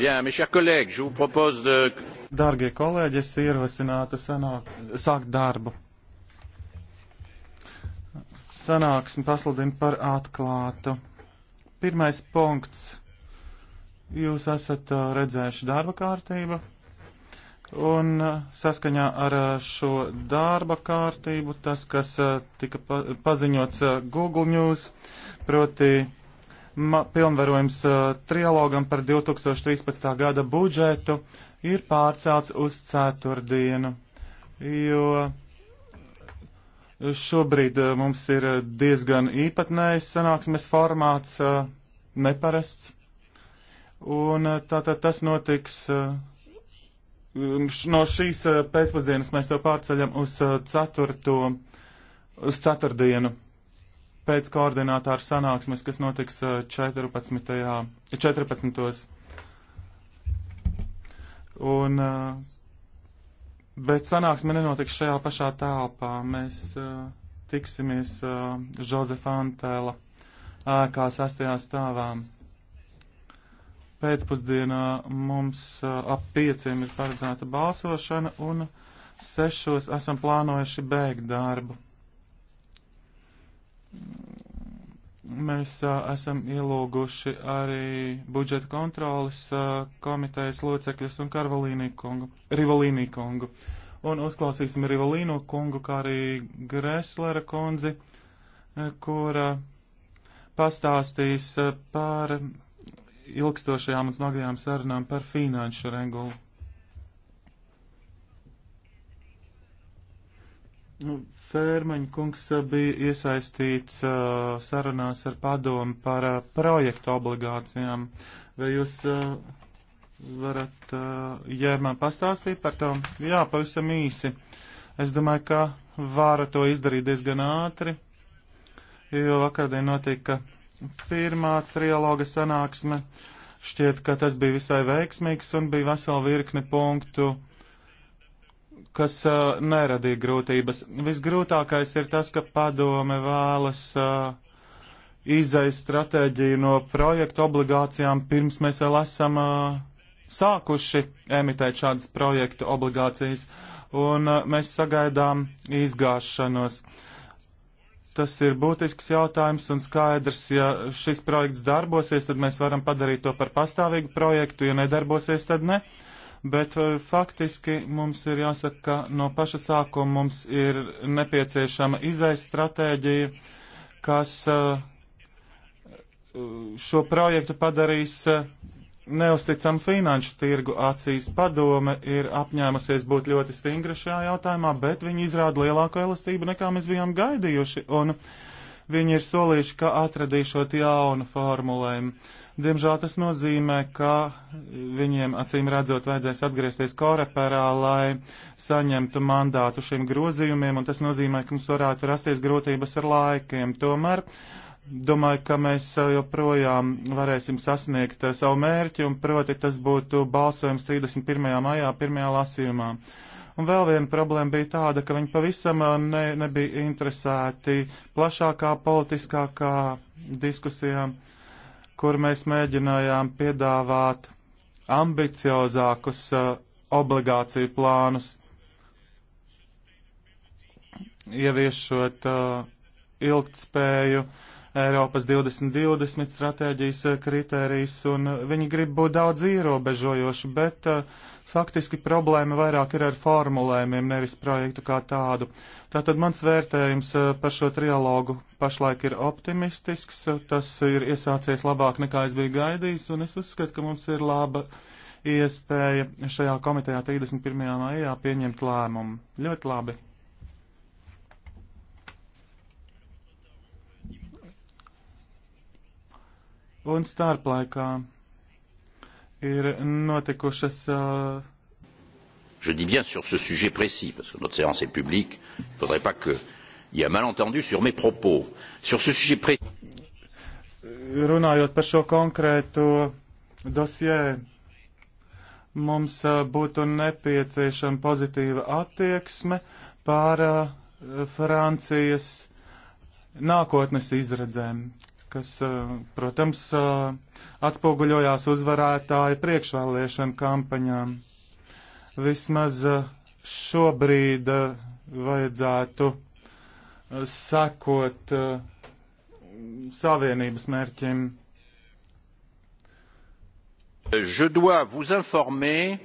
Bien, mes chers collègues, je vous propose de... Dārgie kolēģi, es ierosinātu sanāk, sākt darbu. Sanāksmi pasludinu par atklātu. Pirmais punkts. Jūs esat redzējuši darba kārtību. Un saskaņā ar šo darba kārtību, tas, kas tika paziņots Google News, proti pilnvarojums uh, trialogam par 2013. gada budžetu ir pārcelts uz ceturtdienu, jo šobrīd uh, mums ir diezgan īpatnējs sanāksmes formāts, uh, neparasts. Un uh, tātad tas notiks. Uh, um, no šīs uh, pēcpusdienas mēs to pārceļam uz ceturto, uz ceturtdienu pēc koordinātāra sanāksmes, kas notiks 14. Uh, 14. Un, uh, bet sanāksme nenotiks šajā pašā telpā. Mēs uh, tiksimies Josefa Antēla ēkā sastajā stāvā. Pēcpusdienā mums ap pieciem ir paredzēta balsošana un sešos esam plānojuši bēgt darbu. Mēs a, esam ielūguši arī budžeta kontrolas a, komitejas locekļus un Karvalīnī kungu, Rivalīnī kungu. Un uzklausīsim Rivalīnu kungu, kā arī Greslera kundzi, a, kura pastāstīs par ilgstošajām un smagajām sarunām par finanšu regulu. Nu, Fērmaņa kungs eh, bija iesaistīts uh, sarunās ar padomu par uh, projektu obligācijām. Vai jūs uh, varat, uh, ja man pastāstīt par to? Jā, pavisam īsi. Es domāju, ka vāra to izdarīt diezgan ātri, jo vakardien notika pirmā trialoga sanāksme. Šķiet, ka tas bija visai veiksmīgs un bija vesela virkne punktu. Uh, kas uh, neradīja grūtības. Visgrūtākais ir tas, ka padome vēlas uh, izējas stratēģiju no projektu obligācijām, pirms mēs vēl esam uh, sākuši emitēt šādas projektu obligācijas, un uh, mēs sagaidām izgāšanos. Tas ir būtisks jautājums un skaidrs, ja šis projekts darbosies, tad mēs varam padarīt to par pastāvīgu projektu, ja nedarbosies, tad ne. Uh, bet eh, faktiski mums ir jāsaka, ka no paša sākuma mums ir nepieciešama izaisa stratēģija, kas eh, šo projektu padarīs eh, neusticam finanšu tirgu acīs padome ir apņēmusies būt ļoti stingra šajā jautājumā, bet viņi izrāda lielāku elastību nekā mēs bijām gaidījuši. Un Viņi ir solījuši, ka atradīšot jaunu formulējumu. Diemžēl tas nozīmē, ka viņiem acīm redzot vajadzēs atgriezties koreperā, lai saņemtu mandātu šiem grozījumiem, un tas nozīmē, ka mums varētu rasties grūtības ar laikiem. Tomēr domāju, ka mēs joprojām varēsim sasniegt savu mērķi, un proti tas būtu balsojums 31. maijā pirmajā lasījumā. Un vēl viena problēma bija tāda, ka viņi pavisam uh, ne, nebija interesēti plašākā politiskākā diskusijā, kur mēs mēģinājām piedāvāt ambiciozākus uh, obligāciju plānus, ieviešot uh, ilgtspēju Eiropas 2020 stratēģijas uh, kritērijas, un uh, viņi grib būt daudz ierobežojoši, bet uh, Faktiski problēma vairāk ir ar formulējumiem, nevis projektu kā tādu. Tātad mans vērtējums eh, par šo trialogu pašlaik ir optimistisks, tas ir iesācies labāk nekā es biju gaidījis, un es uzskatu, ka mums ir laba iespēja šajā komitejā 31. maijā pieņemt lēmumu. Ļoti labi. Un starplaikā ir notikušas uh, je dis bien sur ce sujet précis, parce que notre séance est publique, il ne faudrait pas qu'il y ait un malentendu sur mes propos. Sur ce sujet précis. Runājot par šo konkrēto dosjē, mums būtu nepieciešama pozitīva attieksme pār Francijas nākotnes izredzēm, kas, protams, atspoguļojās uzvarētāju priekšvēlēšanu kampaņām vismaz eh, šobrīd eh, vajadzētu eh, sakot savienības mērķim. Je dois vous informer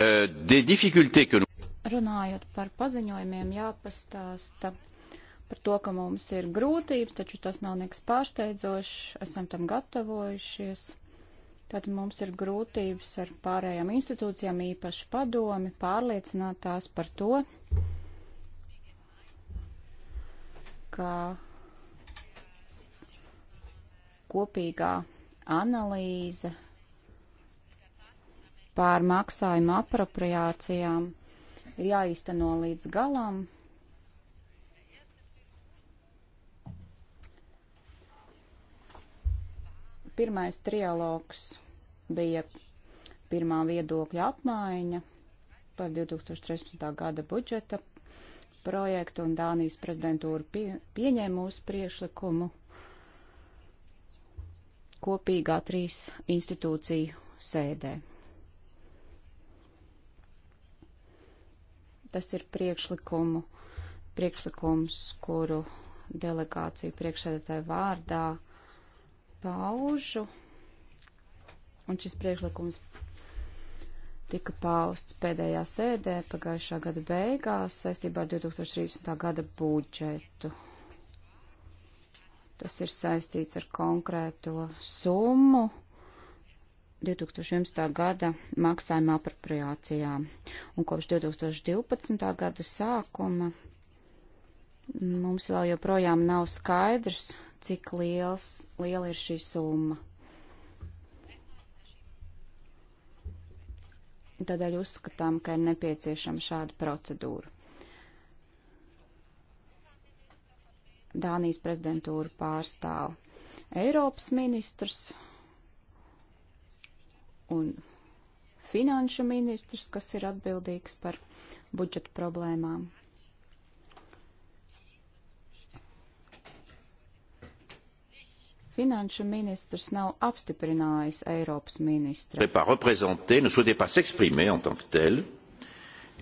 euh, des difficultés que nous. Runājot par paziņojumiem, jāpastāsta par to, ka mums ir grūtības, taču tas nav nekas pārsteidzošs, esam tam gatavojušies. Tad mums ir grūtības ar pārējām institūcijām, īpaši padomi, pārliecināt tās par to, ka kopīgā analīze pār maksājumu apropriācijām ir jāīsteno līdz galam, Pirmais trialogs bija pirmā viedokļa apmaiņa par 2013. gada budžeta projektu, un Dānijas prezidentūra pie, pieņēma mūsu priešlikumu kopīgā trīs institūciju sēdē. Tas ir priekšlikumu, priekšlikums, kuru delegāciju priekšsēdētāju vārdā paužu, un šis priekšlikums tika pausts pēdējā sēdē pagājušā gada beigās saistībā ar 2013. gada budžetu. Tas ir saistīts ar konkrēto summu 2011. gada maksājuma apropriācijām. Un kopš 2012. gada sākuma mums vēl joprojām nav skaidrs, cik liels, liela ir šī summa. Tādēļ uzskatām, ka ir nepieciešama šāda procedūra. Dānijas prezidentūra pārstāv Eiropas ministrs un finanšu ministrs, kas ir atbildīgs par budžeta problēmām. finanšu ministrs nav apstiprinājis Eiropas ministra. Ne souhaitait pas s'exprimer en tant que tel,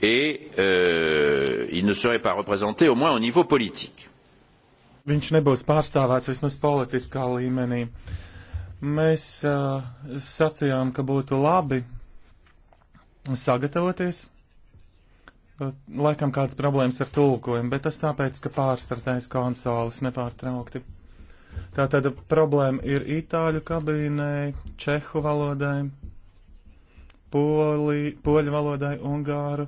et euh, il ne serait pas représenté au moins au niveau politique. Viņš nebūs pārstāvēts vismaz politiskā līmenī. Mēs uh, sacījām, ka būtu labi sagatavoties. Laikam kādas problēmas ar tulkojumu, bet tas tāpēc, ka pārstartais konsoles nepārtraukti. Tātad problēma ir itāļu kabīnei, čehu valodai, poli, poļu valodai, ungāru.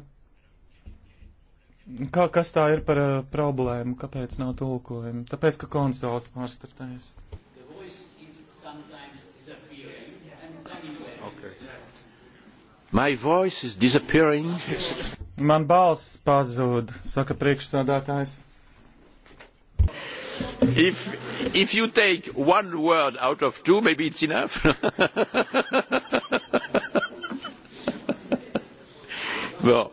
Kā, kas tā ir par uh, problēmu? Kāpēc nav tulkojumi? Tāpēc, ka konsoles pārstartējas. My voice is disappearing. Man balss pazūd, saka priekšsādātājs if, if you take one word out of two, maybe it's enough. bon.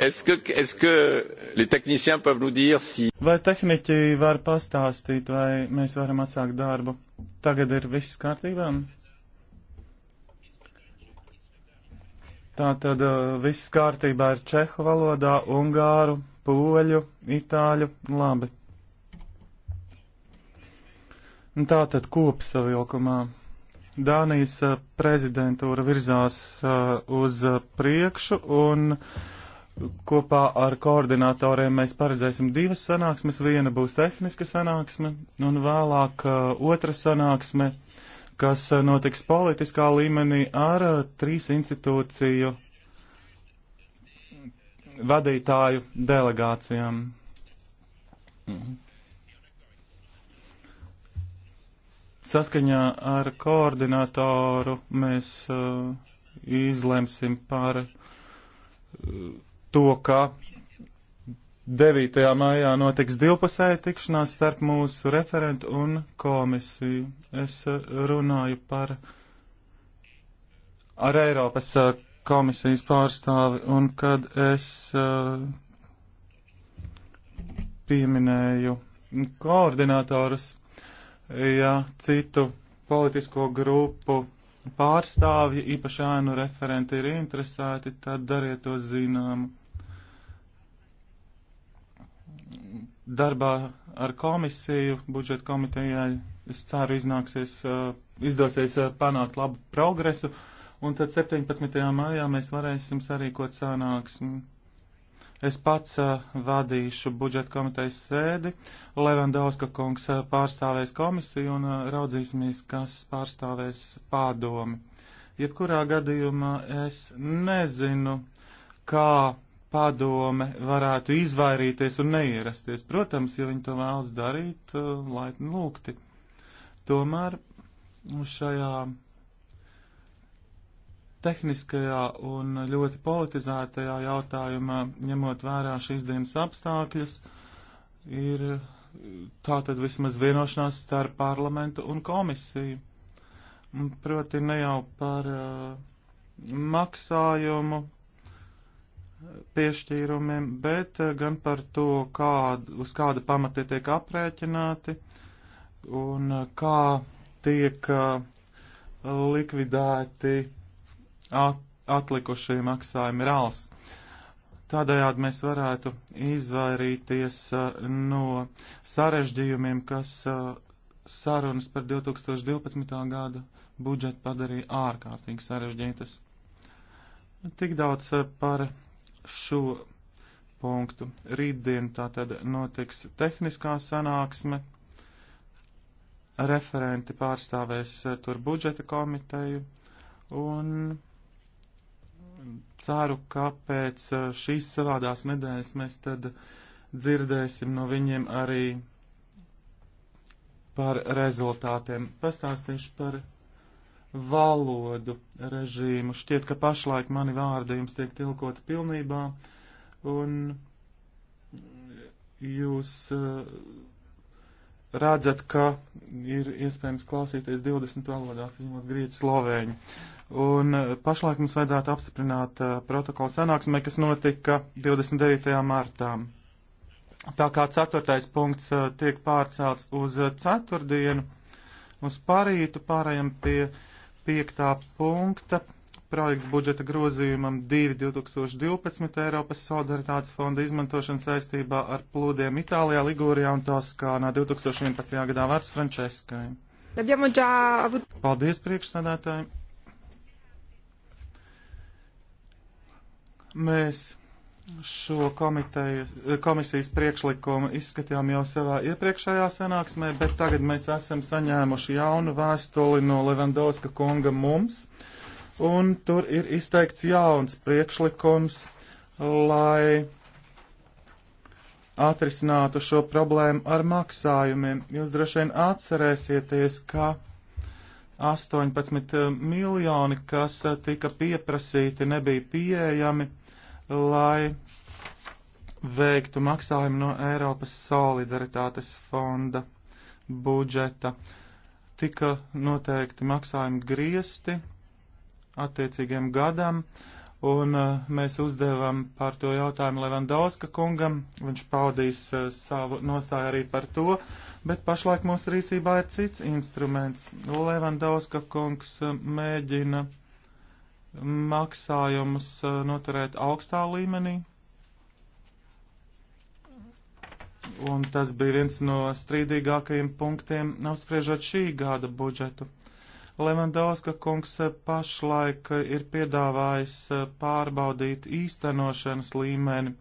Est-ce que, est que les techniciens peuvent nous dire si... Vai tehniķi var pastāstīt, vai mēs varam atsākt darbu? Tagad ir viss kārtībā? Tātad uh, viss kārtībā ir čehu valodā, ungāru, poļu, itāļu, labi. Tātad kopsavilkumā Dānijas prezidentūra virzās uz priekšu un kopā ar koordinatoriem mēs paredzēsim divas sanāksmes. Viena būs tehniska sanāksme un vēlāk otra sanāksme, kas notiks politiskā līmenī ar trīs institūciju vadītāju delegācijām. Mhm. Saskaņā ar koordinatoru mēs uh, izlemsim par uh, to, ka 9. maijā notiks divpusēja tikšanās starp mūsu referentu un komisiju. Es uh, runāju par ar Eiropas uh, komisijas pārstāvi un kad es uh, pieminēju koordinatorus, ja citu politisko grupu pārstāvji, īpaši ēnu referenti, ir interesēti, tad dariet to zinām. Darbā ar komisiju, budžeta komitejai, es ceru, iznāksies, eh, izdosies eh, panākt labu progresu, un tad 17. maijā mēs varēsim sarīkot sanāksmi Es pats uh, vadīšu budžeta komitejas sēdi, Levandauska kungs uh, pārstāvēs komisiju un uh, raudzīsimies, kas pārstāvēs pārdomi. Jebkurā gadījumā es nezinu, kā padome varētu izvairīties un neierasties. Protams, ja viņi to vēlas darīt, laipni lūgti. Tomēr šajā tehniskajā un ļoti politizētajā jautājumā, ņemot vērā šīs dienas apstākļus, ir tātad vismaz vienošanās starp parlamentu un komisiju. Proti ne jau par uh, maksājumu piešķīrumiem, bet uh, gan par to, kādu, uz kāda pamata tiek aprēķināti un uh, kā tiek uh, likvidēti uh, at, atlikušie maksājumi ir ALS. Tādējādi mēs varētu izvairīties uh, no sarežģījumiem, kas uh, sarunas par 2012. gada budžetu padarīja ārkārtīgi sarežģītas. Tik daudz uh, par šo punktu. Rītdien tātad notiks tehniskā sanāksme. Referenti pārstāvēs uh, tur budžeta komiteju un ceru, ka pēc uh, šīs savādās nedēļas mēs tad dzirdēsim no viņiem arī par rezultātiem. Pastāstīšu par valodu režīmu. Šķiet, ka pašlaik mani vārdi jums tiek tilkoti pilnībā, un jūs uh, redzat, ka ir iespējams klausīties 20 valodās, izņemot grieķu slovēņu. Un eh, pašlaik mums vajadzētu apstiprināt uh, protokolu sanāksmē, kas notika 29. martā. Tā kā ceturtais punkts uh, tiek pārcelts uz uh, ceturtdienu, uz parītu pārējiem pie piektā punkta projekts budžeta grozījumam 2.2012 Eiropas solidaritātes fonda izmantošana saistībā ar plūdiem Itālijā, Ligūrijā un Toskānā 2011. gadā vārds Franceskai. Paldies, priekšsādātāji! Mēs šo komiteju, komisijas priekšlikumu izskatījām jau savā iepriekšējā sanāksmē, bet tagad mēs esam saņēmuši jaunu vēstuli no Levandovska kunga mums. Uh, un tur ir izteikts jauns priekšlikums, lai atrisinātu šo problēmu ar maksājumiem. Jūs droši vien atcerēsieties, ka 18 eh, miljoni, kas eh, tika pieprasīti, nebija pieejami, lai veiktu maksājumu no Eiropas solidaritātes fonda budžeta. Tika noteikti maksājumi griesti, attiecīgiem gadam, un uh, mēs uzdevām par to jautājumu Levandauska kungam. Viņš paudīs uh, savu nostāju arī par to, bet pašlaik mūsu rīcībā ir cits instruments. Levandauska kungs uh, mēģina maksājumus uh, noturēt augstā līmenī. Un tas bija viens no strīdīgākajiem punktiem, apspriežot šī gada budžetu. Uh, Levandovska kungs eh, pašlaik eh, ir piedāvājis eh, pārbaudīt īstenošanas līmeni,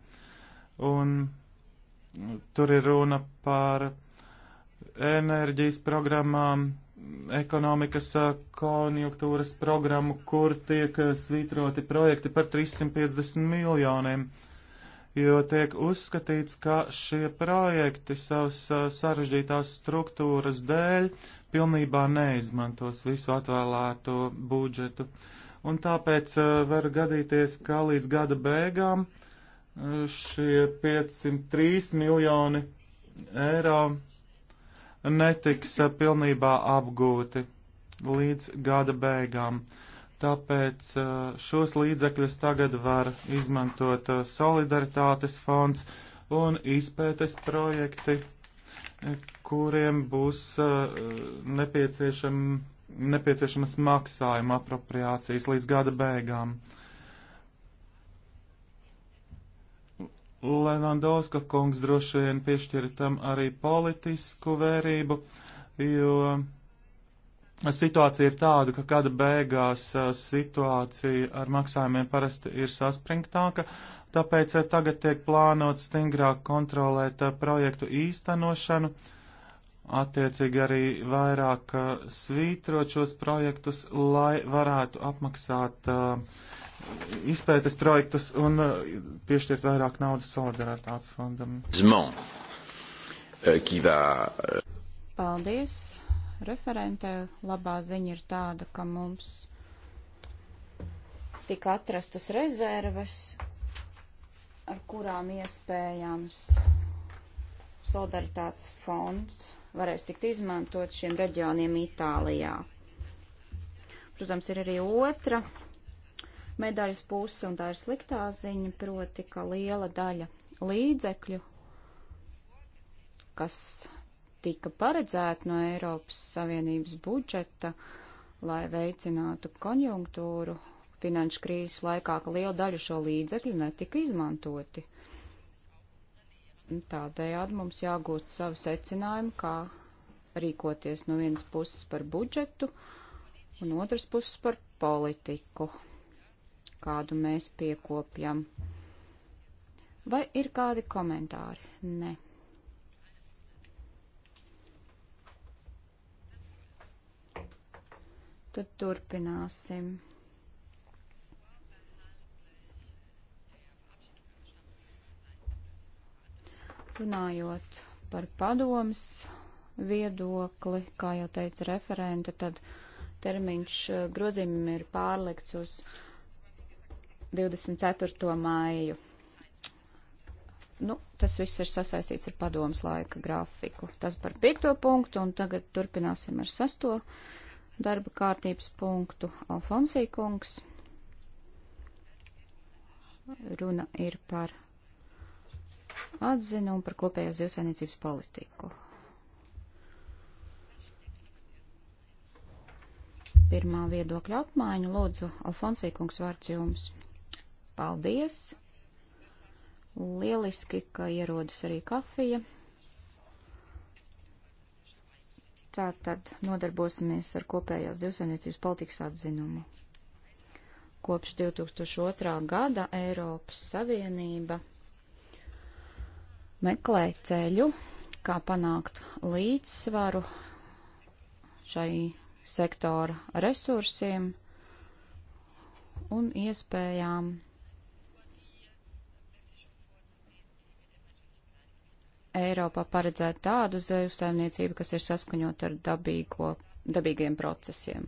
un mm, tur ir runa par enerģijas programmām, ekonomikas konjunktūras programmu, kur tiek svītroti projekti par 350 miljoniem, jo tiek uzskatīts, ka šie projekti savas sarežģītās struktūras dēļ uh, pilnībā neizmantos visu atvēlēto budžetu. Un tāpēc uh, var gadīties, ka līdz gada beigām uh, šie 503 miljoni eiro netiks uh, pilnībā apgūti līdz gada beigām. Tāpēc šos līdzekļus tagad var izmantot solidaritātes fonds un izpētes projekti, kuriem būs eh, nepieciešam, nepieciešamas maksājuma apropriācijas līdz gada beigām. Levandovska kungs droši vien piešķira tam arī politisku vērību, jo situācija ir tāda, ka gada beigās eh, situācija ar maksājumiem parasti ir saspringtāka, uh, tāpēc eh, tagad tiek plānot stingrāk kontrolēt eh, projektu īstenošanu, attiecīgi arī vairāk eh, svītrot šos projektus, lai varētu apmaksāt izpētes projektus un piešķirt vairāk naudas solidaritātes fondam. Zmon, kivā. Paldies. Referentē labā ziņa ir tāda, ka mums tika atrastas rezerves, ar kurām iespējams solidaritātes fonds varēs tikt izmantot šiem reģioniem Itālijā. Protams, ir arī otra medaļas puse, un tā ir sliktā ziņa, proti, ka liela daļa līdzekļu, kas tika paredzēta no Eiropas Savienības budžeta, lai veicinātu konjunktūru finanšu krīzes laikā, ka liela daļa šo līdzekļu netika izmantoti. Tādējādi mums jāgūt savu secinājumu, kā rīkoties no vienas puses par budžetu un otras puses par politiku, kādu mēs piekopjam. Vai ir kādi komentāri? Nē. Tad turpināsim. Runājot par padomas viedokli, kā jau teica referente, tad termiņš eh, grozījumiem ir pārlikts uz 24. māju. Nu, tas viss ir sasaistīts ar padomas laika grafiku. Tas par piekto punktu, un tagad turpināsim ar sesto darba kārtības punktu. Alfonsī kungs. Runa ir par atzinumu par kopējās zivsainīcības politiku. Pirmā viedokļa apmaiņa, lūdzu, Alfonsī kungs vārds jums. Paldies! Lieliski, ka ierodas arī kafija. Tātad nodarbosimies ar kopējās zivsaimniecības politikas atzinumu. Kopš 2002. gada Eiropas Savienība meklē ceļu, kā panākt līdzsvaru šai sektora resursiem un iespējām Eiropā paredzēt tādu zveju saimniecību, kas ir saskaņot ar dabīgo, dabīgiem procesiem.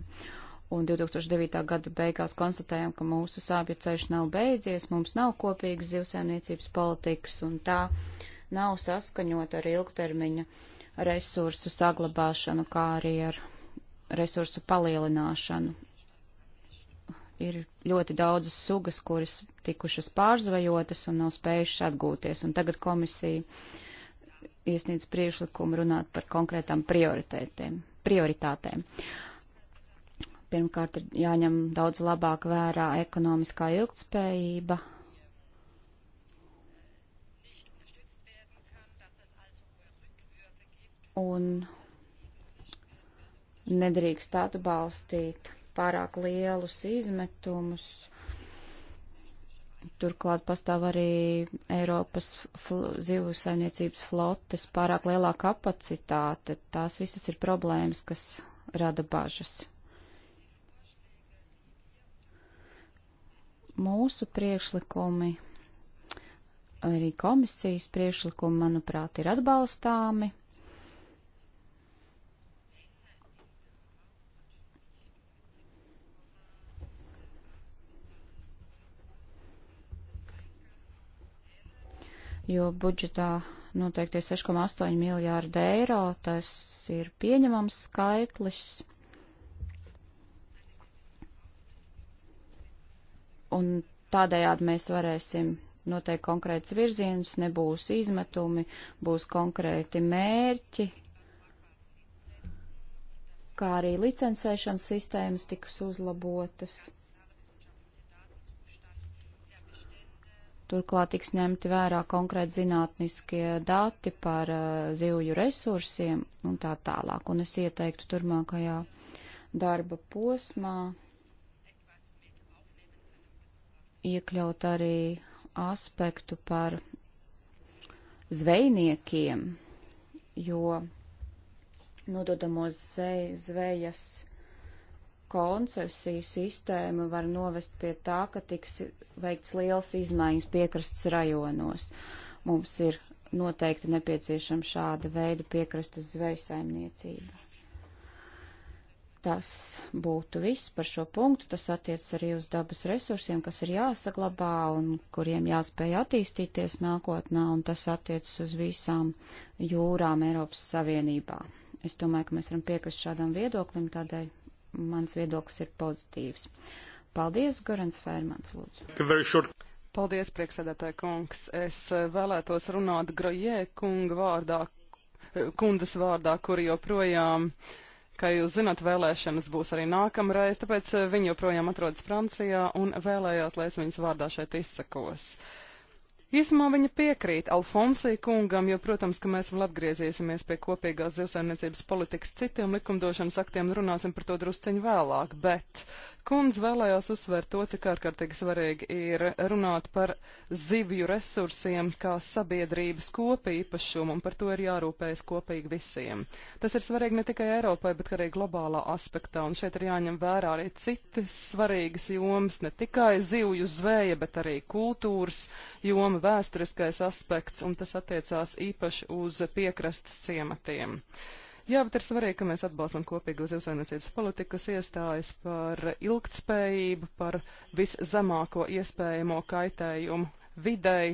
Un 2009. gada beigās konstatējām, ka mūsu sāpju ceļš nav beidzies, mums nav kopīgas zivsaimniecības politikas, un tā nav saskaņota ar ilgtermiņa resursu saglabāšanu, kā arī ar resursu palielināšanu. Ir ļoti daudzas sugas, kuras tikušas pārzvejotas un nav spējušas atgūties, un tagad komisija iesniedz priekšlikumu runāt par konkrētām prioritātēm. Pirmkārt, ir jāņem daudz labāk vērā ekonomiskā ilgtspējība, un nedrīkst atbalstīt pārāk lielus izmetumus. Turklāt pastāv arī Eiropas fl zivu saimniecības flotes pārāk lielā kapacitāte. Tās visas ir problēmas, kas rada bažas. Mūsu priekšlikumi, arī komisijas priekšlikumi, manuprāt, ir atbalstāmi jo budžetā noteikti 6,8 miljārdi eiro, tas ir pieņemams skaitlis. Un tādējādi mēs varēsim noteikt konkrēts virziens, nebūs izmetumi, būs konkrēti mērķi, kā arī licencēšanas sistēmas tiks uzlabotas. Turklāt tiks ņemti vērā konkrēti zinātniskie dati par uh, zivju resursiem un tā tālāk. Un es ieteiktu turmākajā darba posmā iekļaut arī aspektu par zvejniekiem, jo nododamos zvejas koncesiju sistēma var novest pie tā, ka tiks veikts liels izmaiņas piekrastes rajonos. Mums ir noteikti nepieciešama šāda veida piekrastes zvejsaimniecība. Tas būtu viss par šo punktu. Tas attiec arī uz dabas resursiem, kas ir jāsaglabā un kuriem jāspēj attīstīties nākotnē, un tas attiec uz visām jūrām Eiropas Savienībā. Es domāju, ka mēs varam piekrist šādam viedoklim, tādēļ mans viedoklis ir pozitīvs. Paldies, Gorans Fērmans, lūdzu. Paldies, prieksēdētāji kungs. Es eh, vēlētos runāt Grojē kunga vārdā, kundas vārdā, kuri joprojām, kā jūs zināt, vēlēšanas būs arī nākamreiz, tāpēc eh, viņi joprojām atrodas Francijā un vēlējās, lai es viņas vārdā šeit izsakos. Uh, Īsumā viņa piekrīt Alfonsija kungam, jo, protams, ka mēs vēl atgriezīsimies pie kopīgās zivsaimniecības politikas citiem likumdošanas aktiem un runāsim par to drusceņu vēlāk, bet Kundz vēlējās uzsvērt to, cik ārkārtīgi svarīgi ir runāt par zivju resursiem kā sabiedrības kopīpašumu, un par to ir jārūpējas kopīgi visiem. Tas ir svarīgi ne tikai Eiropai, bet arī globālā aspektā, un šeit ir jāņem vērā arī citas svarīgas jomas, ne tikai zivju zvēja, bet arī kultūras joma, vēsturiskais aspekts, un tas attiecās īpaši uz piekrastes ciematiem. Jā, bet ir svarīgi, ka mēs atbalstam kopīgo zivsainiecības politiku, kas iestājas par ilgtspējību, par viszemāko iespējamo kaitējumu videi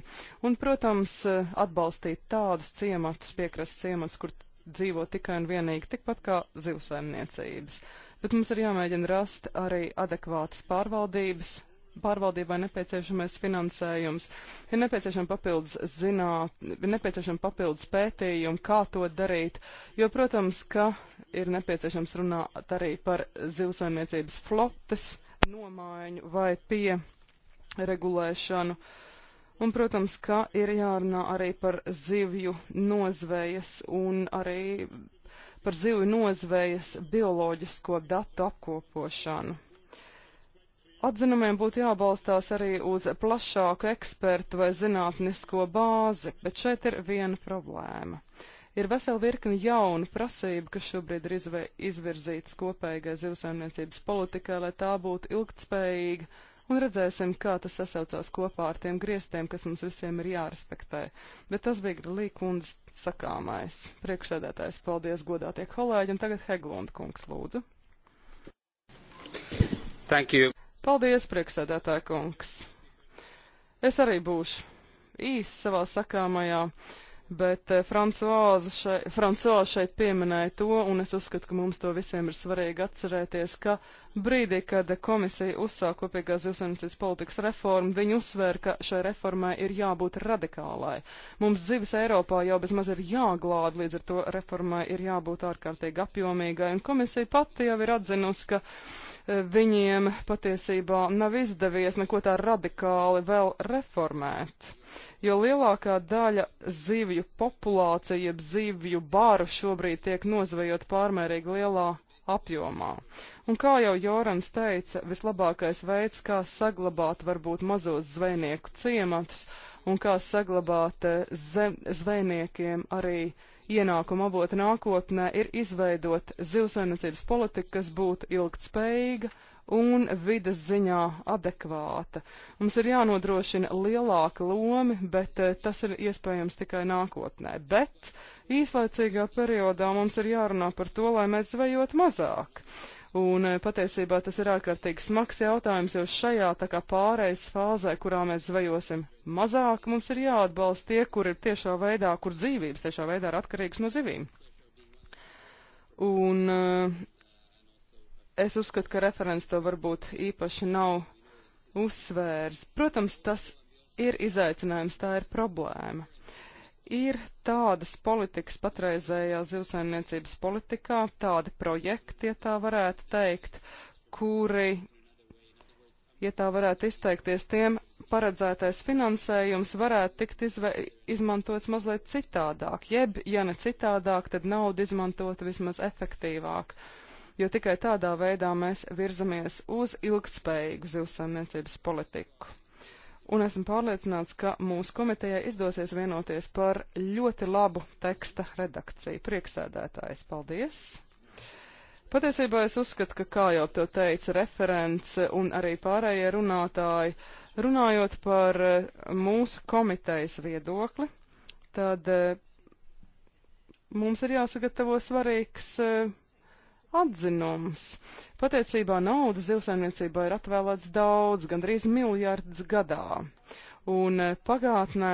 un, protams, atbalstīt tādus ciematus, piekrasts ciematus, kur dzīvo tikai un vienīgi tikpat kā zivsaimniecības. Bet mums ir jāmēģina rast arī adekvātas pārvaldības pārvaldībai nepieciešamais finansējums, ir nepieciešama papildus zināt, ir nepieciešama papildus pētījumi, kā to darīt, jo, protams, ka ir nepieciešams runāt arī par zivsaimniecības flotes nomaiņu vai pieregulēšanu. Un, protams, ka ir jārunā arī par zivju nozvejas un arī par zivju nozvejas bioloģisko datu apkopošanu. Atzinumiem būtu jābalstās arī uz plašāku ekspertu vai zinātnisko bāzi, bet šeit ir viena problēma. Ir vesela virkni jaunu prasību, kas šobrīd ir izvirzītas kopējai zivsaimniecības politikai, lai tā būtu ilgtspējīga, un redzēsim, kā tas sasaucās kopā ar tiem griestiem, kas mums visiem ir jārespektē. Bet tas bija Līkundas sakāmais. Priekšsēdētājs, paldies godātie kolēģi, un tagad Heglunda kungs lūdzu. Thank you. Paldies, prieksēdētāja kungs! Es arī būšu īss savā sakāmajā, bet Francoāze šeit, Francoāze šeit pieminēja to, un es uzskatu, ka mums to visiem ir svarīgi atcerēties, ka brīdī, kad komisija uzsāk kopīgās zivsainicijas politikas reformu, viņi uzsver, ka šai reformai ir jābūt radikālai. Mums zivis Eiropā jau bezmaz ir jāglāb, līdz ar to reformai ir jābūt ārkārtīgi apjomīgai, un komisija pati jau ir atzinusi, ka viņiem patiesībā nav izdevies neko tā radikāli vēl reformēt, jo lielākā daļa zivju populācija, jeb zivju bāru šobrīd tiek nozvejot pārmērīgi lielā apjomā. Un kā jau Jorans teica, vislabākais veids, kā saglabāt varbūt mazos zvejnieku ciematus un kā saglabāt eh, zem, zvejniekiem arī uh, ienākuma avota nākotnē ir izveidot zivsainiecības politiku, kas būtu ilgtspējīga un vidas ziņā adekvāta. Mums ir jānodrošina lielāka lomi, bet eh, tas ir iespējams tikai nākotnē. Bet īslaicīgā periodā mums ir jārunā par to, lai mēs zvejot mazāk. Un e, patiesībā tas ir ārkārtīgi smags jautājums, jo šajā tā kā pārejas fāzē, kurā mēs zvejosim mazāk, mums ir jāatbalsta tie, kur ir tiešā veidā, kur dzīvības tiešā veidā ir atkarīgas no zivīm. Un e, es uzskatu, ka referents to varbūt īpaši nav uzsvērs. Protams, tas ir izaicinājums, tā ir problēma ir tādas politikas patreizējā zivsaimniecības politikā, tādi projekti, ja tā varētu teikt, kuri, ja tā varētu izteikties, tiem paredzētais finansējums varētu tikt izve, izmantots mazliet citādāk, jeb, ja ne citādāk, tad naudu izmantot vismaz efektīvāk, jo tikai tādā veidā mēs virzamies uz ilgtspējīgu zivsaimniecības politiku un esmu pārliecināts, ka mūsu komitejai izdosies vienoties par ļoti labu teksta redakciju. Prieksēdētājs, paldies! Patiesībā es uzskatu, ka, kā jau to teica referents un arī pārējie runātāji, runājot par eh, mūsu komitejas viedokli, tad eh, mums ir jāsagatavo svarīgs eh, atzinums. Pateicībā naudas zivsaimniecībā ir atvēlēts daudz, gandrīz miljards gadā. Un eh, pagātnē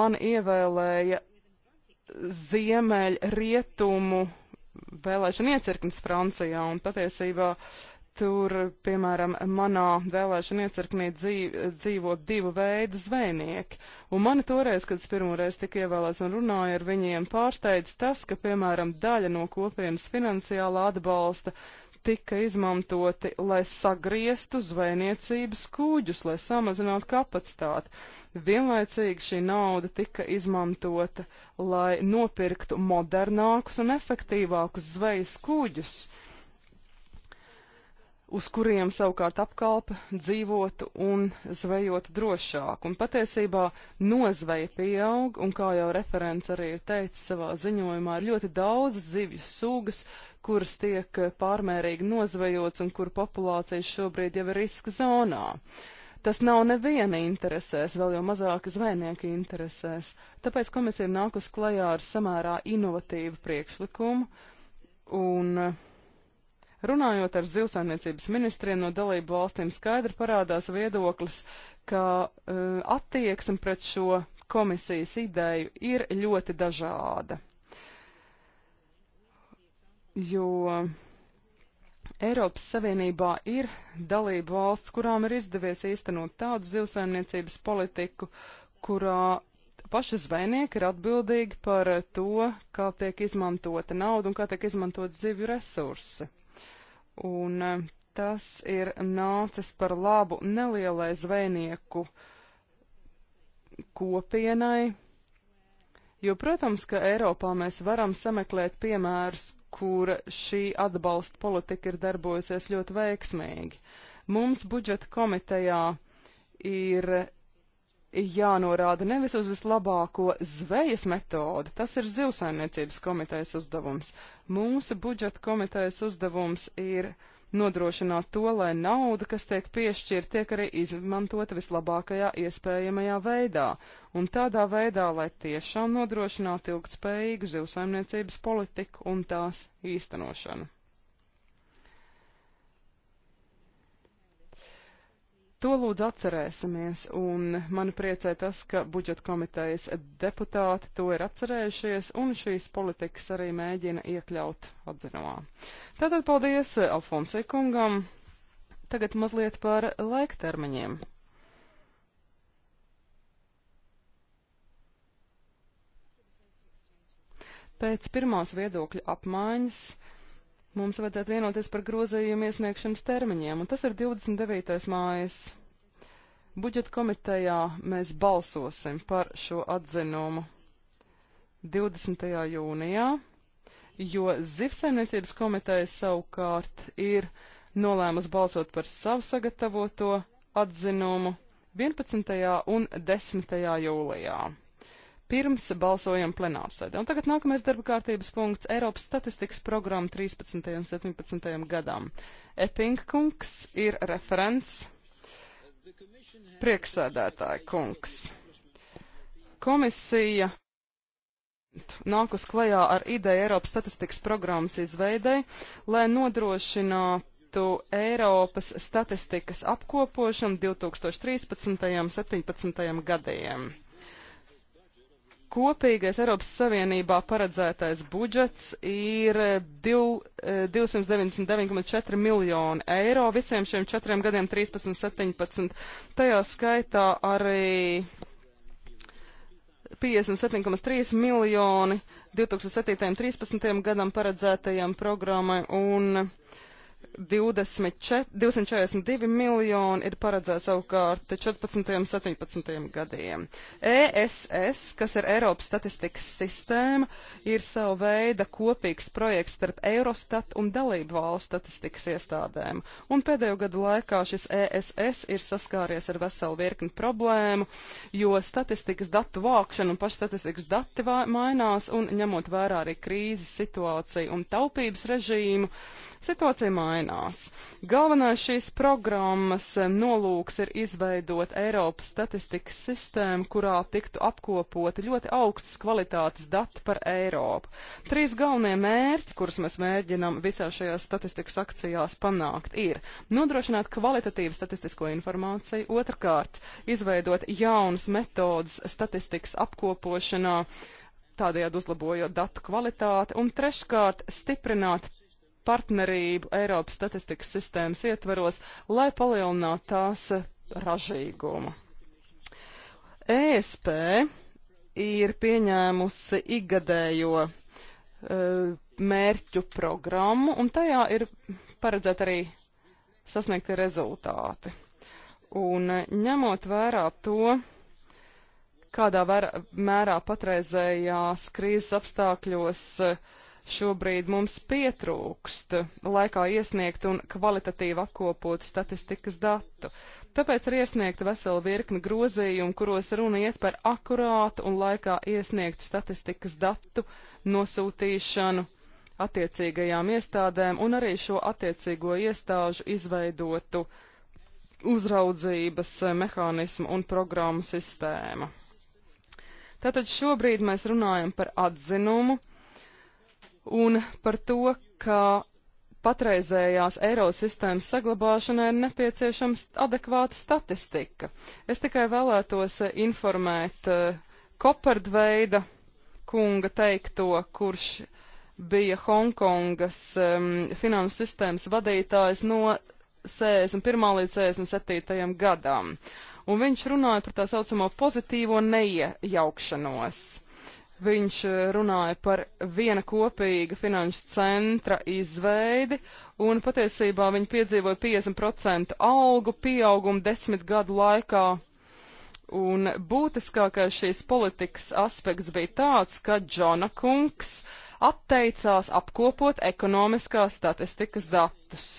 man ievēlēja ziemeļ rietumu vēlēšana iecirknis Francijā, un patiesībā Tur, piemēram, manā vēlēšana iecirknī dzīvo, dzīvo divu veidu zvejnieki. Un mani toreiz, kad es pirmoreiz tik ievēlēts un runāju ar viņiem, pārsteidz tas, ka, piemēram, daļa no kopienas finansiāla atbalsta tika izmantoti, lai sagrieztu zvejniecības kūģus, lai samazinātu kapacitāti. Vienlaicīgi šī nauda tika izmantota, lai nopirktu modernākus un efektīvākus zvejas kūģus. Uh, uz kuriem savukārt apkalpe dzīvotu un zvejotu drošāk. Un patiesībā nozveja pieaug, un kā jau referents arī ir teicis savā ziņojumā, ir ļoti daudz zivju sugas, kuras tiek pārmērīgi nozvejots un kuru populācijas šobrīd jau ir riska zonā. Tas nav neviena interesēs, vēl jau mazāk zvejnieka interesēs. Tāpēc komisija ir nākus klajā ar samērā inovatīvu priekšlikumu, un uh, Runājot ar zivsaimniecības ministriem no dalību valstīm, skaidri parādās viedoklis, ka uh, attieksme pret šo komisijas ideju ir ļoti dažāda. Jo Eiropas Savienībā ir dalību valsts, kurām ir izdevies īstenot tādu zivsaimniecības politiku, kurā paši zvejnieki ir atbildīgi par to, kā tiek izmantota nauda un kā tiek izmantot zivju resursi un eh, tas ir nācis par labu nelielai zvejnieku kopienai, jo, protams, ka Eiropā mēs varam sameklēt piemērus, kur šī atbalsta politika ir darbojusies ļoti veiksmīgi. Mums budžeta komitejā ir jānorāda nevis uz vislabāko zvejas metodu, tas ir zivsainiecības komitejas uzdevums. Mūsu budžeta komitejas uzdevums ir nodrošināt to, lai nauda, kas tiek piešķirta, tiek arī izmantota vislabākajā iespējamajā veidā, un tādā veidā, lai tiešām nodrošinātu ilgtspējīgu zivsaimniecības politiku un tās īstenošanu. To lūdzu atcerēsimies, un mani priecē tas, ka budžeta komitejas deputāti to ir atcerējušies, un šīs politikas arī mēģina iekļaut atzinumā. Tātad paldies Alfonsai kungam. Tagad mazliet par laiktermiņiem. Pēc pirmās viedokļa apmaiņas Mums vajadzētu vienoties par grozījumu iesniegšanas termiņiem, un tas ir 29. mājas. Budžeta komitejā mēs balsosim par šo atzinumu 20. jūnijā, jo Zivsaimniecības komiteja savukārt ir nolēmusi balsot par savu sagatavoto atzinumu 11. un 10. jūlijā pirms balsojam plenārsēdē. Un tagad nākamais darba kārtības punkts - Eiropas statistikas programma 13. un 17. gadam. Epinga kungs ir referents, prieksēdētāja kungs. Komisija nāk uz klajā ar ideju Eiropas statistikas programmas izveidei, lai nodrošinātu vietu Eiropas statistikas apkopošanu 2013. un 2017. gadiem. Kopīgais Eiropas Savienībā paredzētais budžets ir 299,4 eh, miljoni eiro visiem šiem četriem gadiem 13, 17. Tajā skaitā arī 57,3 miljoni 2007. 13. gadam paredzētajam programmai un 24, 242 miljoni ir paredzēts savukārt 14. un 17. gadiem. ESS, kas ir Eiropas statistikas sistēma, ir sava veida kopīgs projekts starp Eurostat un dalību valstu statistikas iestādēm. Un pēdējo gadu laikā šis ESS ir saskāries ar veselu virkni problēmu, jo statistikas datu vākšana un paši statistikas dati mainās un ņemot vērā arī krīzes situāciju un taupības režīmu, situācija mainās mainās. Galvenais šīs programmas nolūks ir izveidot Eiropas statistikas sistēmu, kurā tiktu apkopoti ļoti augstas kvalitātes dati par Eiropu. Trīs galvenie mērķi, kurus mēs mēģinam visā šajās statistikas akcijās panākt, ir nodrošināt kvalitatīvu statistisko informāciju, otrkārt, izveidot jaunas metodas statistikas apkopošanā, tādējādi uzlabojot datu kvalitāti, un treškārt stiprināt partnerību Eiropas statistikas sistēmas ietvaros, lai palielinātu tās ražīgumu. ESP ir pieņēmusi ikgadējo e, mērķu programmu, un tajā ir paredzēt arī sasniegti rezultāti. Un e, ņemot vērā to, kādā vērā, mērā patreizējās krīzes apstākļos uh, šobrīd mums pietrūkst laikā iesniegt un kvalitatīvi apkopot statistikas datu. Tāpēc ir iesniegta vesela virkni grozījumu, kuros runa iet par akurātu un laikā iesniegtu statistikas datu nosūtīšanu attiecīgajām iestādēm un arī šo attiecīgo iestāžu izveidotu uzraudzības mehānismu un programmu sistēmu. Tātad šobrīd mēs runājam par atzinumu, un par to, ka patreizējās eirosistēmas saglabāšanai ir nepieciešams adekvāta statistika. Es tikai vēlētos informēt uh, Kopardveida kunga teikto, kurš bija Hongkongas um, ehm, finanses sistēmas vadītājs no 61. līdz 67. gadam. Un viņš runāja par tā saucamo pozitīvo neiejaukšanos. Uh, Viņš eh, runāja par viena kopīga finanšu centra izveidi, un patiesībā viņi piedzīvoja 50% algu pieaugumu desmit gadu laikā. Un būtiskākais šīs politikas aspekts bija tāds, ka Džona Kungs apteicās apkopot ekonomiskās statistikas datus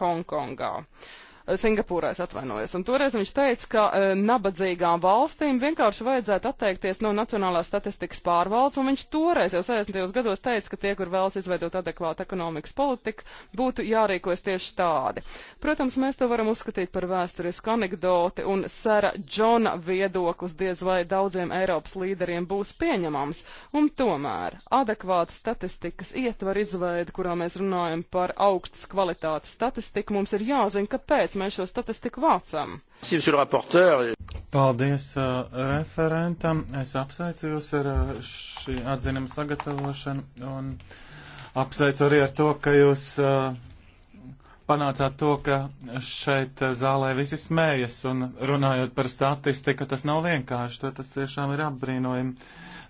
Hongkongā. Uh, Singapūrais atvainojas. Un toreiz viņš teica, ka e, nabadzīgām valstīm vienkārši vajadzētu atteikties no nacionālās statistikas pārvaldes, un viņš toreiz jau 60. gados teica, ka tie, kur vēlas izveidot adekvātu ekonomikas politiku, būtu jārīkojas tieši tādi. Protams, mēs to varam uzskatīt par vēsturisku anekdoti, un Sara Džona viedoklis diez vai daudziem Eiropas līderiem būs pieņemams, un tomēr adekvāta statistikas ietver izveidi, kurā mēs runājam par augstas kvalitātes statistiku, mums ir jāzina, kāpēc mēs šo statistiku vācam. Paldies uh, referentam. Es apsveicu jūs ar uh, šī atzinuma sagatavošanu un apsveicu arī ar to, ka jūs uh, panācāt to, ka šeit uh, zālē visi smējas un runājot par statistiku, tas nav vienkārši, to tas tiešām ir apbrīnojami.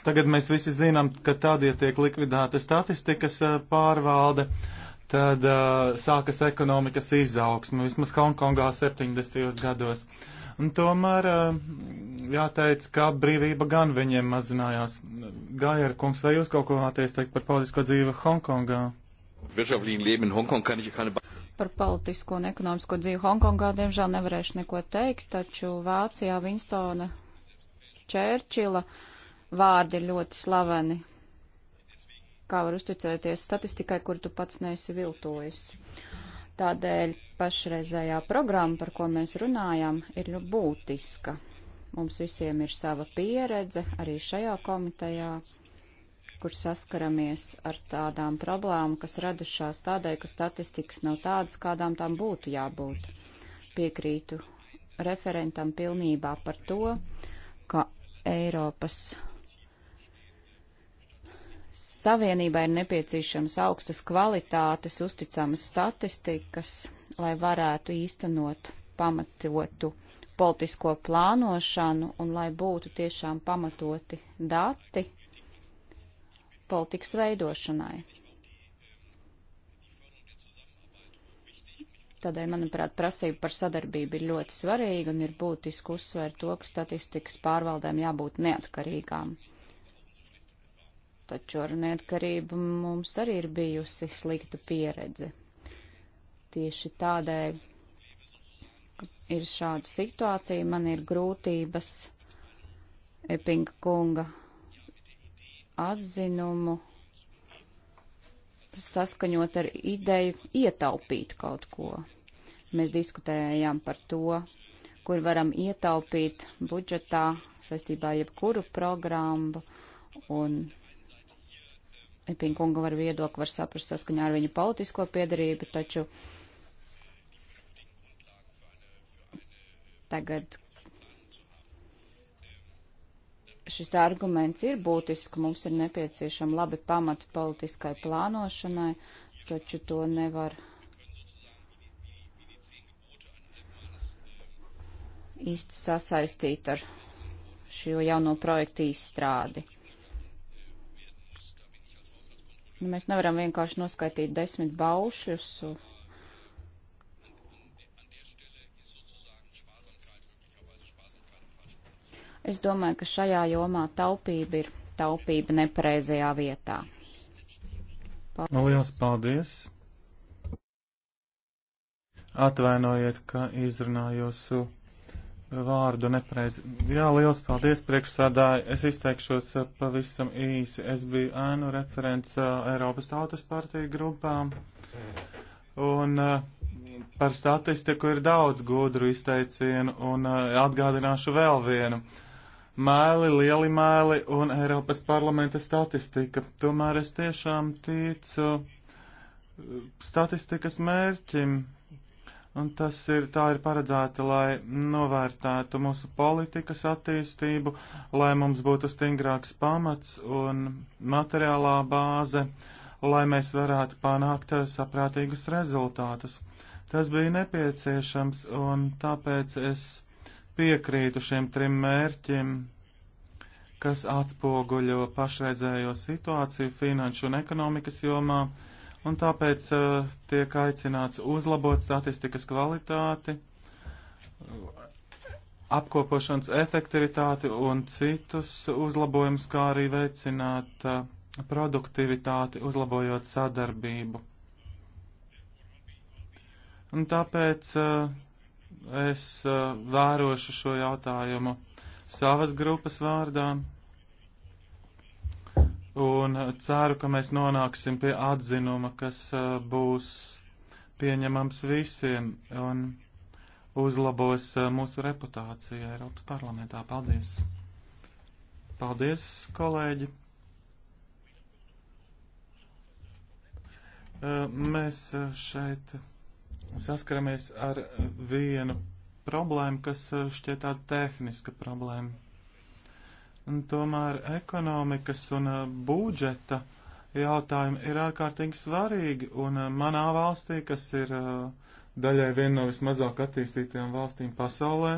Tagad mēs visi zinām, ka tad, ja tiek likvidēta statistikas uh, pārvalde, tad uh, sākas ekonomikas izaugsme, vismaz Hongkongā 70. gados. Un tomēr uh, jāteic, ka brīvība gan viņiem mazinājās. Gājēra kungs, vai jūs kaut ko vēlaties teikt par politisko dzīvi Hongkongā? Par politisko un ekonomisko dzīvi Hongkongā, diemžēl, nevarēšu neko teikt, taču Vācijā Vinstona Čērčila vārdi ļoti slaveni kā var uzticēties statistikai, kur tu pats neesi viltojis. Tādēļ pašreizējā programma, par ko mēs runājam, ir ļoti būtiska. Mums visiem ir sava pieredze arī šajā komitejā, kur saskaramies ar tādām problēmām, kas radušās tādēļ, ka statistikas nav tādas, kādām tām būtu jābūt. Piekrītu referentam pilnībā par to, ka Eiropas Savienībai ir nepieciešams augstas kvalitātes, uzticamas statistikas, lai varētu īstenot pamatotu politisko plānošanu un lai būtu tiešām pamatoti dati politikas veidošanai. Tādēļ, manuprāt, prasība par sadarbību ir ļoti svarīga un ir būtiski uzsvērt to, ka statistikas pārvaldēm jābūt neatkarīgām taču ar neatkarību mums arī ir bijusi slikta pieredze. Tieši tādēļ ir šāda situācija, man ir grūtības Epinga kunga atzinumu saskaņot ar ideju ietaupīt kaut ko. Mēs diskutējām par to, kur varam ietaupīt budžetā saistībā ar jebkuru programmu un Epinkunga var viedokli var saprast saskaņā ar viņu politisko piedarību, taču tagad šis arguments ir būtisks, ka mums ir nepieciešama labi pamati politiskai plānošanai, taču to nevar īsti sasaistīt ar šo jauno projektu izstrādi. Nu, mēs nevaram vienkārši noskaitīt desmit baušļus. Es domāju, ka šajā jomā taupība ir taupība nepareizajā vietā. Paldies. Nu, Lielas paldies! Atvainojiet, ka izrunājos uh, vārdu nepreiz. Jā, liels paldies priekšsādāji. Es izteikšos uh, pavisam īsi. Es biju ēnu referents uh, Eiropas Tautas partija grupām. Un uh, par statistiku ir daudz gudru izteicienu un atgādināšu vēl vienu. Mēli, lieli mēli un Eiropas parlamenta statistika. Tomēr es tiešām ticu statistikas mērķim un tas ir, tā ir paredzēta, lai novērtētu mūsu politikas attīstību, lai mums būtu stingrāks pamats un materiālā bāze, lai mēs varētu panākt saprātīgus rezultātus. Tas bija nepieciešams, un tāpēc es piekrītu šiem trim mērķim, kas atspoguļo pašreizējo situāciju finanšu un ekonomikas jomā un tāpēc uh, tiek aicināts uzlabot statistikas kvalitāti, apkopošanas efektivitāti un citus uzlabojumus, kā arī veicināt uh, produktivitāti, uzlabojot sadarbību. Un tāpēc uh, es uh, vērošu šo jautājumu savas grupas vārdām un ceru, ka mēs nonāksim pie atzinuma, kas būs pieņemams visiem un uzlabos mūsu reputāciju Eiropas parlamentā. Paldies! Paldies, kolēģi! Mēs šeit saskaramies ar vienu problēmu, kas šķiet tāda tehniska problēma. Un tomēr ekonomikas un uh, budžeta jautājumi ir ārkārtīgi svarīgi, un uh, manā valstī, kas ir uh, daļai viena no vismazāk attīstītajām valstīm pasaulē,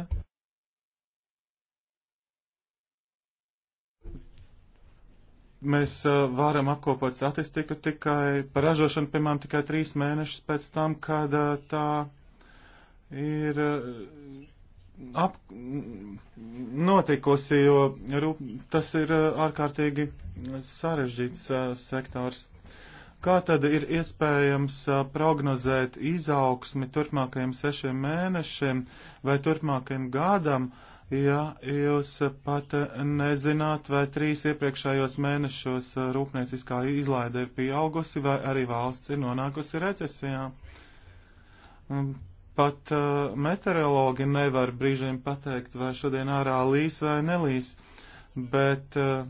mēs uh, varam apkopot statistiku tikai par ražošanu, piemēram, tikai trīs mēnešus pēc tam, kad uh, tā ir uh, ap, notikusi, jo rūp, tas ir uh, ārkārtīgi sarežģīts uh, sektors. Kā tad ir iespējams uh, prognozēt izaugsmi turpmākajiem sešiem mēnešiem vai turpmākajiem gadam, ja jūs pat nezināt, vai trīs iepriekšējos mēnešos rūpnieciskā izlaide ir pieaugusi, vai arī valsts ir nonākusi recesijā? Um, Pat uh, meteorologi nevar brīžiem pateikt, vai šodien ārā līs vai nelīs, bet uh,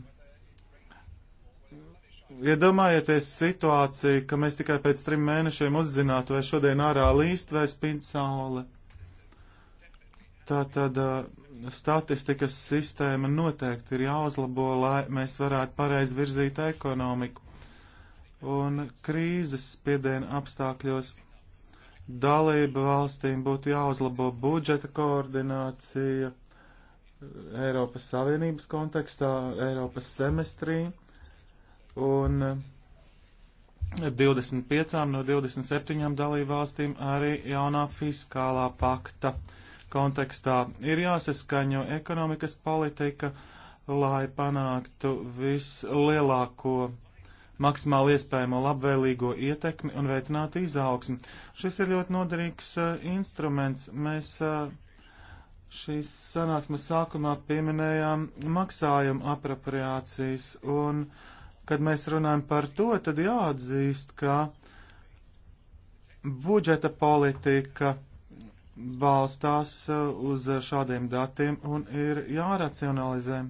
iedomājieties ja situāciju, ka mēs tikai pēc trim mēnešiem uzzinātu, vai šodien ārā līst vai spīd saule. Tā tad uh, statistikas sistēma noteikti ir jāuzlabo, lai mēs varētu pareizi virzīt ekonomiku. Un krīzes spiediena apstākļos Dalība valstīm būtu jāuzlabo budžeta koordinācija Eiropas Savienības kontekstā, Eiropas semestrī un 25 no 27 dalību valstīm arī jaunā fiskālā pakta kontekstā ir jāsaskaņo ekonomikas politika, lai panāktu vislielāko maksimāli iespējamo labvēlīgo ietekmi un veicinātu izaugsmi. Šis ir ļoti noderīgs uh, instruments. Mēs uh, šīs sanāksmes sākumā pieminējām maksājumu apropriācijas, un, kad mēs runājam par to, tad jāatzīst, ka budžeta politika balstās eh, uz šādiem datiem un ir jāracionalizē.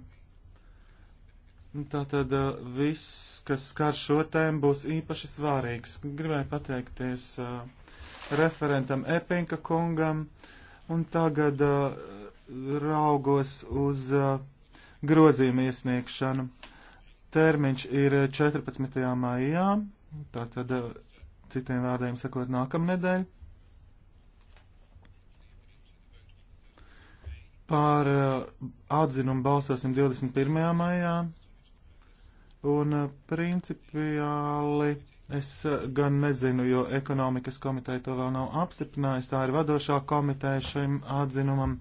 Nu, tātad uh, viss, kas skar šo tēmu, būs īpaši svārīgs. Gribēju pateikties uh, referentam Epinka kungam, un tagad uh, raugos uz uh, grozījumu iesniegšanu. Termiņš ir 14. Uh, maijā, tātad uh, citiem vārdiem sakot nākamnedēļ. Par atzinumu balsosim 21. maijā Un eh, principiāli es eh, gan nezinu, jo ekonomikas komiteja to vēl nav apstiprinājusi. Tā ir vadošā komiteja šim atzinumam.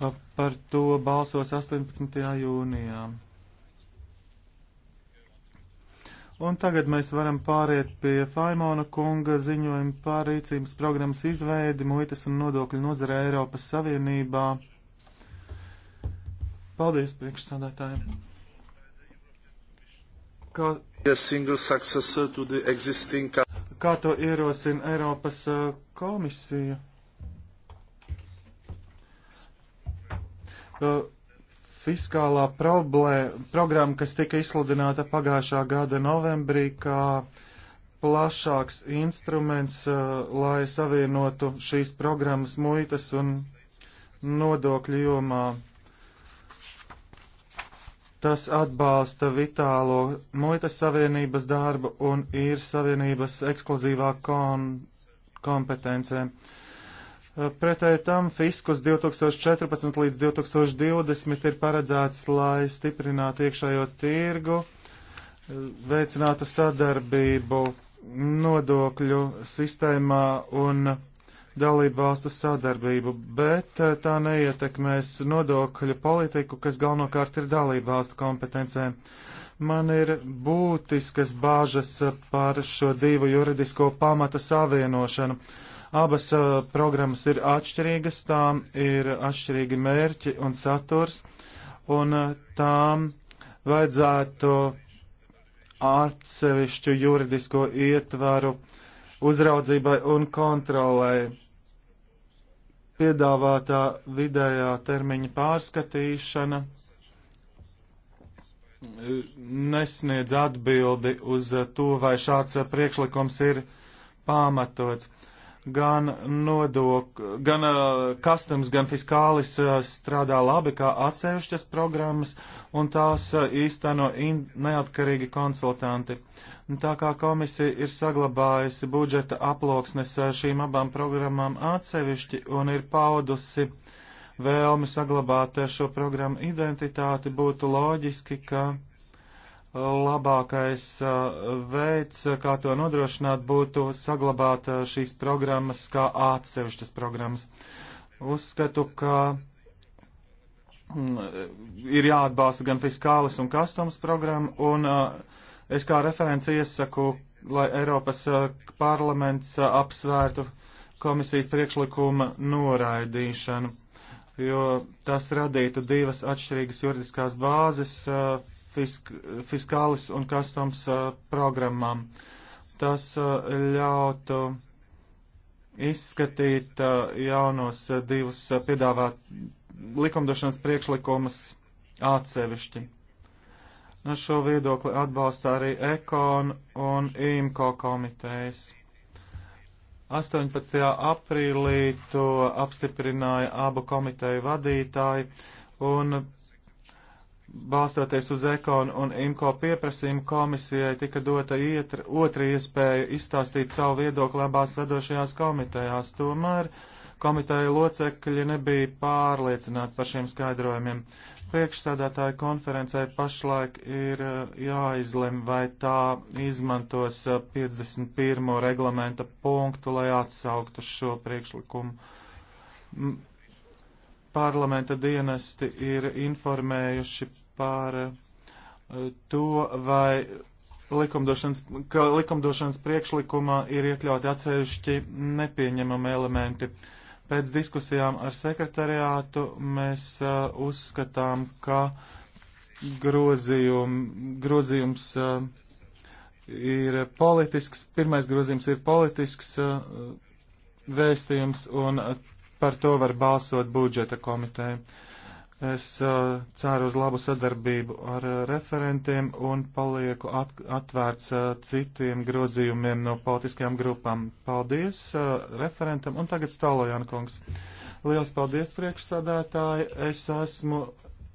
Eh, par to balsos 18. jūnijā. Un tagad mēs varam pāriet pie Faimona kunga ziņojuma par rīcības programmas izveidi muitas un nodokļu nozara Eiropas Savienībā. Paldies priekšsādātājiem! kā, existing... kā to ierosina Eiropas komisija. Fiskālā problē, programma, kas tika izsludināta pagājušā gada novembrī, kā plašāks instruments, lai savienotu šīs programmas muitas un nodokļu jomā. Tas atbalsta vitālo muitas savienības darbu un ir savienības ekskluzīvā kon kompetencē. Pretēji tam fiskus 2014 līdz 2020 ir paredzēts, lai stiprinātu iekšējo tirgu, veicinātu sadarbību nodokļu sistēmā un dalību valstu sadarbību, bet eh, tā neietekmēs nodokļu politiku, kas galvenokārt ir dalību valstu kompetencē. Man ir būtiskas bāžas par šo divu juridisko pamatu savienošanu. Abas eh, programmas ir atšķirīgas, tām ir atšķirīgi mērķi un saturs, un eh, tām vajadzētu atsevišķu juridisko ietvaru uzraudzībai un kontrolai piedāvātā vidējā termiņa pārskatīšana eh, nesniedz atbildi uz eh, to, vai šāds eh, priekšlikums ir pamatots gan, nodok, gan uh, customs, gan fiskālis uh, strādā labi kā atsevišķas programmas, un tās uh, īsteno in, neatkarīgi konsultanti. Un tā kā komisija ir saglabājusi budžeta aploksnes uh, šīm abām programmām atsevišķi un ir paudusi vēlmi saglabāt uh, šo programmu identitāti, būtu loģiski, ka. Uh, labākais uh, veids, uh, kā to nodrošināt, būtu saglabāt uh, šīs programmas kā atsevišķas programmas. Uzskatu, ka mm, ir jāatbalsta gan fiskālis un kastums programma, un es kā referents iesaku, lai Eiropas parlaments apsvērtu komisijas priekšlikuma noraidīšanu, jo tas radītu divas atšķirīgas juridiskās bāzes fisk, fiskālis un kastams uh, programmām. Tas uh, ļautu izskatīt uh, jaunos uh, divus uh, piedāvāt likumdošanas priekšlikumus atsevišķi. No šo viedokli atbalsta arī Ekon un IMCO komitejas. 18. aprīlī to apstiprināja abu komiteju vadītāji, un balstoties uz ekonu un imko pieprasījumu komisijai tika dota ietra, otra iespēja izstāstīt savu viedokli abās vedošajās komitejās. Tomēr komiteja locekļi nebija pārliecināti par šiem skaidrojumiem. Priekšsādātāja konferencē pašlaik ir eh, jāizlem, vai tā izmantos 51. Eh, reglamenta punktu, lai atsauktu šo priekšlikumu parlamenta dienesti ir informējuši par eh, to, vai likumdošanas, ka likumdošanas priekšlikumā ir iekļauti atsevišķi nepieņemami elementi. Pēc diskusijām ar sekretariātu mēs uh, uzskatām, ka grozījum, grozījums uh, ir politisks, pirmais grozījums ir politisks uh, vēstījums un par to var balsot budžeta komiteja. Uh, Es uh, ceru uz labu sadarbību ar uh, referentiem un palieku at atvērts uh, citiem grozījumiem no politiskajām grupām. Paldies uh, referentam un tagad Stālojāna kungs. Liels paldies priekšsādātāji. Es esmu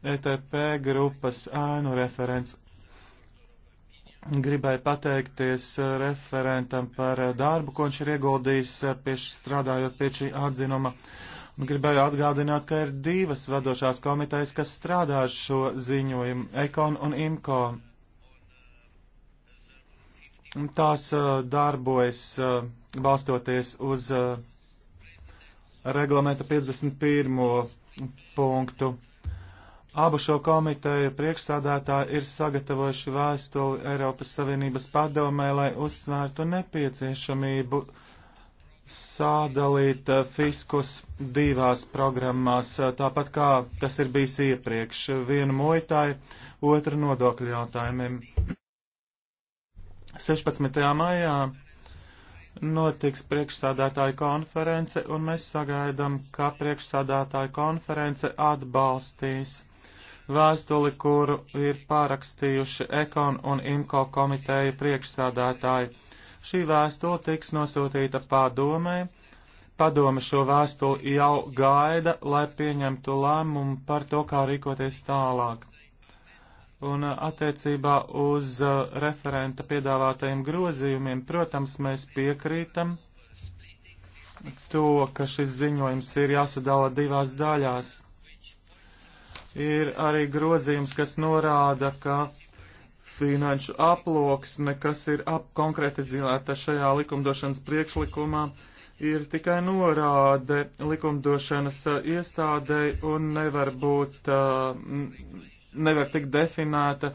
ETP grupas ēnu referents. Gribēju pateikties uh, referentam par uh, darbu, ko viņš ir ieguldījis uh, pie, strādājot pie šī atzinuma. Uh, Nu, gribēju atgādināt, ka ir divas vadošās komitejas, kas strādā šo ziņojumu - Ekon un Imko. Tās uh, darbojas uh, balstoties uz uh, reglamenta 51. punktu. Abu šo komiteju priekšsādātāji ir sagatavojuši vēstuli Eiropas Savienības padomē, lai uzsvērtu nepieciešamību uh, sādalīt eh, fiskus divās programmās, eh, tāpat kā tas ir bijis iepriekš. Vienu muitai, otru nodokļu jautājumiem. 16. maijā notiks priekšsādātāja konference, un mēs sagaidām, ka priekšsādātāja konference atbalstīs vēstuli, kuru ir pārakstījuši Ekon un IMKO komiteja priekšsādātāji Šī vēstule tiks nosūtīta padomē. Padome šo vēstuli jau gaida, lai pieņemtu lēmumu par to, kā rīkoties tālāk. Un uh, attiecībā uz uh, referenta piedāvātajiem grozījumiem, protams, mēs piekrītam to, ka šis ziņojums ir jāsadala divās daļās. Ir arī grozījums, kas norāda, ka finanšu aploksne, kas ir apkonkretizēta šajā likumdošanas priekšlikumā, ir tikai norāde likumdošanas uh, iestādei un nevar būt, uh, nevar tikt definēta,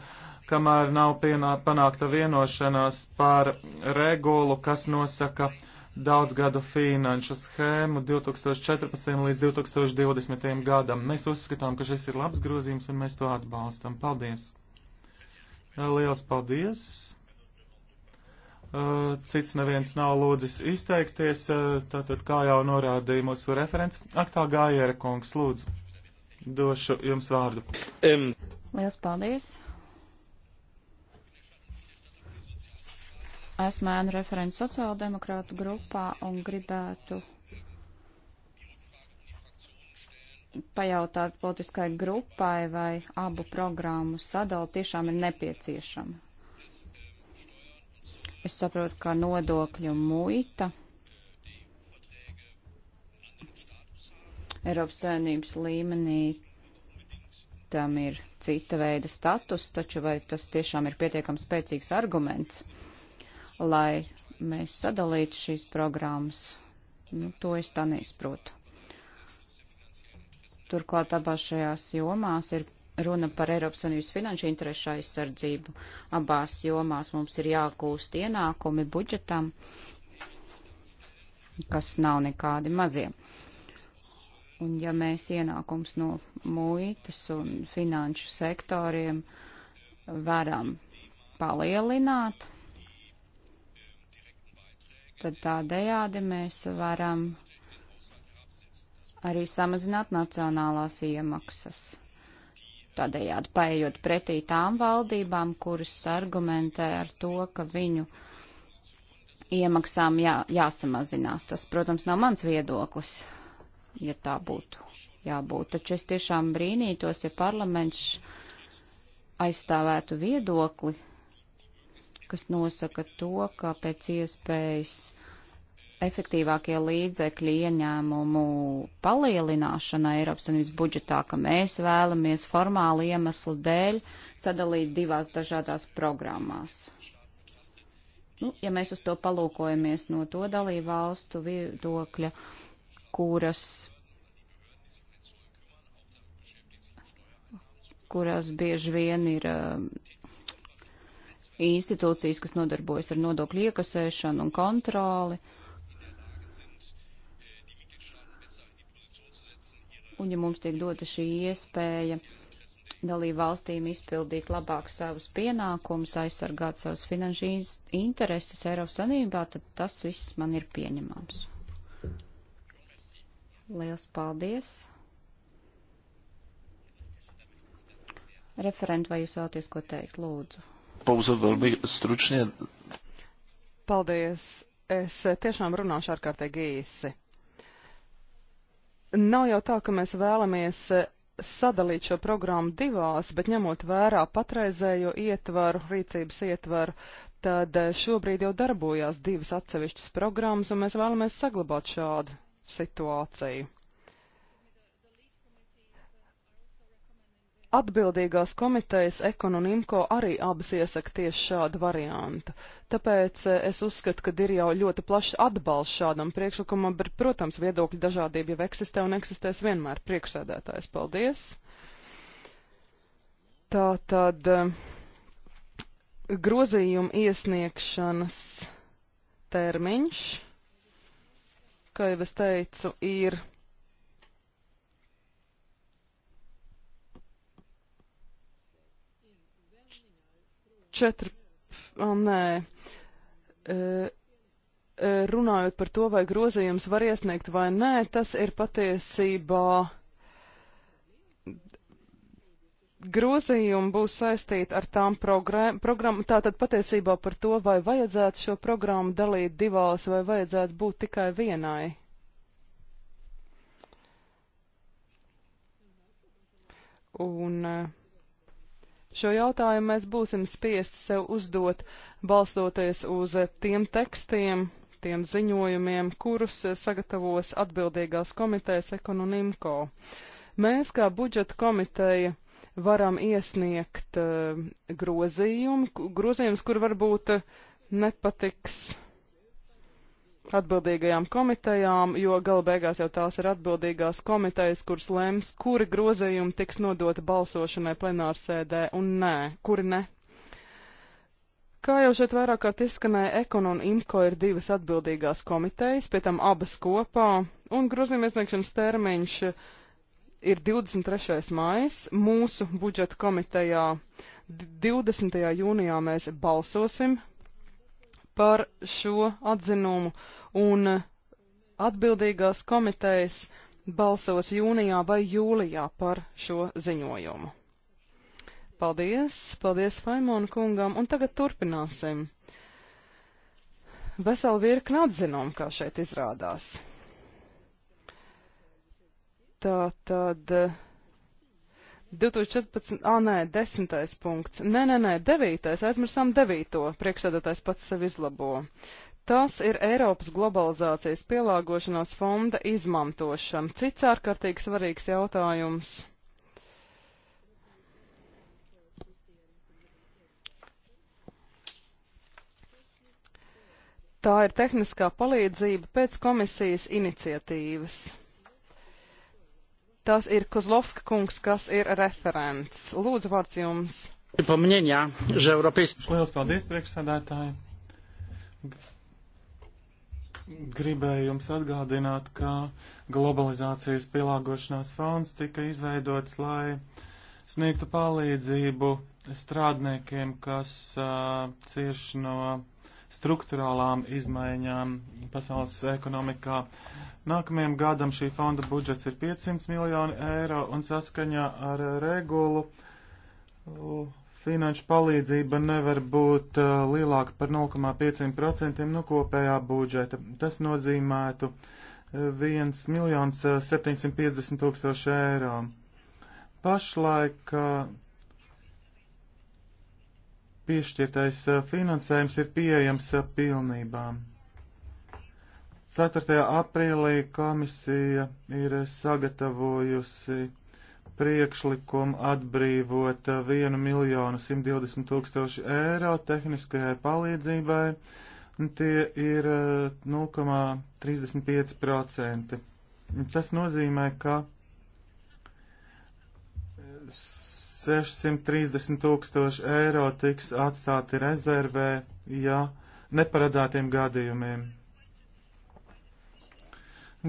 kamēr nav pienā, panākta vienošanās par regulu, kas nosaka daudzgadu finanšu schēmu 2014 līdz 2020 gadam. Mēs uzskatām, ka šis ir labs grozījums un mēs to atbalstam. Paldies! Liels paldies! Cits neviens nav lūdzis izteikties, tātad kā jau norādīja mūsu referents, aktā Gājēra kungs, lūdzu, došu jums vārdu. Um. Liels paldies! Esmu ēnu referents sociāldemokrātu grupā un gribētu pajautāt politiskai grupai, vai abu programmu sadala tiešām ir nepieciešama. Es saprotu, ka nodokļu muita Eiropas Savienības līmenī tam ir cita veida status, taču vai tas tiešām ir pietiekams spēcīgs arguments, lai mēs sadalītu šīs programmas, nu, to es tā neizprotu. Turklāt abās šajās jomās ir runa par Eiropas Savienības finanšu interešu aizsardzību. Abās jomās mums ir jāgūst ienākumi budžetam, kas nav nekādi mazie. Un ja mēs ienākums no muitas un finanšu sektoriem varam palielināt, tad tādējādi mēs varam arī samazināt nacionālās iemaksas. Tādējādi paējot pretī tām valdībām, kuras argumentē ar to, ka viņu iemaksām jā, jāsamazinās. Tas, protams, nav mans viedoklis, ja tā būtu jābūt. Taču es tiešām brīnītos, ja parlaments aizstāvētu viedokli, kas nosaka to, ka pēc iespējas efektīvākie līdzekļi ieņēmumu palielināšana Eiropas Savienības budžetā, ka mēs vēlamies formāli iemeslu dēļ sadalīt divās dažādās programmās. Nu, ja mēs uz to palūkojamies no to dalību valstu viedokļa, kuras, kuras bieži vien ir um, institūcijas, kas nodarbojas ar nodokļu iekasēšanu un kontroli, uh, Un ja mums tiek dota šī iespēja dalību valstīm izpildīt labāk savus pienākumus, aizsargāt savus finanšīs intereses Eiropas Sanībā, tad tas viss man ir pieņemams. Liels paldies! Referent, vai jūs vēlaties ko teikt? Lūdzu. Pauza vēl bija stručnie. Paldies! Es tiešām runāšu ārkārtīgi īsi. Nav jau tā, ka mēs vēlamies e, sadalīt šo programmu divās, bet ņemot vērā patreizējo ietvaru, rīcības ietvaru, tad e, šobrīd jau darbojās divas atsevišķas programmas, un mēs vēlamies saglabāt šādu situāciju. Atbildīgās komitejas Ekon un Imko arī abas iesaka tieši šādu variantu. Tāpēc eh, es uzskatu, ka ir jau ļoti plašs atbalsts šādam priekšlikumam, bet, protams, viedokļu dažādība jau eksistē un eksistēs vienmēr. Priekšsēdētājs, paldies! Tā tad eh, grozījuma iesniegšanas termiņš, kā jau es teicu, ir četri, o, oh, nē, e, e, runājot par to, vai grozījums var iesniegt vai nē, tas ir patiesībā grozījumi būs saistīti ar tām programmām, tātad patiesībā par to, vai vajadzētu šo programmu dalīt divās, vai vajadzētu būt tikai vienai. Un uh, Šo jautājumu mēs būsim spiesti sev uzdot, balstoties uz tiem tekstiem, tiem ziņojumiem, kurus sagatavos atbildīgās komitejas Ekonomimko. Mēs, kā budžeta komiteja, varam iesniegt uh, grozījumu, grozījumus, kur varbūt eh, nepatiks atbildīgajām komitejām, jo gala beigās jau tās ir atbildīgās komitejas, kuras lems, kuri grozējumi tiks nodota balsošanai plenārsēdē un nē, kuri ne. Kā jau šeit vairāk kārt izskanēja, Ekon un Imko ir divas atbildīgās komitejas, pie tam abas kopā, un grozījuma iesniegšanas termiņš ir 23. mājas mūsu budžeta komitejā. 20. jūnijā mēs balsosim par šo atzinumu, un atbildīgās komitejas balsos jūnijā vai jūlijā par šo ziņojumu. Paldies, paldies Faimona kungam, un tagad turpināsim. Vesela virkna atzinumu, kā šeit izrādās. Tā tad. Uh, 2014, ah, nē, desmitais punkts. Nē, nē, nē, devītais, aizmirsām devīto, priekšsēdētājs pats sev izlabo. Tas ir Eiropas globalizācijas pielāgošanās fonda izmantošana. Cits ārkārtīgi svarīgs jautājums. Tā ir tehniskā palīdzība pēc komisijas iniciatīvas. Tas ir Kozlovska kungs, kas ir referents. Lūdzu, vārds jums. Lielas paldies, priekšsādātāji. Gribēju jums atgādināt, ka globalizācijas pielāgošanās fonds tika izveidots, lai sniegtu palīdzību strādniekiem, kas uh, cieš no struktūrālām izmaiņām pasaules ekonomikā. Nākamajam gadam šī fonda budžets ir 500 miljoni eiro un saskaņā ar regulu finanšu palīdzība nevar būt uh, lielāka par 0,5% no kopējā budžeta. Tas nozīmētu 1 miljons 750 tūkstoši eiro. Pašlaik uh, piešķirtais eh, finansējums ir pieejams eh, pilnībā. 4. aprīlī komisija ir eh, sagatavojusi priekšlikumu atbrīvot 1 miljonu 120 tūkstoši eiro tehniskajai palīdzībai. Tie ir 0,35%. Tas nozīmē, ka 630 tūkstoši eiro tiks atstāti rezervē, ja neparedzētiem gadījumiem.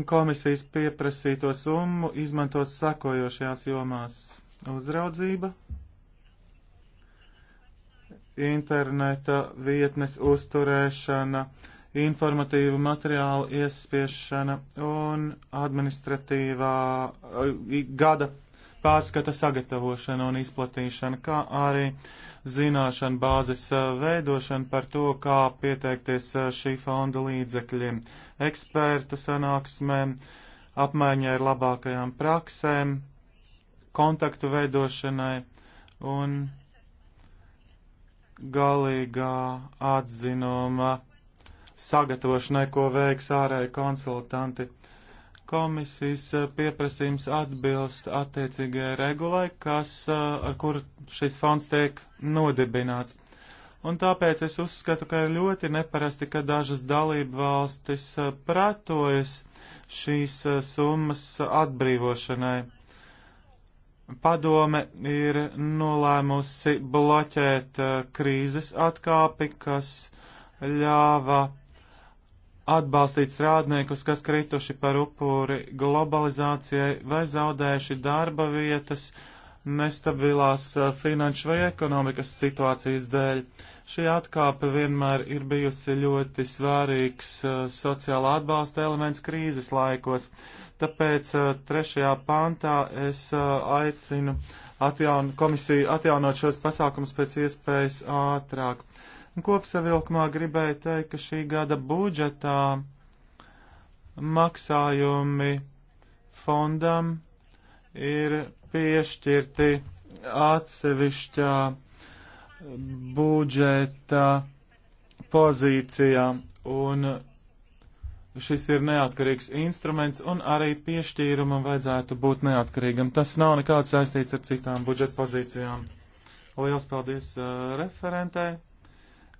Komisijas pieprasīto summu izmantos sakojošajās jomās - uzraudzība, interneta vietnes uzturēšana, informatīvu materiālu iespiešana un administratīvā uh, gada pārskata sagatavošana un izplatīšana, kā arī zināšana bāzes veidošana par to, kā pieteikties šī fonda līdzekļiem, ekspertu sanāksmēm, apmaiņai ar labākajām praksēm, kontaktu veidošanai un galīgā atzinuma sagatavošanai, ko veiks ārēji konsultanti. Uh, Komisijas eh, pieprasījums atbilst attiecīgajai regulai, kas, eh, ar kuru šis fonds tiek nodibināts. Un tāpēc es uzskatu, ka ir ļoti neparasti, ka dažas dalību valstis eh, pretojas šīs summas atbrīvošanai padome ir nolēmusi bloķēt krīzes atkāpi, kas ļāva atbalstīt strādniekus, kas krituši par upuri globalizācijai vai zaudējuši darba vietas nestabilās eh, finanšu vai ekonomikas situācijas dēļ. Šī atkāpe vienmēr ir bijusi ļoti svārīgs eh, sociāla atbalsta elements krīzes laikos. Tāpēc eh, trešajā pantā es aicinu atjaun, komisiju atjaunot šos pasākumus pēc iespējas ātrāk. Uh, Kopsavilkumā gribēju teikt, ka šī gada budžetā maksājumi fondam ir piešķirti atsevišķā budžeta pozīcijā, un šis ir neatkarīgs instruments, un arī piešķīrumam vajadzētu būt neatkarīgam. Tas nav nekāds saistīts ar citām budžeta pozīcijām. Liels paldies uh, referentei!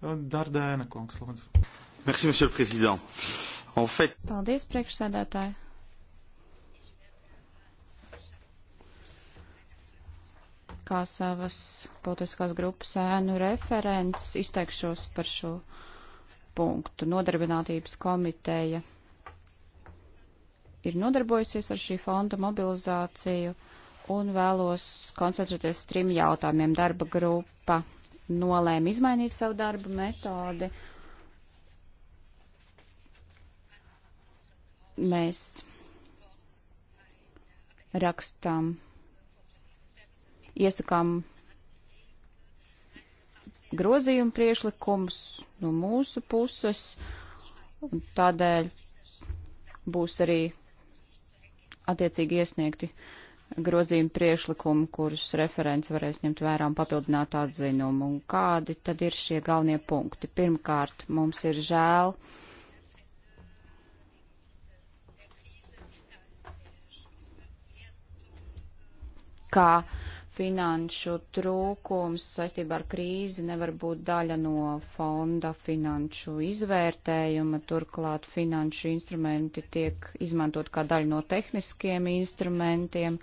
Dardēna kungs, lūdzu. Merci, monsieur le président. En fait... Paldies, priekšsēdētāji. Kā savas politiskās grupas ēnu referents izteikšos par šo punktu. Nodarbinātības komiteja ir nodarbojusies ar šī fonda mobilizāciju un vēlos koncentrēties trim jautājumiem. Darba grupa nolēma izmainīt savu darbu metodi. Mēs rakstam, iesakām grozījumu priešlikums no mūsu puses, un tādēļ būs arī attiecīgi iesniegti uh, grozījumu priešlikumu, kurus referents varēs ņemt vērā un papildināt atzinumu. Un kādi tad ir šie galvenie punkti? Pirmkārt, mums ir žēl. Kā finanšu trūkums saistībā ar krīzi nevar būt daļa no fonda finanšu izvērtējuma. Turklāt finanšu instrumenti tiek izmantot kā daļa no tehniskiem instrumentiem.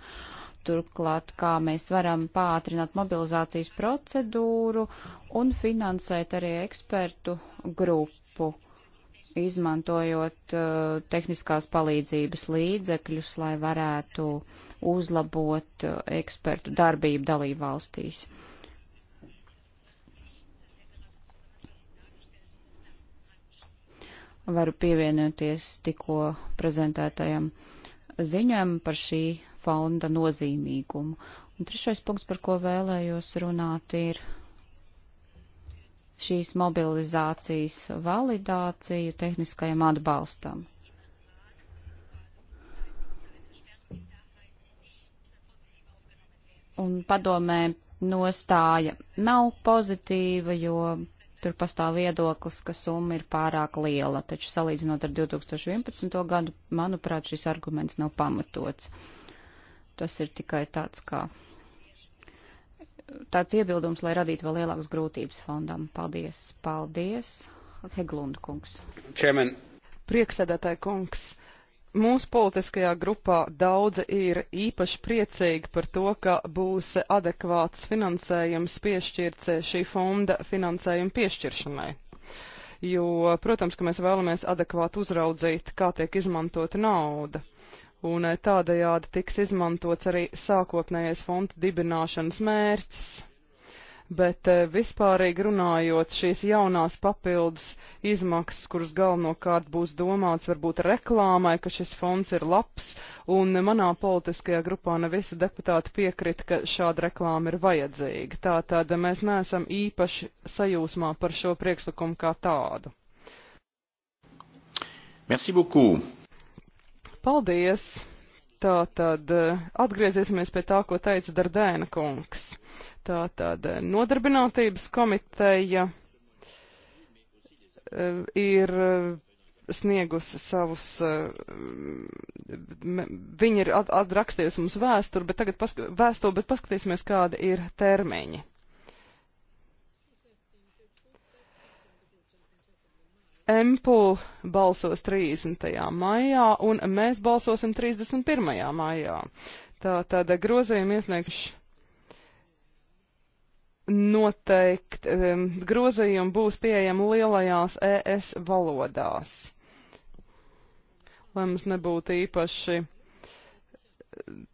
Turklāt, kā mēs varam pātrināt mobilizācijas procedūru un finansēt arī ekspertu grupu, izmantojot uh, tehniskās palīdzības līdzekļus, lai varētu uh, uzlabot uh, ekspertu darbību dalību valstīs. Varu pievienoties tikko prezentētajam ziņojumam par šī fonda nozīmīgumu. Un trešais punkts, par ko vēlējos runāt, ir šīs mobilizācijas validāciju tehniskajam atbalstam. un padomē nostāja nav pozitīva, jo tur pastāv viedoklis, ka summa ir pārāk liela, taču salīdzinot ar 2011. gadu, manuprāt, šis arguments nav pamatots. Tas ir tikai tāds kā tāds iebildums, lai radītu vēl lielākas grūtības fondam. Paldies, paldies, Heglund kungs. Čemen. Prieksēdētāji kungs. Mūsu politiskajā grupā daudzi ir īpaši priecīgi par to, ka būs adekvāts finansējums piešķirts šī fonda finansējuma piešķiršanai. Jo, protams, ka mēs vēlamies adekvāti uzraudzīt, kā tiek izmantota nauda. Un e, tādējādi tiks izmantots arī sākotnējais fonda dibināšanas mērķis bet eh, vispārīgi runājot, šīs jaunās papildus izmaksas, kuras galvenokārt būs domāts varbūt reklāmai, ka šis fonds ir labs, un manā politiskajā grupā ne visi deputāti piekrit, ka šāda reklāma ir vajadzīga. Tātad mēs neesam īpaši sajūsmā par šo priekšlikumu kā tādu. Merci beaucoup. Paldies! Tā tad eh, atgriezīsimies pie tā, ko teica Dardēna kungs. Tā tad eh, nodarbinātības komiteja eh, ir sniegusi savus, viņi ir atrakstījusi mums vēsturi, bet tagad pask vēstuli, bet paskatīsimies, kāda ir termiņi. MPL balsos 30. maijā un mēs balsosim 31. maijā. Tā tad grozījuma iesniegš noteikti, um, grozījumi būs pieejami lielajās ES valodās. Lai mums nebūtu īpaši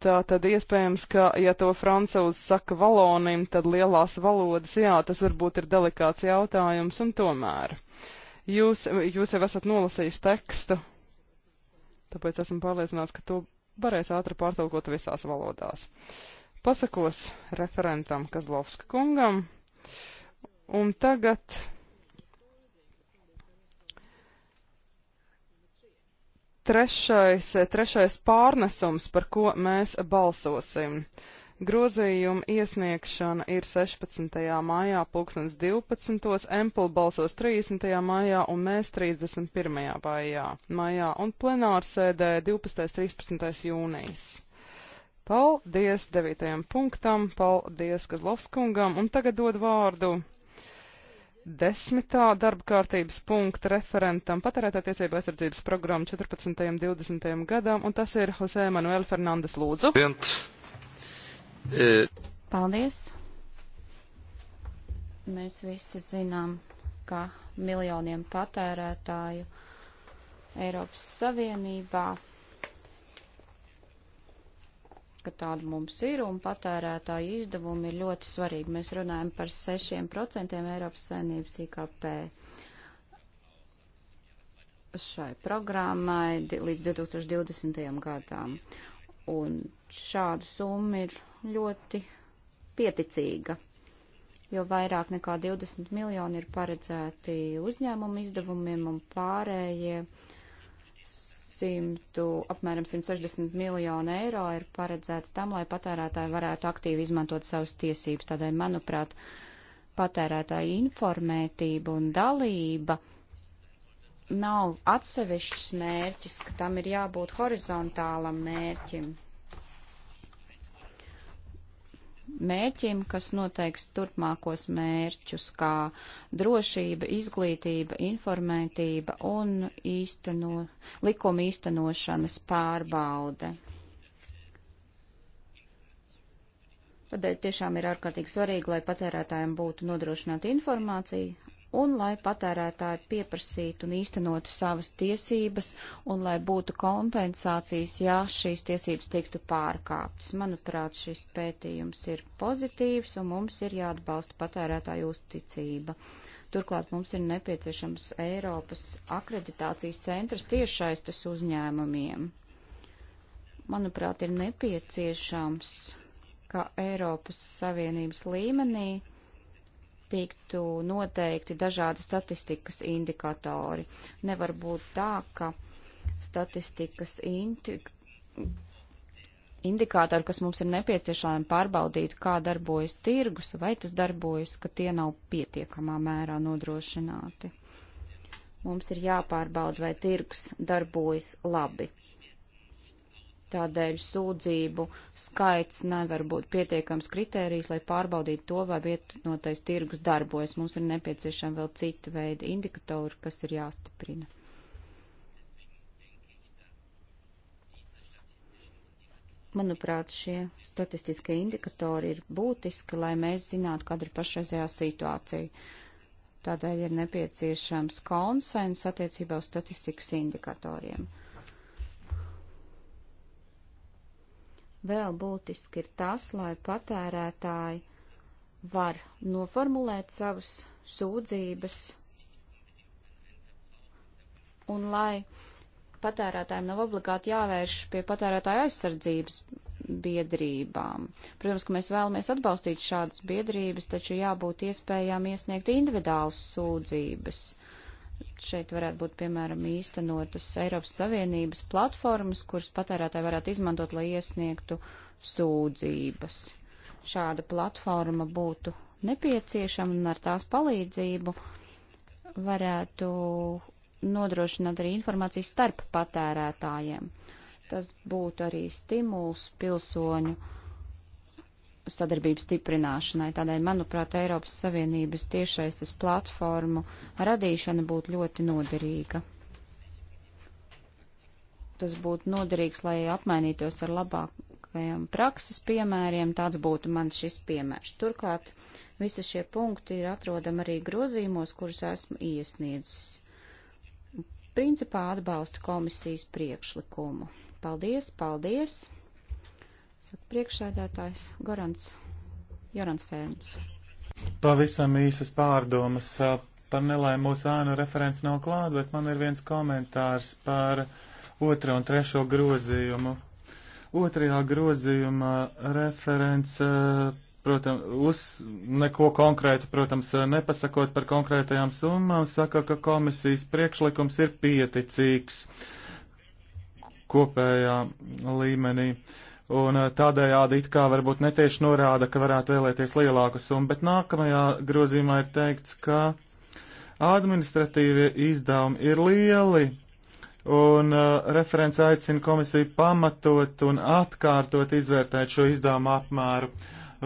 tā tad iespējams, ka, ja to francūzi saka valonim, tad lielās valodas, jā, tas varbūt ir delikāts jautājums un tomēr. Uh, Jūs, jūs jau esat nolasījis tekstu, tāpēc esmu pārliecināts, ka to varēs ātri pārtulkot visās valodās. Pasakos referentam Kazlovska kungam. Un tagad trešais, trešais pārnesums, par ko mēs balsosim. Grozījuma iesniegšana ir 16. maijā, 2012. Empel balsos 30. maijā un mēs 31. maijā, maijā un plenārsēdē 12. 13. jūnijas. Paldies devītajam punktam, paldies Kazlovskungam, un tagad dod vārdu desmitā darba kārtības punkta referentam patērētā tiesība aizsardzības programma 14. un 20. gadam, un tas ir Jose Manuel Fernandes Lūdzu. Vient. Paldies! Mēs visi zinām, ka miljoniem patērētāju Eiropas Savienībā, ka tāda mums ir un patērētāju izdevumi ir ļoti svarīgi. Mēs runājam par 6% Eiropas Savienības IKP. Šai programmai līdz 2020. gadām. Un šāda summa ir ļoti pieticīga, jo vairāk nekā 20 miljoni ir paredzēti uzņēmumu izdevumiem un pārējie 100, apmēram 160 miljoni eiro ir paredzēti tam, lai patērētāji varētu aktīvi izmantot savas tiesības. Tādēļ, manuprāt, patērētāja informētība un dalība – nav atsevišķs mērķis, ka tam ir jābūt horizontālam mērķim. Mērķim, kas noteiks turpmākos mērķus, kā drošība, izglītība, informētība un īsteno, likuma īstenošanas pārbaude. Tādēļ tiešām ir ārkārtīgi svarīgi, lai patērētājiem būtu nodrošināta informācija un lai patērētāji pieprasītu un īstenotu savas tiesības, un lai būtu kompensācijas, ja šīs tiesības tiktu pārkāptas. Manuprāt, šis pētījums ir pozitīvs, un mums ir jāatbalsta patērētāju uzticība. Turklāt mums ir nepieciešams Eiropas akreditācijas centrs tiešaistas uzņēmumiem. Manuprāt, ir nepieciešams, ka Eiropas Savienības līmenī tiktu noteikti dažādi statistikas indikatori. Nevar būt tā, ka statistikas indi indikātori, kas mums ir nepieciešami pārbaudīt, kā darbojas tirgus, vai tas darbojas, ka tie nav pietiekamā mērā nodrošināti. Mums ir jāpārbauda, vai tirgus darbojas labi. Tādēļ sūdzību skaits nevar būt pietiekams kritērijs, lai pārbaudītu to, vai vietnotais tirgus darbojas. Mums ir nepieciešama vēl cita veida indikatori, kas ir jāstiprina. Manuprāt, šie statistiskie indikatori ir būtiski, lai mēs zinātu, kāda ir pašreizējā situācija. Tādēļ ir nepieciešams konsens attiecībā uz statistikas indikatoriem. Vēl būtiski ir tas, lai patērētāji var noformulēt savas sūdzības un lai patērētājiem nav obligāti jāvērš pie patērētāja aizsardzības biedrībām. Protams, ka mēs vēlamies atbalstīt šādas biedrības, taču jābūt iespējām iesniegt individuālas sūdzības. Šeit varētu būt, piemēram, īstenotas Eiropas Savienības platformas, kuras patērētāji varētu izmantot, lai iesniegtu sūdzības. Šāda platforma būtu nepieciešama un ar tās palīdzību varētu nodrošināt arī informāciju starp patērētājiem. Tas būtu arī stimuls pilsoņu sadarbības stiprināšanai. Tādēļ, manuprāt, Eiropas Savienības tiešaistes platformu radīšana būtu ļoti noderīga. Tas būtu noderīgs, lai apmainītos ar labākajiem prakses piemēriem. Tāds būtu man šis piemērs. Turklāt visi šie punkti ir atrodami arī grozījumos, kurus esmu iesniedzis. Principā atbalsta komisijas priekšlikumu. Paldies, paldies! Saka priekšsēdētājs Gorants Jorans Fērns. Pavisam īsas pārdomas par nelēmu mūsu ēnu referents nav klāt, bet man ir viens komentārs par otro un trešo grozījumu. Otrajā grozījumā referents, protams, uz neko konkrētu, protams, nepasakot par konkrētajām summām, saka, ka komisijas priekšlikums ir pieticīgs kopējā līmenī. Uh, un eh, tādējādi it kā varbūt netieši norāda, ka varētu vēlēties lielāku summu, bet nākamajā grozījumā ir teikts, ka administratīvie izdevumi ir lieli, un uh, referents aicina komisiju pamatot un atkārtot izvērtēt šo izdevumu apmēru.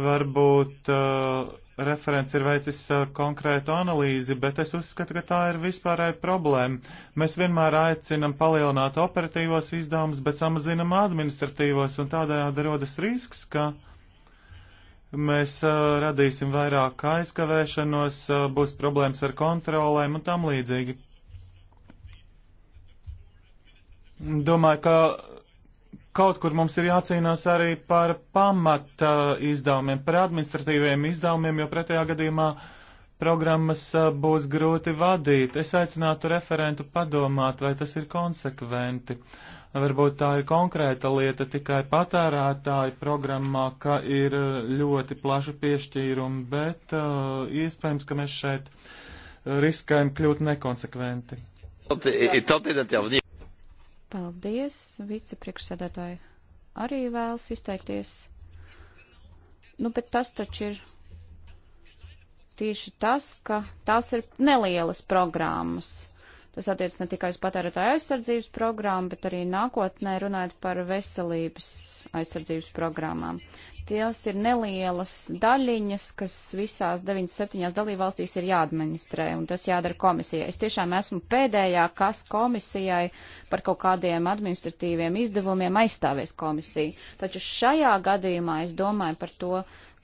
Varbūt uh, referents ir veicis konkrētu analīzi, bet es uzskatu, ka tā ir vispārēja problēma. Mēs vienmēr aicinam palielināt operatīvos izdevumus, bet samazinam administratīvos, un tādējādi rodas risks, ka mēs uh, radīsim vairāk aizkavēšanos, uh, būs problēmas ar kontrolēm un tam līdzīgi. Domāju, ka kaut kur mums ir jācīnās arī par pamata izdevumiem, par administratīviem izdevumiem, jo pretējā gadījumā programmas būs grūti vadīt. Es aicinātu referentu padomāt, vai tas ir konsekventi. Varbūt tā ir konkrēta lieta tikai patērētāju programmā, ka ir ļoti plaša piešķīruma, bet iespējams, ka mēs šeit riskējam kļūt nekonsekventi. Tentē, e tentē Paldies. Vicepriekšsēdētāji arī vēlas izteikties. Nu, bet tas taču ir tieši tas, ka tās ir nelielas programmas. Tas attiec ne tikai uz patērētāju aizsardzības programmu, bet arī nākotnē runājot par veselības aizsardzības programmām. Tās ir nelielas daļiņas, kas visās 97 dalībvalstīs ir jāadministrē, un tas jādara komisijai. Es tiešām esmu pēdējā, kas komisijai par kaut kādiem administratīviem izdevumiem aizstāvēs komisiju. Taču šajā gadījumā es domāju par to,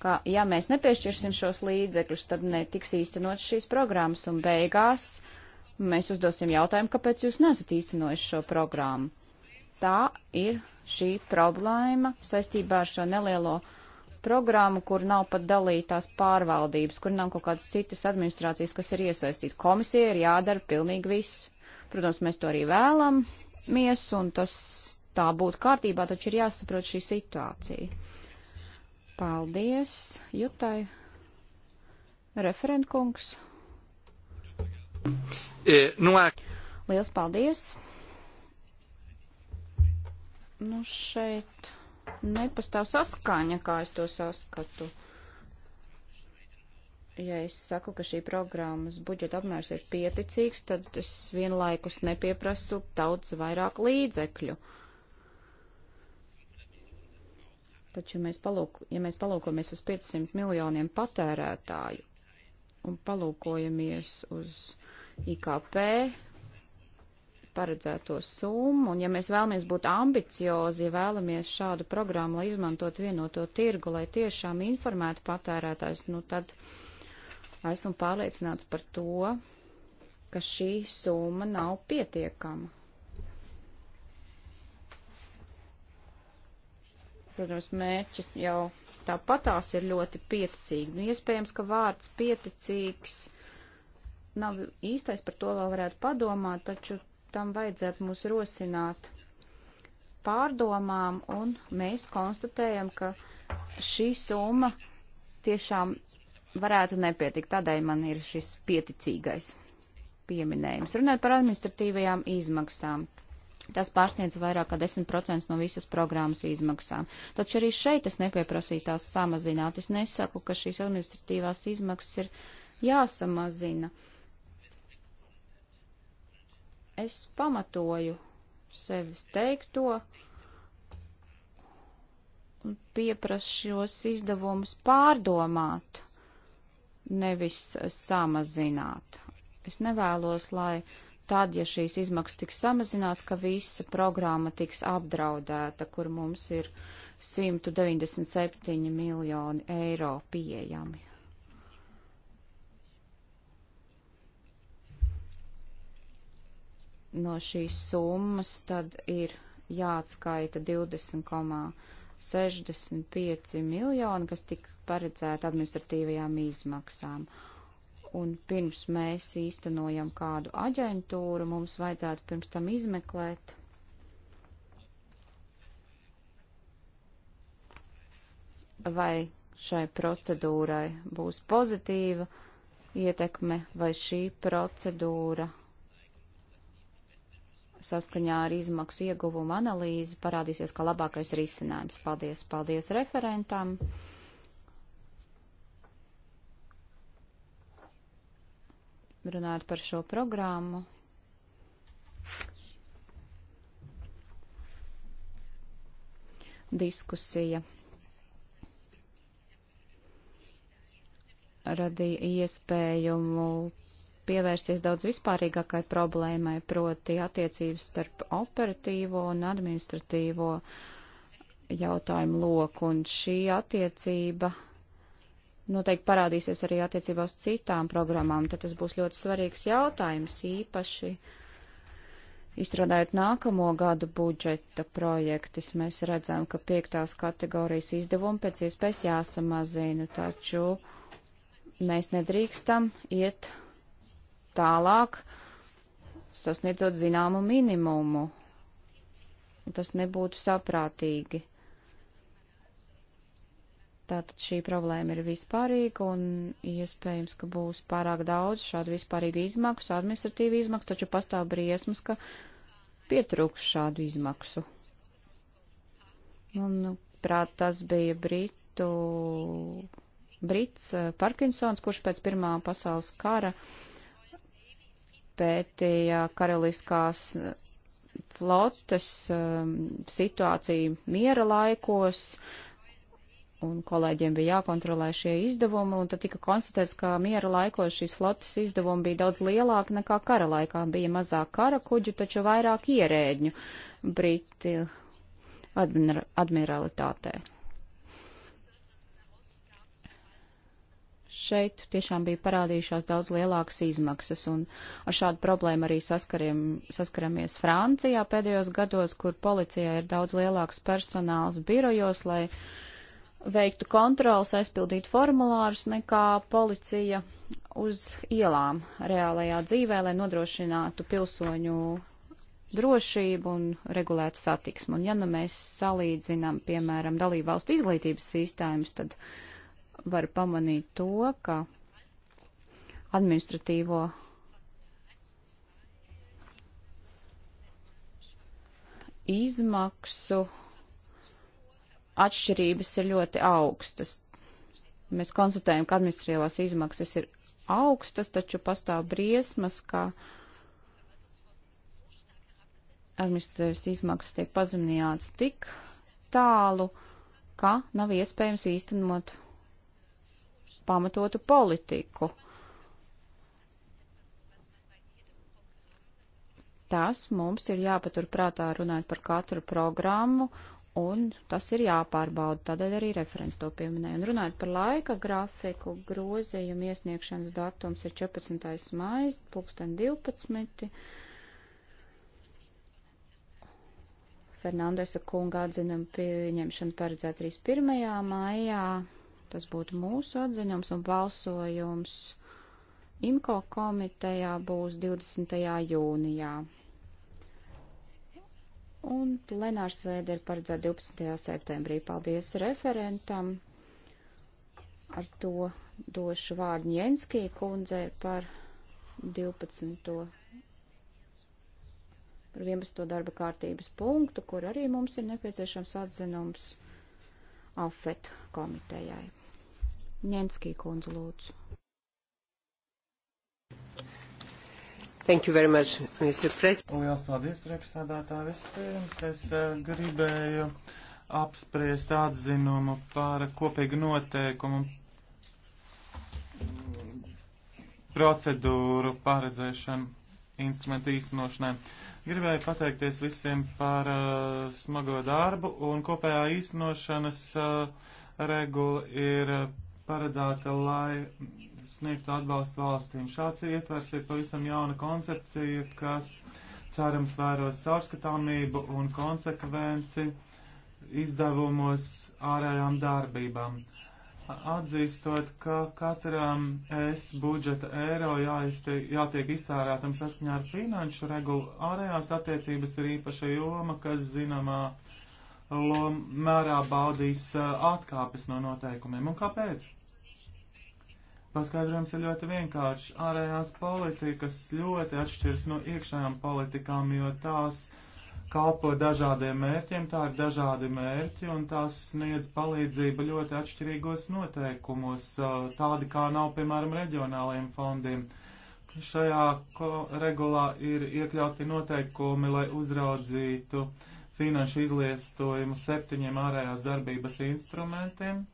ka, ja mēs nepiešķirsim šos līdzekļus, tad netiks īstenot šīs programmas, un beigās mēs uzdosim jautājumu, kāpēc jūs nesat īstenojuši šo programmu. Tā ir šī problēma saistībā ar šo nelielo programmu, kur nav pat dalītās pārvaldības, kur nav kaut kādas citas administrācijas, kas ir iesaistīta. Komisija ir jādara pilnīgi viss. Protams, mēs to arī vēlamies, un tas tā būtu kārtībā, taču ir jāsaprot šī situācija. Paldies, Jutai. Referentkungs. E, nu, Liels paldies! Nu, šeit nepastāv saskaņa, kā es to saskatu. Ja es saku, ka šī programmas budžeta apmērs ir pieticīgs, tad es vienlaikus nepieprasu daudz vairāk līdzekļu. Taču, mēs palūk, ja mēs palūkojamies uz 500 miljoniem patērētāju un palūkojamies uz IKP paredzēto summu, un ja mēs vēlamies būt ambiciozi, ja vēlamies šādu programmu, lai izmantot vienoto tirgu, lai tiešām informētu patērētājs, nu tad esmu pārliecināts par to, ka šī summa nav pietiekama. Protams, mērķi jau tāpatās ir ļoti pieticīgi. Nu, iespējams, ka vārds pieticīgs nav īstais, par to vēl varētu padomāt, taču tam vajadzētu mūs rosināt pārdomām, un mēs konstatējam, ka šī summa tiešām varētu nepietikt. Tādēļ man ir šis pieticīgais pieminējums. Runājot par administratīvajām izmaksām. Tas pārsniedz vairāk kā 10% no visas programmas izmaksām. Taču arī šeit es nepieprasīju tās samazināt. Es nesaku, ka šīs administratīvās izmaksas ir jāsamazina. Uh, es pamatoju sevis teikto un pieprašos izdevumus pārdomāt, nevis samazināt. Es nevēlos, lai tad, ja šīs izmaksas tiks samazināts, ka visa programma tiks apdraudēta, kur mums ir 197 miljoni eiro pieejami. no šīs summas tad ir jāatskaita 20,65 miljoni, kas tika paredzēta administratīvajām izmaksām. Un pirms mēs īstenojam kādu aģentūru, mums vajadzētu pirms tam izmeklēt, vai šai procedūrai būs pozitīva ietekme, vai šī procedūra saskaņā ar izmaksu ieguvumu analīzi parādīsies kā labākais risinājums. Paldies, paldies referentam. Runājot par šo programmu. Diskusija radīja iespējumu pievērsties daudz vispārīgākai problēmai, proti attiecības starp operatīvo un administratīvo jautājumu loku, un šī attiecība noteikti parādīsies arī attiecībā uz citām programmām, tad tas būs ļoti svarīgs jautājums īpaši. Izstrādājot nākamo gadu budžeta projektus, mēs redzam, ka piektās kategorijas izdevumi pēc iespējas jāsamazina, taču mēs nedrīkstam iet tālāk, sasniedzot zināmu minimumu. Tas nebūtu saprātīgi. Tātad šī problēma ir vispārīga un iespējams, ka būs pārāk daudz šādu vispārīgu izmaksu, administratīvu izmaksu, taču pastāv briesmas, ka pietrūks šādu izmaksu. Un, prāt, tas bija Britu, Brits eh, Parkinsons, kurš pēc Pirmā pasaules kara uh, pētīja karaliskās flotes um, situāciju miera laikos, un kolēģiem bija jākontrolē šie izdevumi, un tad tika konstatēts, ka miera laikos šīs flotes izdevumi bija daudz lielāki nekā kara laikā. Bija mazāk kara kuģu, taču vairāk ierēģņu Briti admira admiralitātē. šeit tiešām bija parādījušās daudz lielākas izmaksas, un ar šādu problēmu arī saskariem, saskaramies Francijā pēdējos gados, kur policijā ir daudz lielāks personāls birojos, lai veiktu kontrols, aizpildītu formulārus, nekā policija uz ielām reālajā dzīvē, lai nodrošinātu pilsoņu drošību un regulētu satiksmu. Un ja nu mēs salīdzinām, piemēram, dalību valstu izglītības sistēmas, tad uh, var pamanīt to, ka administratīvo izmaksu atšķirības ir ļoti augstas. Mēs konstatējam, ka administratīvās izmaksas ir augstas, taču pastāv briesmas, ka administratīvas izmaksas tiek pazemināts tik tālu, ka nav iespējams īstenot pamatotu politiku. Tas mums ir jāpaturprātā runājot par katru programmu, un tas ir jāpārbauda. Tādēļ arī referents to pieminēja. Un runājot par laika grafiku, grozījuma iesniegšanas datums ir 14. maijs, 2012. Fernandesa kunga atzinuma pieņemšana paredzēta 31. maijā. Tas būtu mūsu atziņums un balsojums IMCO komitejā būs 20. jūnijā. Un plenārs sēde ir paredzēta 12. septembrī. Paldies referentam. Ar to došu vārdu Jenskī kundzē par 12. par 11. darba kārtības punktu, kur arī mums ir nepieciešams atzinums AFET komitejai. Ņenskī kundze lūdzu. Thank you very much, Mr. President. Lielas paldies, priekšstādātāji. Vispirms es uh, gribēju apspriest atzinumu par kopīgu noteikumu procedūru paredzēšanu instrumentu īstenošanai. Gribēju pateikties visiem par uh, smago darbu un kopējā īstenošanas uh, regula ir paredzēta, lai sniegtu atbalstu valstīm. Šāds ietvers ir pavisam jauna koncepcija, kas cerams vēros caurskatāmību un konsekvenci izdevumos ārējām darbībām. Atzīstot, ka katram es budžeta eiro jāizti, jātiek iztērētam saskaņā ar finanšu regulu, ārējās attiecības ir īpaša joma, kas zināmā mērā baudīs atkāpes no noteikumiem. Un kāpēc? Paskaidrojums ir ļoti vienkāršs. Ārējās politikas ļoti atšķiras no iekšējām politikām, jo tās kalpo dažādiem mērķiem, tā ir dažādi mērķi, un tās sniedz palīdzību ļoti atšķirīgos noteikumos, tādi kā nav, piemēram, reģionālajiem fondiem. Šajā regulā ir iekļauti noteikumi, lai uzraudzītu finanšu izliestojumu septiņiem ārējās darbības instrumentiem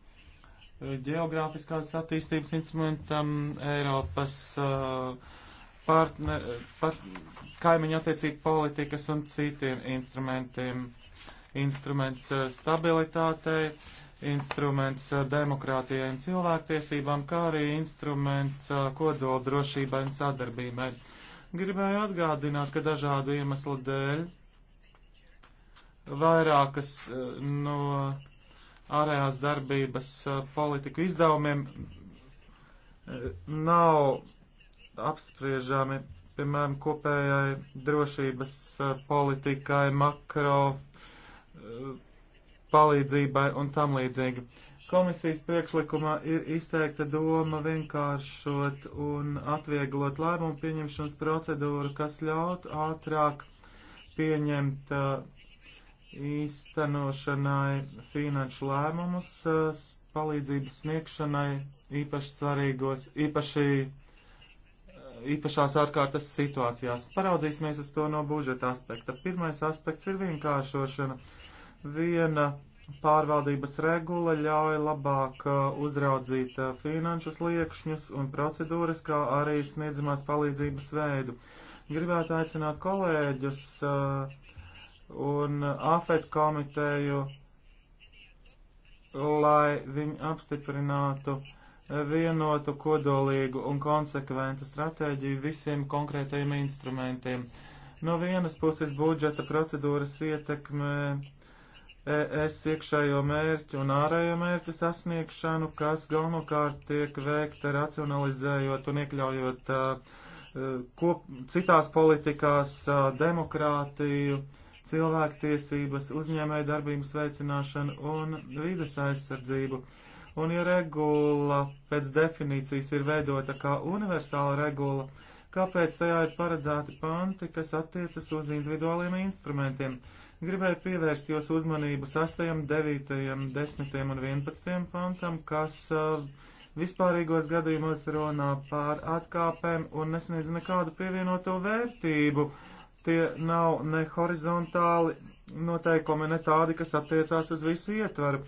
ģeogrāfiskās eh, attīstības instrumentam, Eiropas eh, partner, eh, part, kaimiņu attiecību politikas un citiem instrumentiem. Instruments stabilitātei, instruments demokrātijai un cilvēktiesībām, kā arī instruments kodoldrošībai un sadarbībai. Gribēju atgādināt, ka dažādu iemeslu dēļ vairākas no. Nu, ārējās darbības politiku izdevumiem nav apspriežami, piemēram, kopējai drošības politikai, makro palīdzībai un tam līdzīgi. Komisijas priekšlikumā ir izteikta doma vienkāršot un atvieglot lēmumu pieņemšanas procedūru, kas ļaut ātrāk pieņemt uh, īstenošanai finanšu lēmumus eh, palīdzības sniegšanai īpaši svarīgos, īpaši eh, īpašās ārkārtas situācijās. Paraudzīsimies uz to no budžeta aspekta. Pirmais aspekts ir vienkāršošana. Viena pārvaldības regula ļauj labāk eh, uzraudzīt finanšus liekšņus un procedūras, kā arī sniedzamās palīdzības veidu. Gribētu aicināt kolēģus uh, un AFET komiteju, lai viņi apstiprinātu vienotu, kodolīgu un konsekventu stratēģiju visiem konkrētajiem instrumentiem. No vienas puses budžeta procedūras ietekmē ES iekšējo mērķu un ārējo mērķu sasniegšanu, kas galvenokārt tiek veikta racionalizējot un iekļaujot uh, uh kop, citās politikās uh, demokrātiju, uh, cilvēktiesības, uzņēmēja darbības veicināšanu un vides aizsardzību. Un ja regula pēc definīcijas ir veidota kā universāla regula, kāpēc tajā ir paredzēti panti, kas attiecas uz individuāliem instrumentiem? Gribēju pievērst jūsu uzmanību 6., 9., 10. un 11. pantam, kas uh, vispārīgos gadījumos runā par atkāpēm un nesniedz nekādu pievienoto vērtību uh, tie nav ne horizontāli noteikumi, ne tādi, kas attiecās uz visu ietvaru.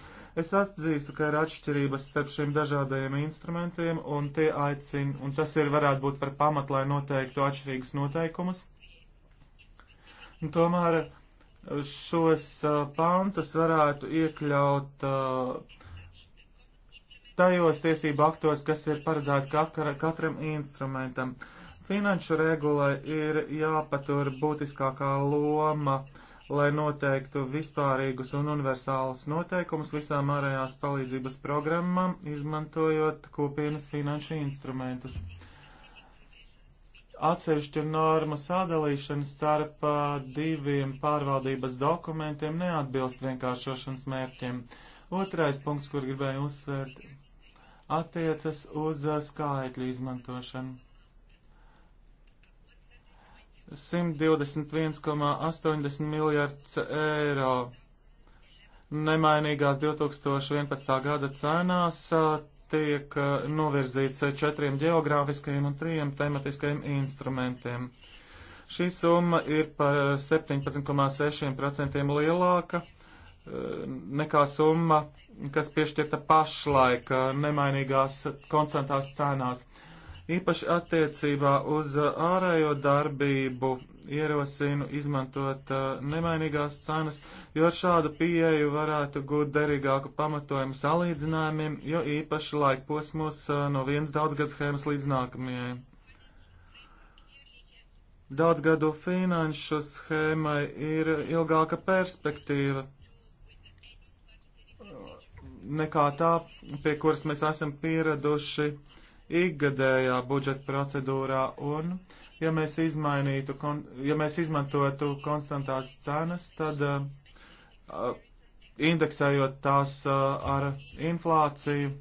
Es atzīstu, ka ir atšķirības starp šiem dažādajiem instrumentiem, un tie aicina, un tas ir varētu būt par pamatu, lai noteiktu atšķirīgas noteikumus. Un tomēr šos uh, pantus varētu iekļaut uh, tajos tiesību aktos, kas ir paredzēti katram instrumentam. Uh, Finanšu regulai ir jāpatur būtiskākā loma, lai noteiktu vispārīgus un universālus noteikumus visām ārējās palīdzības programmām, izmantojot kopienas finanšu instrumentus atsevišķu normu sadalīšana starp diviem pārvaldības dokumentiem neatbilst vienkāršošanas mērķiem. Otrais punkts, kur gribēju uzsvērt, attiecas uz skaitļu izmantošanu. 121,80 miljārds eiro. Nemainīgās 2011. gada cenās tiek novirzīts četriem geogrāfiskajiem un trijiem tematiskajiem instrumentiem. Šī summa ir par 17,6% lielāka nekā summa, kas piešķirta pašlaik nemainīgās konstantās cenās. Īpaši attiecībā uz uh, ārējo darbību ierosinu izmantot uh, nemainīgās cenas, jo ar šādu pieeju varētu gūt derīgāku pamatojumu salīdzinājumiem, jo īpaši laikposmos uh, no vienas daudzgadu schēmas līdz nākamajai. Daudzgadu finanšu schēmai ir ilgāka perspektīva nekā tā, pie kuras mēs esam pieraduši uh, ikgadējā budžeta procedūrā un, ja mēs, izmainītu, kon, ja mēs izmantotu konstantās cenas, tad uh, indeksējot tās uh, ar inflāciju,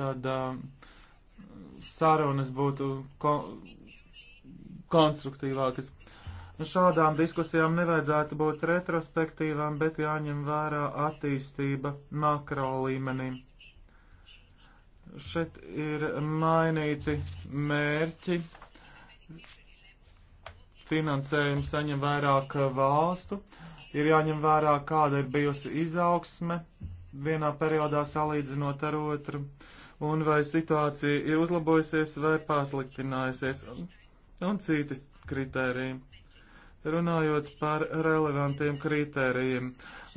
tad uh, sarunas būtu kon konstruktīvākas. Nu, šādām diskusijām nevajadzētu būt retrospektīvām, bet jāņem vērā attīstība makro līmenim šeit ir mainīti mērķi. Finansējumu saņem vairāk valstu, ir jāņem vērā, kāda ir bijusi izaugsme vienā periodā salīdzinot ar otru, un vai situācija ir uzlabojusies vai pasliktinājusies, un citas kritērija. Runājot par relevantiem kritērijiem,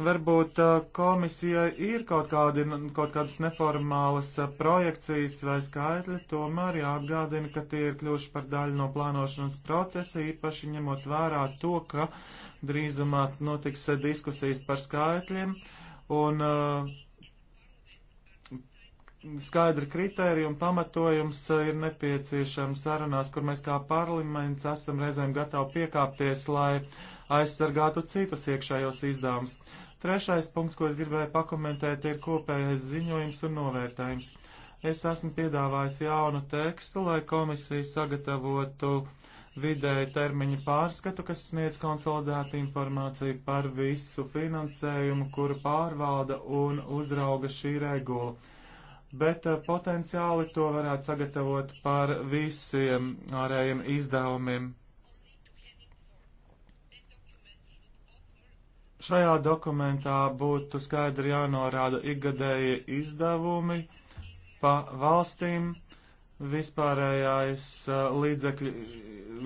varbūt uh, komisijai ir kaut, kādi, kaut kādas neformālas uh, projekcijas vai skaitļi, tomēr jāatgādina, ka tie ir kļuvuši par daļu no plānošanas procesa, īpaši ņemot vērā to, ka drīzumā notiks uh, diskusijas par skaitļiem. Un, uh, skaidri kriteriji un pamatojums eh, ir nepieciešams sarunās, kur mēs kā parlaments esam reizēm gatavi piekāpties, lai aizsargātu citus iekšējos izdevumus. Trešais punkts, ko es gribēju pakomentēt, ir kopējais ziņojums un novērtējums. Es esmu piedāvājis jaunu tekstu, lai komisija sagatavotu vidēju termiņu pārskatu, kas sniedz konsolidētu informāciju par visu finansējumu, kuru pārvalda un uzrauga šī regula bet uh, potenciāli to varētu sagatavot par visiem ārējiem izdevumiem. Šajā dokumentā būtu skaidri jānorāda ikgadēji izdevumi pa valstīm, vispārējais uh, eh, līdzekļu,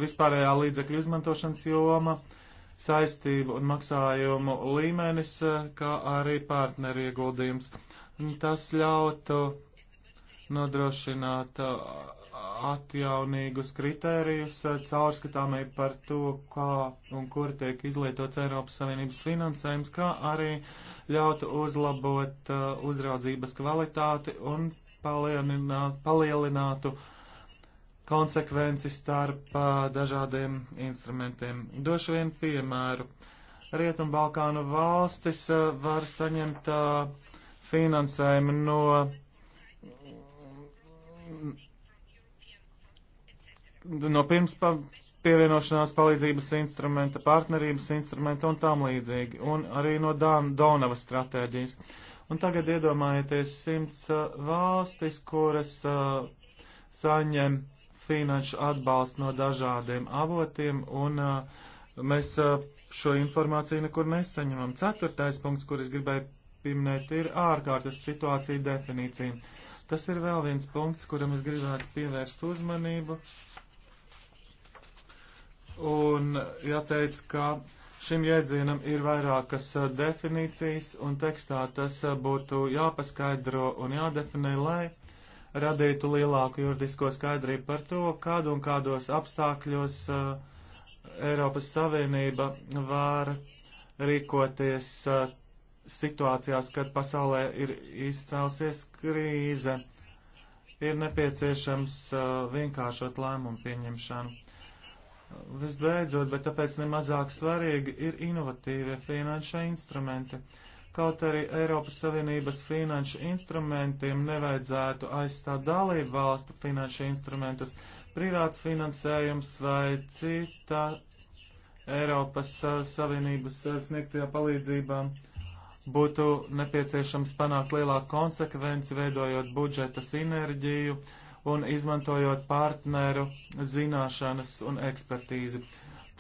vispārējā līdzekļu izmantošanas joma, saistību un maksājumu līmenis, uh, kā arī partneri ieguldījums. Tas ļautu nodrošināt uh, atjaunīgus kritērijus uh, caurskatāmību par to, kā un kur tiek izlietots Eiropas Savienības finansējums, kā arī ļautu uzlabot uh, uzraudzības kvalitāti un palielinātu konsekvenci starp dažādiem instrumentiem. Došu vienu piemēru. Rietumbalkānu valstis var saņemt uh, finansējumu no no pirms pa, pievienošanās palīdzības instrumenta, partnerības instrumenta un tam līdzīgi, un arī no Dan Donavas stratēģijas. Un tagad iedomājieties simts uh, valstis, kuras uh, saņem finanšu atbalstu no dažādiem avotiem, un uh, mēs uh, šo informāciju nekur nesaņemam. Ceturtais punkts, kur es gribēju pieminēta ir ārkārtas situācija definīcija. Tas ir vēl viens punkts, kuram es gribētu pievērst uzmanību. Un jāteic, ka šim jēdzienam ir vairākas definīcijas, un tekstā tas būtu jāpaskaidro un jādefinē, lai radītu lielāku juridisko skaidrību par to, kādu un kādos apstākļos Eiropas Savienība var rīkoties situācijās, kad pasaulē ir izcēlusies krīze, ir nepieciešams uh, vienkāršot lēmumu pieņemšanu. Visbeidzot, bet tāpēc nemazāk svarīgi ir inovatīvie finanšu instrumenti. Kaut arī Eiropas Savienības finanšu instrumentiem nevajadzētu aizstāt dalību valstu finanšu instrumentus, privāts finansējums vai cita Eiropas uh, Savienības uh, sniegtajā palīdzībā. Uh, būtu nepieciešams panākt lielāku konsekvenci, veidojot budžeta sinerģiju un izmantojot partneru zināšanas un ekspertīzi.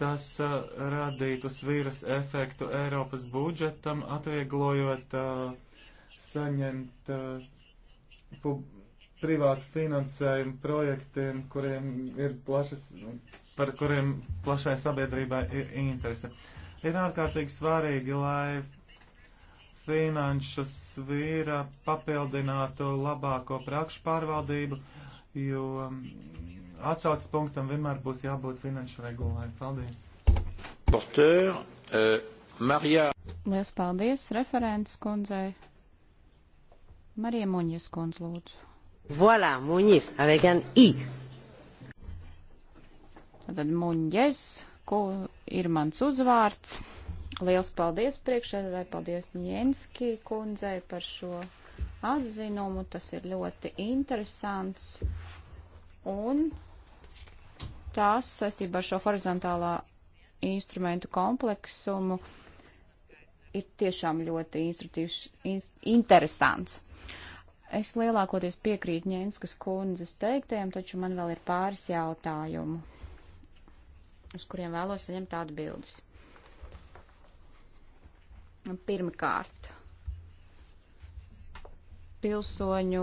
Tas uh, radītu svīras efektu Eiropas budžetam, atvieglojot uh, saņemt uh, privātu finansējumu projektiem, kuriem ir plašas, par kuriem plašai sabiedrībai ir interese. Ir ārkārtīgi svarīgi, lai finanšu svīra papildinātu labāko prakšu pārvaldību, jo um, atsaucas punktam vienmēr būs jābūt finanšu regulai. Paldies! Porteur, uh, Marijā. Lielas paldies referents kundzei. Marija Muņas kundz lūdzu. Voilà, Muņas, avec un i. Tad Muņas, ko ir mans uzvārds. Liels paldies priekšēdētāji, paldies Jenski kundzei par šo atzinumu. Tas ir ļoti interesants. Un tās saistībā ar šo horizontālā instrumentu kompleksumu ir tiešām ļoti interesants. Es lielākoties piekrītu Ņēnskas kundzes teiktajam, taču man vēl ir pāris jautājumu, uz kuriem vēlos saņemt atbildes. Pirmkārt, pilsoņu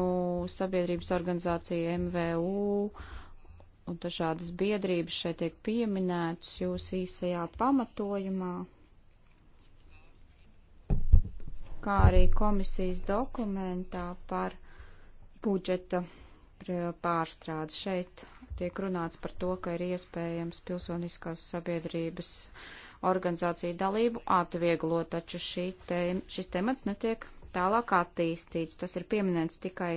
sabiedrības organizācija MVU un dažādas biedrības šeit tiek pieminētas jūs īsajā pamatojumā, kā arī komisijas dokumentā par budžeta pārstrādi. Šeit tiek runāts par to, ka ir iespējams pilsoniskās sabiedrības uh, organizāciju dalību atvieglot, taču te, šis temats netiek tālāk attīstīts. Tas ir pieminēts tikai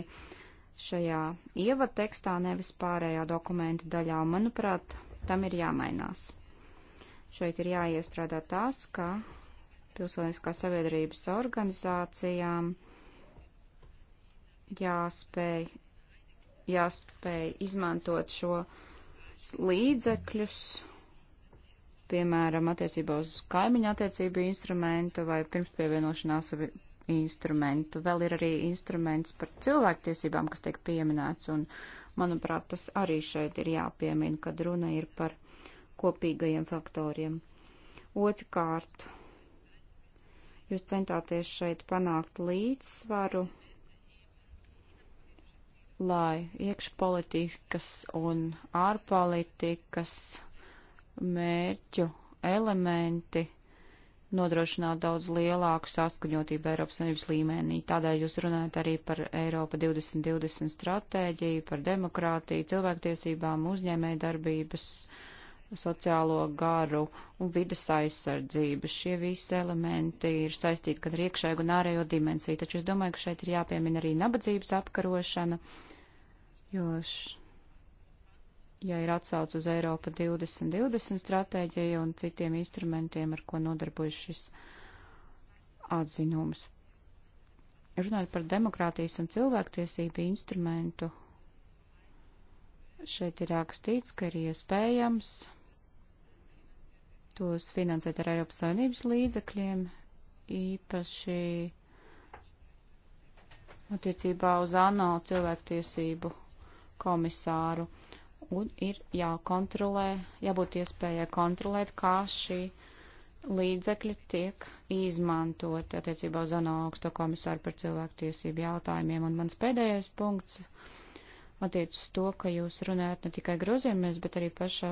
šajā ievatekstā, nevis pārējā dokumenta daļā. Manuprāt, tam ir jāmainās. Šeit ir jāiestrādā tas, ka pilsoniskās sabiedrības organizācijām jāspēj, jāspēj izmantot šo līdzekļus piemēram, attiecībā uz kaimiņu attiecību instrumentu vai pirmspievienošanās instrumentu. Vēl ir arī instruments par cilvēktiesībām, kas tiek pieminēts, un, manuprāt, tas arī šeit ir jāpiemina, kad runa ir par kopīgajiem faktoriem. Otrkārt, jūs centāties šeit panākt līdzsvaru, lai iekšpolitikas un ārpolitikas mērķu elementi nodrošināt daudz lielāku saskaņotību Eiropas Savienības līmenī. Tādēļ jūs runājat arī par Eiropa 2020 stratēģiju, par demokrātiju, cilvēktiesībām, uzņēmēju darbības, sociālo garu un vidas aizsardzību. Šie visi elementi ir saistīti gan ar iekšējo, gan ārējo dimensiju, taču es domāju, ka šeit ir jāpiemina arī nabadzības apkarošana, jo š ja ir atsauc uz Eiropa 2020 stratēģiju un citiem instrumentiem, ar ko nodarbojas šis atzinums. Runājot par demokrātijas un cilvēktiesību instrumentu, šeit ir rakstīts, ka ir iespējams tos finansēt ar Eiropas Savienības līdzekļiem, īpaši attiecībā uz ANO cilvēktiesību komisāru un ir jākontrolē, jābūt iespējai kontrolēt, kā šī līdzekļi tiek izmantot attiecībā uz ANO augsto komisāru par cilvēktiesību jautājumiem. Un mans pēdējais punkts attiec uz to, ka jūs runājat ne tikai grozījumies, bet arī pašā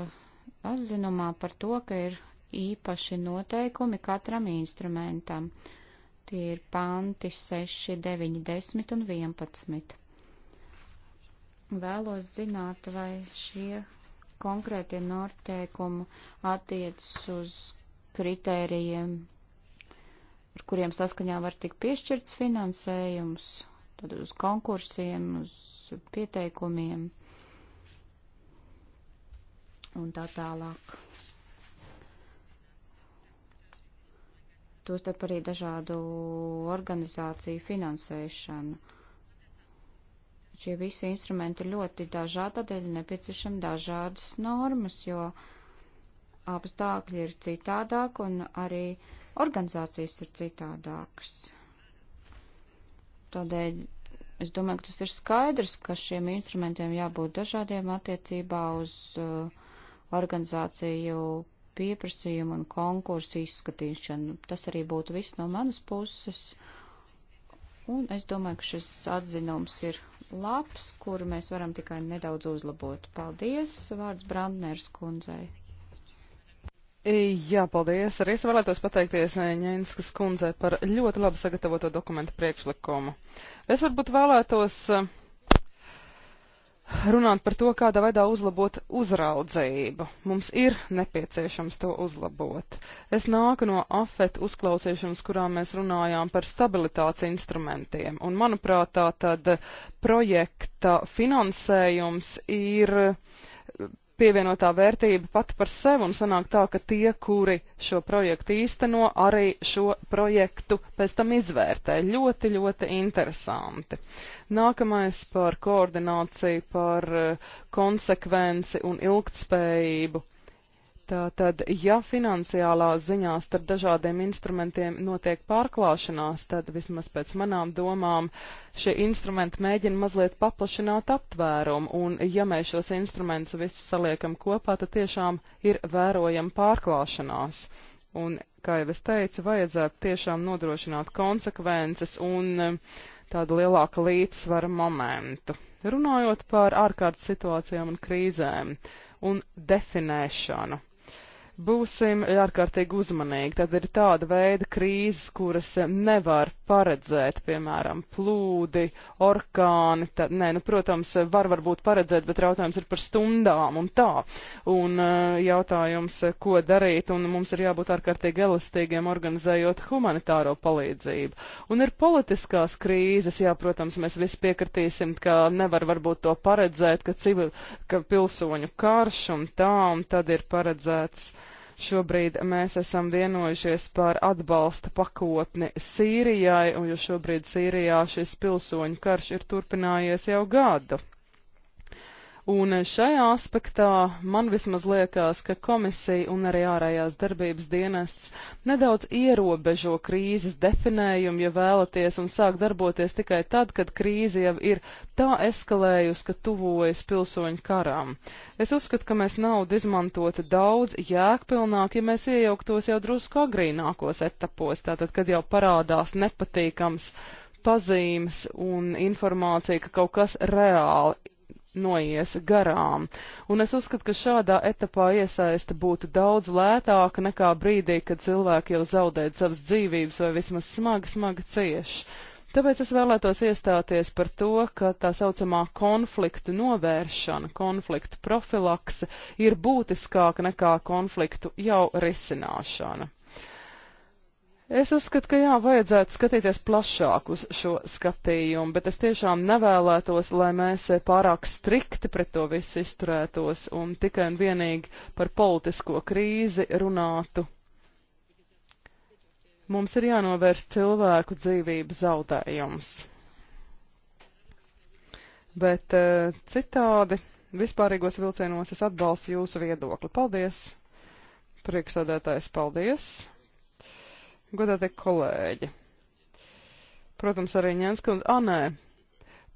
atzinumā par to, ka ir īpaši noteikumi katram instrumentam. Tie ir panti 6, 9, 10 un 11. Vēlos zināt, vai šie konkrētie noteikumi attiecas uz kritērijiem, ar kuriem saskaņā var tikt piešķirts finansējums, tad uz konkursiem, uz pieteikumiem un tā tālāk. Tostarp arī dažādu organizāciju finansēšanu. Šie visi instrumenti ir ļoti dažādi, tādēļ ir nepieciešami dažādas normas, jo apstākļi ir citādāk un arī organizācijas ir citādākas. Tādēļ es domāju, ka tas ir skaidrs, ka šiem instrumentiem jābūt dažādiem attiecībā uz uh, organizāciju pieprasījumu un konkursu izskatīšanu. Tas arī būtu viss no manas puses. Un es domāju, ka šis atzinums ir labs, kuru mēs varam tikai nedaudz uzlabot. Paldies, vārds Brandners kundzei. E, jā, paldies. Arī es vēlētos pateikties e, Ņēnskas kundzei par ļoti labi sagatavoto dokumentu priekšlikumu. Es varbūt vēlētos uh, runāt par to, kādā veidā uzlabot uzraudzību. Mums ir nepieciešams to uzlabot. Es nāku no afet uzklausīšanas, kurā mēs runājām par stabilitātes instrumentiem, un manuprāt tā tad projekta finansējums ir uh, pievienotā vērtība pati par sevi un sanāk tā, ka tie, kuri šo projektu īsteno, arī šo projektu pēc tam izvērtē. Ļoti, ļoti interesanti. Nākamais par koordināciju, par eh, konsekvenci un ilgtspējību. Tātad, ja finansiālā ziņā starp dažādiem instrumentiem notiek pārklāšanās, tad vismaz pēc manām domām šie instrumenti mēģina mazliet paplašināt aptvērumu, un ja mēs šos instrumentus visus saliekam kopā, tad tiešām ir vērojama pārklāšanās. Un, kā jau es teicu, vajadzētu tiešām nodrošināt konsekvences un eh, tādu lielāku līdzsvaru momentu. Runājot par ārkārtas situācijām un krīzēm un definēšanu būsim ārkārtīgi uzmanīgi. Tad ir tāda veida krīzes, kuras nevar paredzēt, piemēram, plūdi, orkāni. Tad, nē, nu, protams, var varbūt paredzēt, bet jautājums ir par stundām un tā. Un eh, jautājums, ko darīt, un mums ir jābūt ārkārtīgi elastīgiem organizējot humanitāro palīdzību. Un ir politiskās krīzes, jā, protams, mēs visi piekritīsim, ka nevar varbūt to paredzēt, ka, civil, ka pilsoņu karš un tā, un tad ir paredzēts. Uh, Šobrīd mēs esam vienojušies par atbalsta pakotni Sīrijai, un jo šobrīd Sīrijā šis pilsoņu karš ir turpinājies jau gadu. Un šajā aspektā man vismaz liekas, ka komisija un arī ārējās darbības dienests nedaudz ierobežo krīzes definējumu, ja vēlaties, un sāk darboties tikai tad, kad krīze jau ir tā eskalējusi, ka tuvojas pilsoņu karām. Es uzskatu, ka mēs naudu izmantota daudz jēgpilnāk, ja mēs iejauktos jau drusku agrīnākos etapos, tātad, kad jau parādās nepatīkams pazīmes un informācija, ka kaut kas reāli noies garām. Un es uzskatu, ka šādā etapā iesaista būtu daudz lētāka nekā brīdī, kad cilvēki jau zaudē savas dzīvības vai vismaz smagi, smagi cieši. Tāpēc es vēlētos iestāties par to, ka tā saucamā konfliktu novēršana, konfliktu profilakse ir būtiskāka nekā konfliktu jau risināšana. Es uzskatu, ka jā, vajadzētu skatīties plašāk uz šo skatījumu, bet es tiešām nevēlētos, lai mēs pārāk strikti pret to visu izturētos un tikai un vienīgi par politisko krīzi runātu. Mums ir jānovērst cilvēku dzīvību zaudējums. Bet eh, citādi, vispārīgos vilcienos es atbalstu jūsu viedokli. Paldies! Priekšsādētājs, paldies! godātie kolēģi. Protams, arī Ņēns kundze. Ah, nē,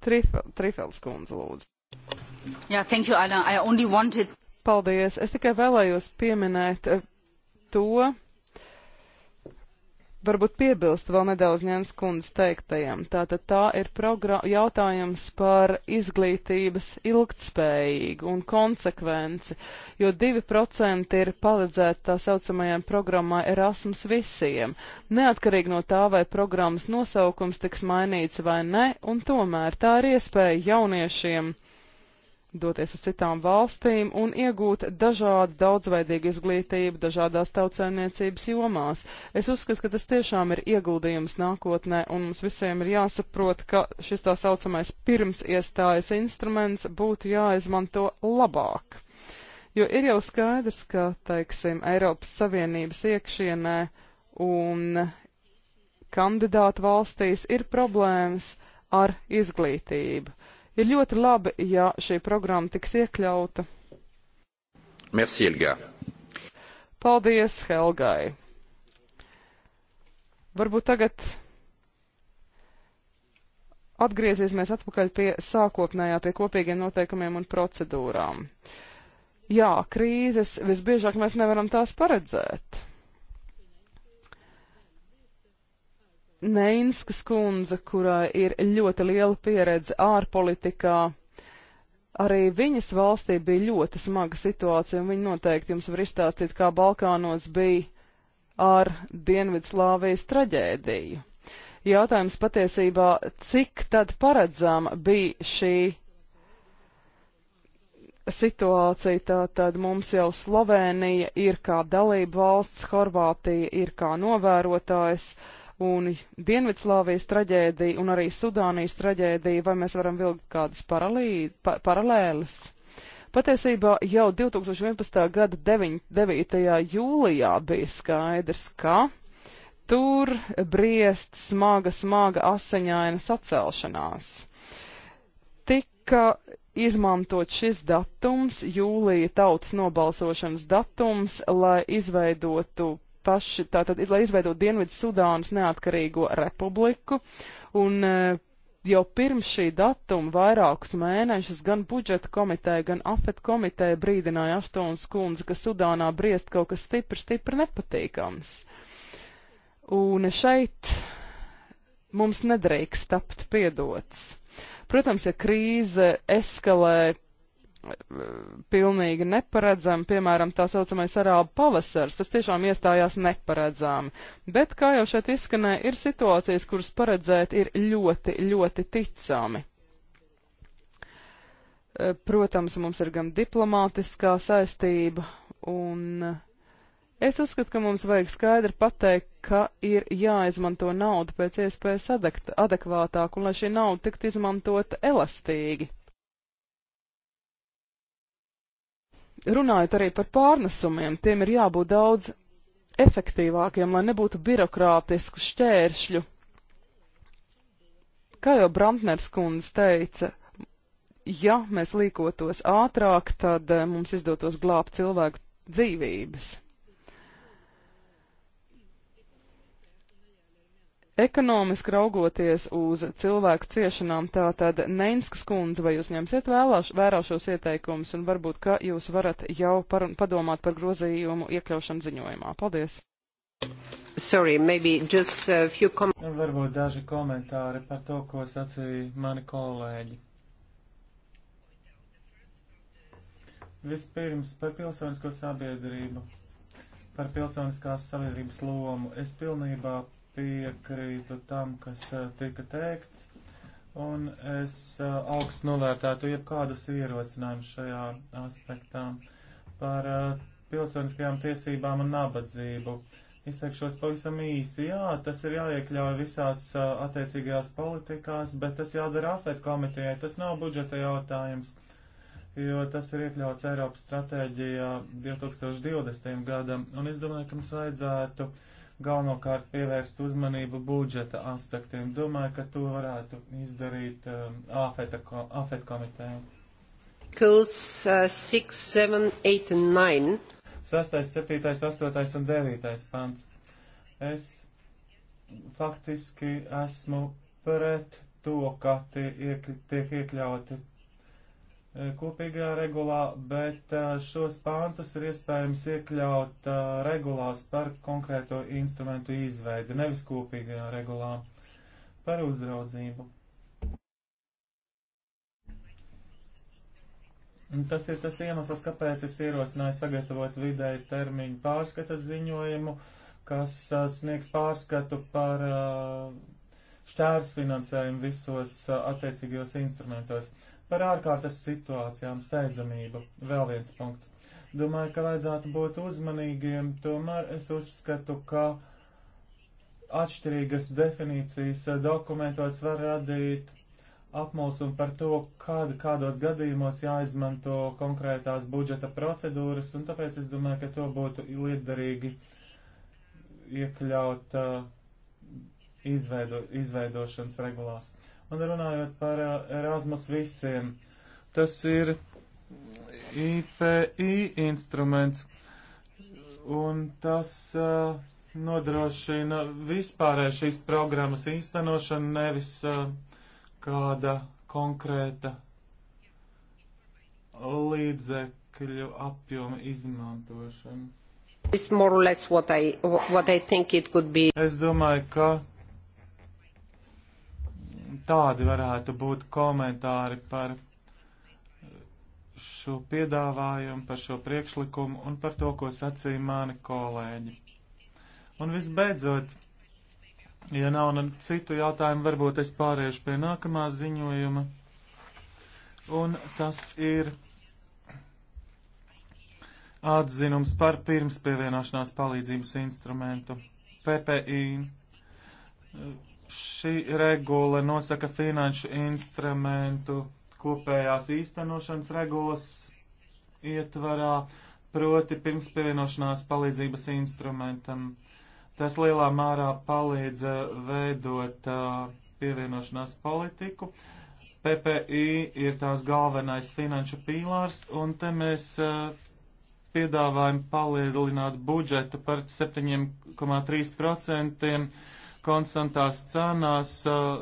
Trifels Trifel kundze lūdzu. Jā, yeah, thank you, Anna. I only wanted. Paldies. Es tikai vēlējos pieminēt eh, to, varbūt piebilst vēl nedaudz Ņēnas kundas teiktajam. Tātad tā ir jautājums par izglītības ilgtspējīgu un konsekvenci, jo 2% ir paredzēta tā saucamajām programmai Erasmus visiem, neatkarīgi no tā, vai programmas nosaukums tiks mainīts vai ne, un tomēr tā ir iespēja jauniešiem doties uz citām valstīm un iegūt dažādu daudzveidīgu izglītību dažādās tautsēmniecības jomās. Es uzskatu, ka tas tiešām ir ieguldījums nākotnē, un mums visiem ir jāsaprot, ka šis tā saucamais pirms iestājas instruments būtu jāizmanto labāk. Jo ir jau skaidrs, ka, teiksim, Eiropas Savienības iekšienē un kandidātu valstīs ir problēmas ar izglītību. Ir ļoti labi, ja šī programma tiks iekļauta. Merci, Helga. Paldies, Helgai. Varbūt tagad atgriezīsimies atpakaļ pie sākotnējā, pie kopīgiem noteikumiem un procedūrām. Jā, krīzes visbiežāk mēs nevaram tās paredzēt. Neinskas kundze, kurai ir ļoti liela pieredze ārpolitikā, arī viņas valstī bija ļoti smaga situācija, un viņa noteikti jums var izstāstīt, kā Balkānos bija ar Dienvidslāvijas traģēdiju. Jautājums patiesībā, cik tad paredzama bija šī situācija, tātad mums jau Slovenija ir kā dalība valsts, Horvātija ir kā novērotājs, uh, un Dienvidslāvijas traģēdija un arī Sudānijas traģēdija, vai mēs varam vilkt kādas paralī, pa, paralēles? Patiesībā jau 2011. gada 9, 9. jūlijā bija skaidrs, ka tur briest smaga, smaga asiņaina sacelšanās. Tika izmantot šis datums, jūlija tautas nobalsošanas datums, lai izveidotu paši, tātad, lai izveidot Dienvidu Sudānas neatkarīgo republiku. Un eh, jau pirms šī datuma vairākus mēnešus gan budžeta komiteja, gan afet komiteja brīdināja Aštons kundze, ka Sudānā briest kaut kas stipri, stipri nepatīkams. Un šeit mums nedrīkst tapt piedots. Protams, ja krīze eskalē pilnīgi neparedzami, piemēram, tā saucamais arābu pavasars, tas tiešām iestājās neparedzami. Bet, kā jau šeit izskanēja, ir situācijas, kuras paredzēt ir ļoti, ļoti ticami. Eh, protams, mums ir gan diplomātiskā saistība, un es uzskatu, ka mums vajag skaidri pateikt, ka ir jāizmanto nauda pēc iespējas adekvātāk, un lai šī nauda tiktu izmantota elastīgi runājot arī par pārnesumiem, tiem ir jābūt daudz efektīvākiem, lai nebūtu birokrātisku šķēršļu. Kā jau Brantners kundze teica, ja mēs līkotos ātrāk, tad eh, mums izdotos glābt cilvēku dzīvības. Ekonomiski raugoties uz cilvēku ciešanām, tātad Neinskas kundze, vai jūs ņemsiet vēlāš, vērā šos ieteikumus un varbūt, ka jūs varat jau par, padomāt par grozījumu iekļaušanu ziņojumā? Paldies! Sorry, maybe just a few comments. Nu, varbūt daži komentāri par to, ko sacīja mani kolēģi. Vispirms par pilsonisko sabiedrību, par pilsoniskās sabiedrības lomu. Es pilnībā piekrītu tam, kas tika teikts, un es augstu novērtētu jebkādus ierosinājumus šajā aspektā par pilsoniskajām tiesībām un nabadzību. Izteikšos pavisam īsi, jā, tas ir jāiekļauj visās attiecīgajās politikās, bet tas jādara afet komitejai, tas nav budžeta jautājums, jo tas ir iekļauts Eiropas stratēģijā 2020. gadam, un es domāju, ka mums vajadzētu uh, galvenokārt pievērst uzmanību budžeta aspektiem. Domāju, ka to varētu izdarīt um, AFET ko, komiteja. Kils uh, 6, 7, 8 and 9. 6, 7, 8 un 9 pants. Es faktiski esmu pret to, ka tie iek, tiek iekļauti E, kopīgajā regulā, bet e, šos pāntus ir iespējams iekļaut e, regulās par konkrēto instrumentu izveidi, nevis kopīgajā regulā par uzraudzību. Un tas ir tas iemesls, kāpēc es ierosināju sagatavot vidēju termiņu pārskatas ziņojumu, kas sniegs pārskatu par šķērs finansējumu visos attiecīgajos instrumentos. Par ārkārtas situācijām steidzamību vēl viens punkts. Domāju, ka vajadzētu būt uzmanīgiem, tomēr es uzskatu, ka atšķirīgas definīcijas dokumentos var radīt apmulsumu par to, kād, kādos gadījumos jāizmanto konkrētās budžeta procedūras, un tāpēc es domāju, ka to būtu liederīgi iekļaut uh, izveido, izveidošanas regulās. Uh, Un runājot par eh, Erasmus visiem, tas ir IPI instruments, un tas uh, nodrošina vispārēju šīs programmas īstenošanu, nevis uh, kāda konkrēta līdzekļu apjoma izmantošanu. What I, what I es domāju, ka Tādi varētu būt komentāri par šo piedāvājumu, par šo priekšlikumu un par to, ko sacīja mani kolēģi. Un visbeidzot, ja nav citu jautājumu, varbūt es pāriešu pie nākamā ziņojuma. Un tas ir atzinums par pirms pievienošanās palīdzības instrumentu PPI Šī regula nosaka finanšu instrumentu kopējās īstenošanas regulas ietvarā, proti pirms pievienošanās palīdzības instrumentam. Tas lielā mērā palīdz eh, veidot uh, pievienošanās politiku. PPI ir tās galvenais finanšu pīlārs, un te mēs uh, piedāvājam palielināt budžetu par 7,3% konstantās cenās uh,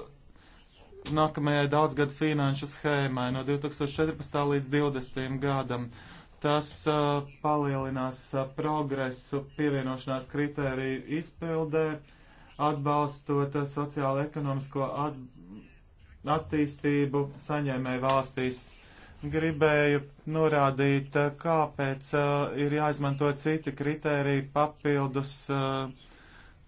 nākamajai daudzgadu finanšu schēmai no 2014. līdz 2020. gadam. Tas uh, palielinās uh, progresu pievienošanās kritēriju izpildē, atbalstot uh, sociālo-ekonomisko at attīstību saņēmēju valstīs. Gribēju norādīt, uh, kāpēc uh, ir jāizmanto citi kritēriji papildus uh,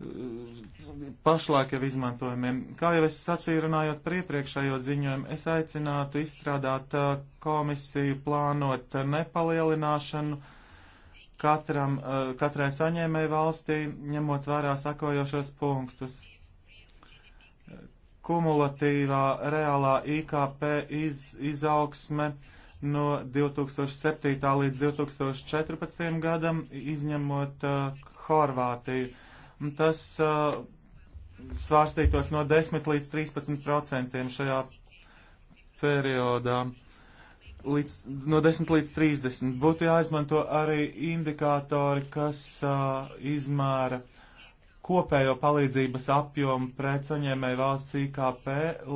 Eh, pašlaik jau izmantojumiem. Kā jau es sacīju, runājot par iepriekšējo ziņojumu, es aicinātu izstrādāt eh, komisiju plānot nepalielināšanu katram, eh, katrai saņēmēji valstī, ņemot vērā sakojošos punktus. Kumulatīvā reālā IKP iz, izaugsme no 2007. līdz 2014. gadam, izņemot uh, Horvātiju. Uh, tas uh, svārstītos no 10 līdz 13 procentiem šajā periodā. Līdz, no 10 līdz 30. Būtu jāizmanto arī indikātori, kas uh, izmēra kopējo palīdzības apjomu pret saņēmēju valsts IKP,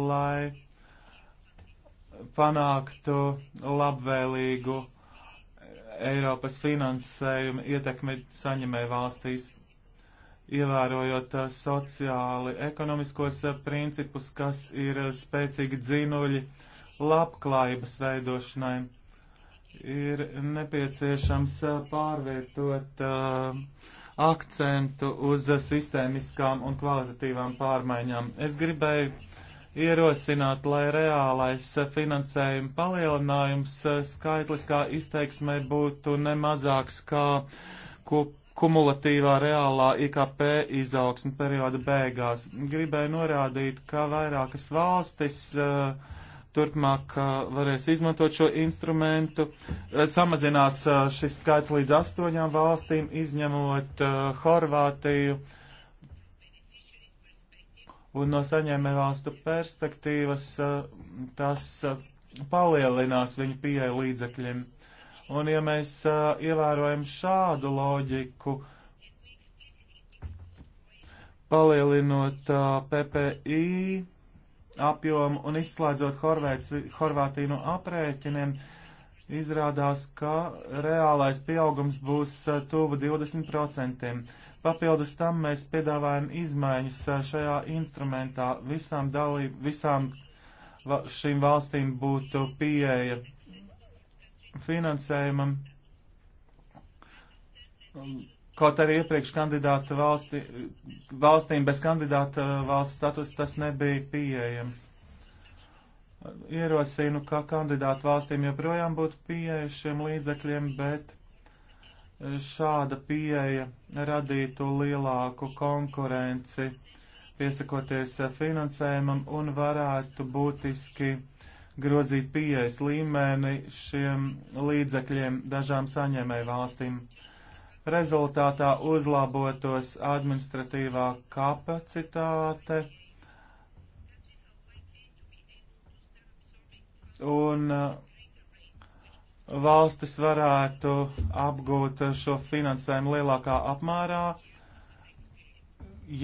lai panāktu labvēlīgu Eiropas finansējumu ietekmi saņemēju valstīs ievērojot eh, sociāli ekonomiskos eh, principus, kas ir eh, spēcīgi dzinuļi labklājības veidošanai. Ir nepieciešams pārvietot uh, akcentu uz sistēmiskām un kvalitatīvām pārmaiņām. Es gribēju ierosināt, lai reālais finansējuma palielinājums skaitliskā izteiksmē būtu nemazāks kā kop kumulatīvā reālā IKP izaugsme perioda beigās. Gribēju norādīt, ka vairākas valstis uh, turpmāk uh, varēs izmantot šo instrumentu. Uh, samazinās šis skaits līdz astoņām valstīm, izņemot Horvātiju. Un no saņēmē valstu perspektīvas tas palielinās viņu pieeja līdzekļiem. Un ja mēs uh, ievērojam šādu loģiku, palielinot uh, PPI apjomu un izslēdzot Horvēci, Horvātiju no aprēķiniem, izrādās, ka reālais pieaugums būs uh, tuvu 20%. Papildus tam mēs piedāvājam izmaiņas šajā instrumentā. Visām, dalību, visām va, šīm valstīm būtu pieeja finansējumam. Kaut arī iepriekš kandidāta valsti, valstīm bez kandidāta valsts status tas nebija pieejams. Ierosinu, ka kandidātu valstīm joprojām būtu pieeja šiem līdzekļiem, bet šāda pieeja radītu lielāku konkurenci, piesakoties finansējumam un varētu būtiski grozīt pieejas līmeni šiem līdzekļiem dažām saņēmēju valstīm. Rezultātā uzlabotos administratīvā kapacitāte un uh, valstis varētu apgūt šo finansējumu lielākā apmērā,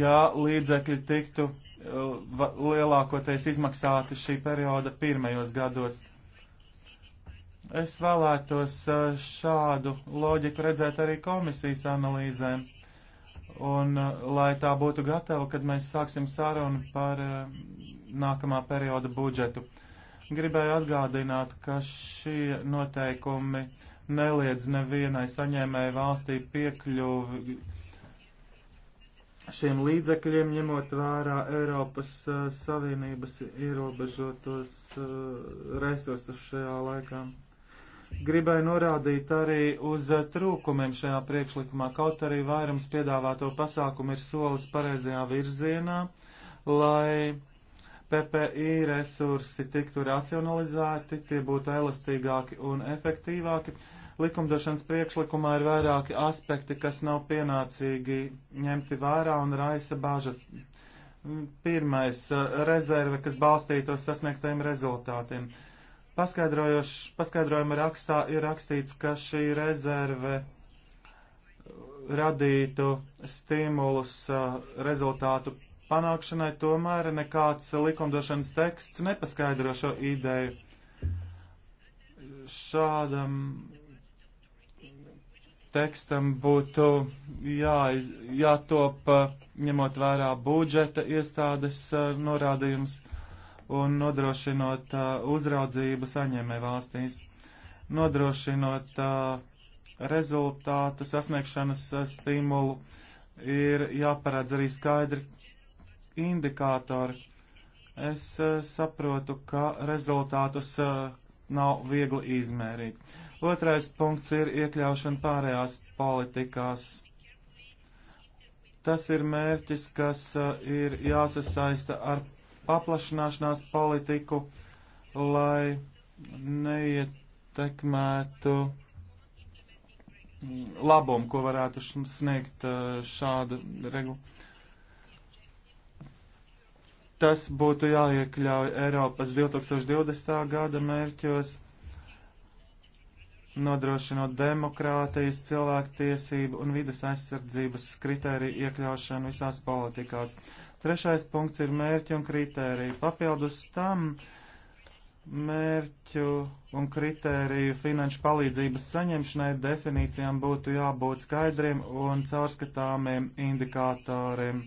ja līdzekļi tiktu lielākoties izmaksāti šī perioda pirmajos gados. Es vēlētos eh, šādu loģiku redzēt arī komisijas analīzēm. Un, eh, lai tā būtu gatava, kad mēs sāksim sarunu par eh, nākamā perioda budžetu. Gribēju atgādināt, ka šie noteikumi neliedz nevienai saņēmēji valstī piekļuvi šiem līdzekļiem, ņemot vērā Eiropas uh, Savienības ierobežotos uh, resursus šajā laikā. Gribēju norādīt arī uz uh, trūkumiem šajā priekšlikumā, kaut arī vairums piedāvāto pasākumu ir solis pareizajā virzienā, lai PPI resursi tiktu racionalizēti, tie būtu elastīgāki un efektīvāki. Uh, likumdošanas priekšlikumā ir vairāki aspekti, kas nav pienācīgi ņemti vērā un raisa bāžas. Pirmais uh, - rezerve, kas balstītos sasniegtajiem rezultātiem. Paskaidrojuma rakstā ir rakstīts, ka šī rezerve radītu stimulus uh, rezultātu panākšanai, tomēr nekāds likumdošanas teksts nepaskaidro šo ideju. Šādam tekstam būtu jā, jātop ņemot vērā budžeta iestādes norādījums un nodrošinot uzraudzību saņēmē valstīs, nodrošinot rezultātu sasniegšanas stimulu ir jāparedz arī skaidri indikātori. Es saprotu, ka rezultātus nav viegli izmērīt. Otrais punkts ir iekļaušana pārējās politikās. Tas ir mērķis, kas uh, ir jāsasaista ar paplašanāšanās politiku, lai neietekmētu mm, labumu, ko varētu sniegt uh, šāda regula. Tas būtu jāiekļauj Eiropas 2020. gada mērķos, nodrošinot demokrātijas, cilvēktiesību un vidas aizsardzības kritēriju iekļaušanu visās politikās. Trešais punkts ir mērķi un kritēriju. Papildus tam mērķu un kritēriju finanšu palīdzības saņemšanai definīcijām būtu jābūt skaidriem un caurskatāmiem indikātoriem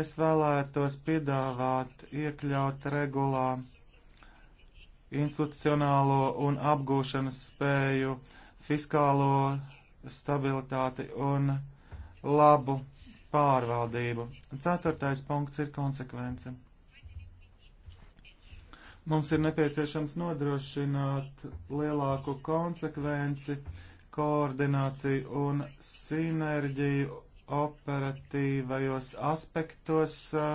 Es vēlētos piedāvāt iekļaut regulā institucionālo un apgūšanas spēju, fiskālo stabilitāti un labu pārvaldību. Ceturtais punkts ir konsekvence. Mums ir nepieciešams nodrošināt lielāku konsekvenci, koordināciju un sinerģiju operatīvajos aspektos eh,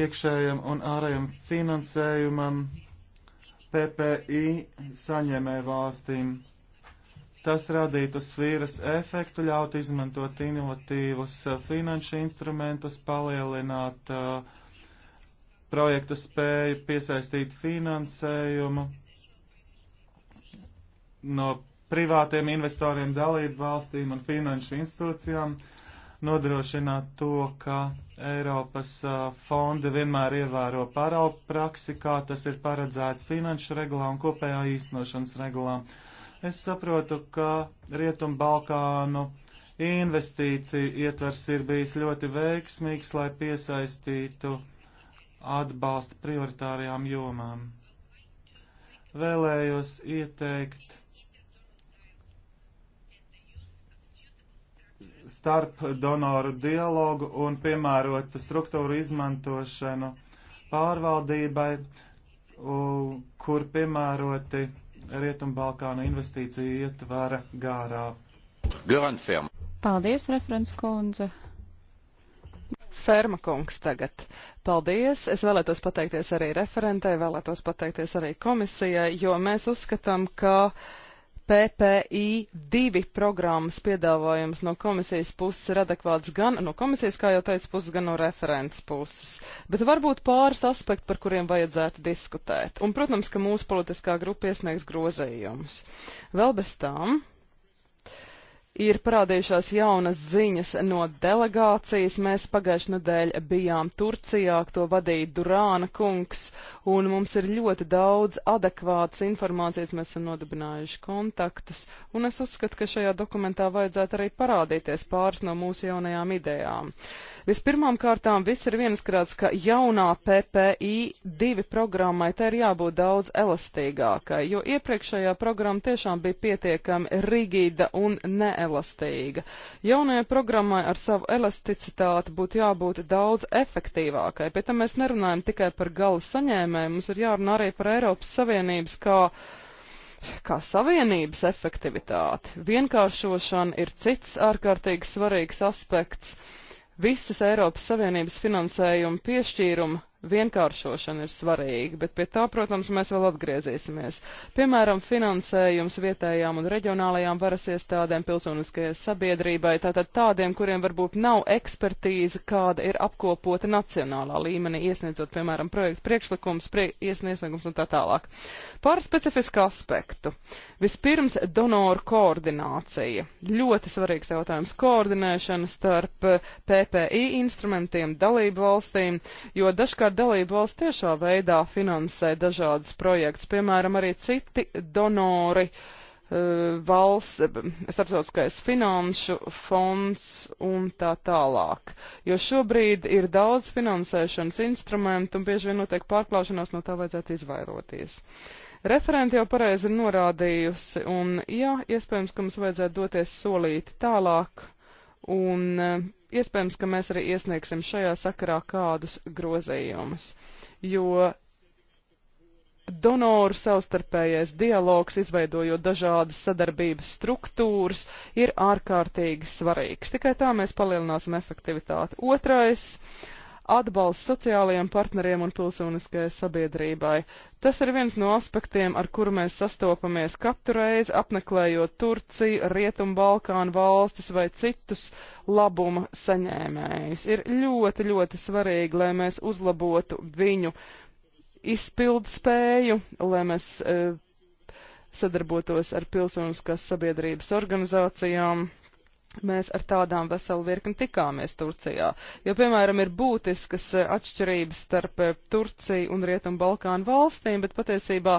iekšējam un ārējam finansējumam PPI saņēmē valstīm. Tas radītu svīras efektu, ļautu izmantot inovatīvus eh, finanšu instrumentus, palielināt uh, projektu spēju piesaistīt finansējumu no privātiem investoriem, dalību valstīm un finanšu institūcijām nodrošināt to, ka Eiropas fonda vienmēr ievēro paraugu praksi, kā tas ir paredzēts finanšu regulā un kopējā īstenošanas regulā. Es saprotu, ka Rietumbalkānu investīciju ietvers ir bijis ļoti veiksmīgs, lai piesaistītu atbalstu prioritārajām jomām. Vēlējos ieteikt starp donoru dialogu un piemērotu struktūru izmantošanu pārvaldībai, kur piemēroti Rietumbalkānu investīcija ietvara gārā. Granferm. Paldies, referents kundze. Ferma kungs tagad. Paldies! Es vēlētos pateikties arī referentei, vēlētos pateikties arī komisijai, jo mēs uzskatām, ka uh, PPI divi programmas piedāvājums no komisijas puses ir adekvāts gan no komisijas, kā jau teicu, puses, gan no referents puses. Bet varbūt pāris aspekti, par kuriem vajadzētu diskutēt. Un, protams, ka mūsu politiskā grupa iesniegs grozējumus. Vēl bez tām ir parādījušās jaunas ziņas no delegācijas. Mēs pagājušajā nedēļā bijām Turcijā, to vadīja Durāna kungs, un mums ir ļoti daudz adekvātas informācijas. Mēs esam nodibinājuši kontaktus, un es uzskatu, ka šajā dokumentā vajadzētu arī parādīties pāris no mūsu jaunajām idejām. Vispirmām kārtām viss ir vienskrāts, ka jaunā PPI divi programmai te ir jābūt daudz elastīgākai, jo iepriekšējā programma tiešām bija pietiekami rigida un neelastīga elastīga. Jaunajai programmai ar savu elasticitāti būtu jābūt daudz efektīvākai, pie tam mēs nerunājam tikai par gala saņēmēju, mums ir jārunā arī par Eiropas Savienības kā kā savienības efektivitāti. Vienkāršošana ir cits ārkārtīgi svarīgs aspekts. Visas Eiropas Savienības finansējuma piešķīruma vienkāršošana ir svarīga, bet pie tā, protams, mēs vēl atgriezīsimies. Piemēram, finansējums vietējām un reģionālajām varas iestādēm, pilsoniskajai sabiedrībai, tātad tādiem, kuriem varbūt nav ekspertīze, kāda ir apkopota nacionālā līmenī, iesniedzot, piemēram, projektu priekšlikums, prie, iesniegums un tā tālāk. Par specifisku aspektu. Vispirms, donoru koordinācija. Ļoti svarīgs jautājums - koordinēšana starp PPI instrumentiem, dalību valstīm, jo dažkārt savukārt dalība valsts tiešā veidā finansē dažādas projekts, piemēram, arī citi donori, eh, valsts, eh, starptautiskais finanšu fonds un tā tālāk. Jo šobrīd ir daudz finansēšanas instrumentu un bieži vien notiek pārklāšanās, no tā vajadzētu izvairoties. Referenti jau pareizi ir norādījusi, un jā, iespējams, ka mums vajadzētu doties solīti tālāk un eh, Iespējams, ka mēs arī iesniegsim šajā sakarā kādus grozījumus, jo donoru savstarpējais dialogs, izveidojot dažādas sadarbības struktūras, ir ārkārtīgi svarīgs. Tikai tā mēs palielināsim efektivitāti. Otrais atbalsts sociālajiem partneriem un pilsoniskajai sabiedrībai. Tas ir viens no aspektiem, ar kuru mēs sastopamies katru reizi, apmeklējot Turciju, Rietumu Balkānu valstis vai citus labuma saņēmējus. Ir ļoti, ļoti svarīgi, lai mēs uzlabotu viņu izpildspēju, lai mēs e, sadarbotos ar pilsoniskās sabiedrības organizācijām, Mēs ar tādām veselu virkni tikāmies Turcijā, jo, piemēram, ir būtiskas eh, atšķirības starp eh, Turciju un Rietumu Balkānu valstīm, bet patiesībā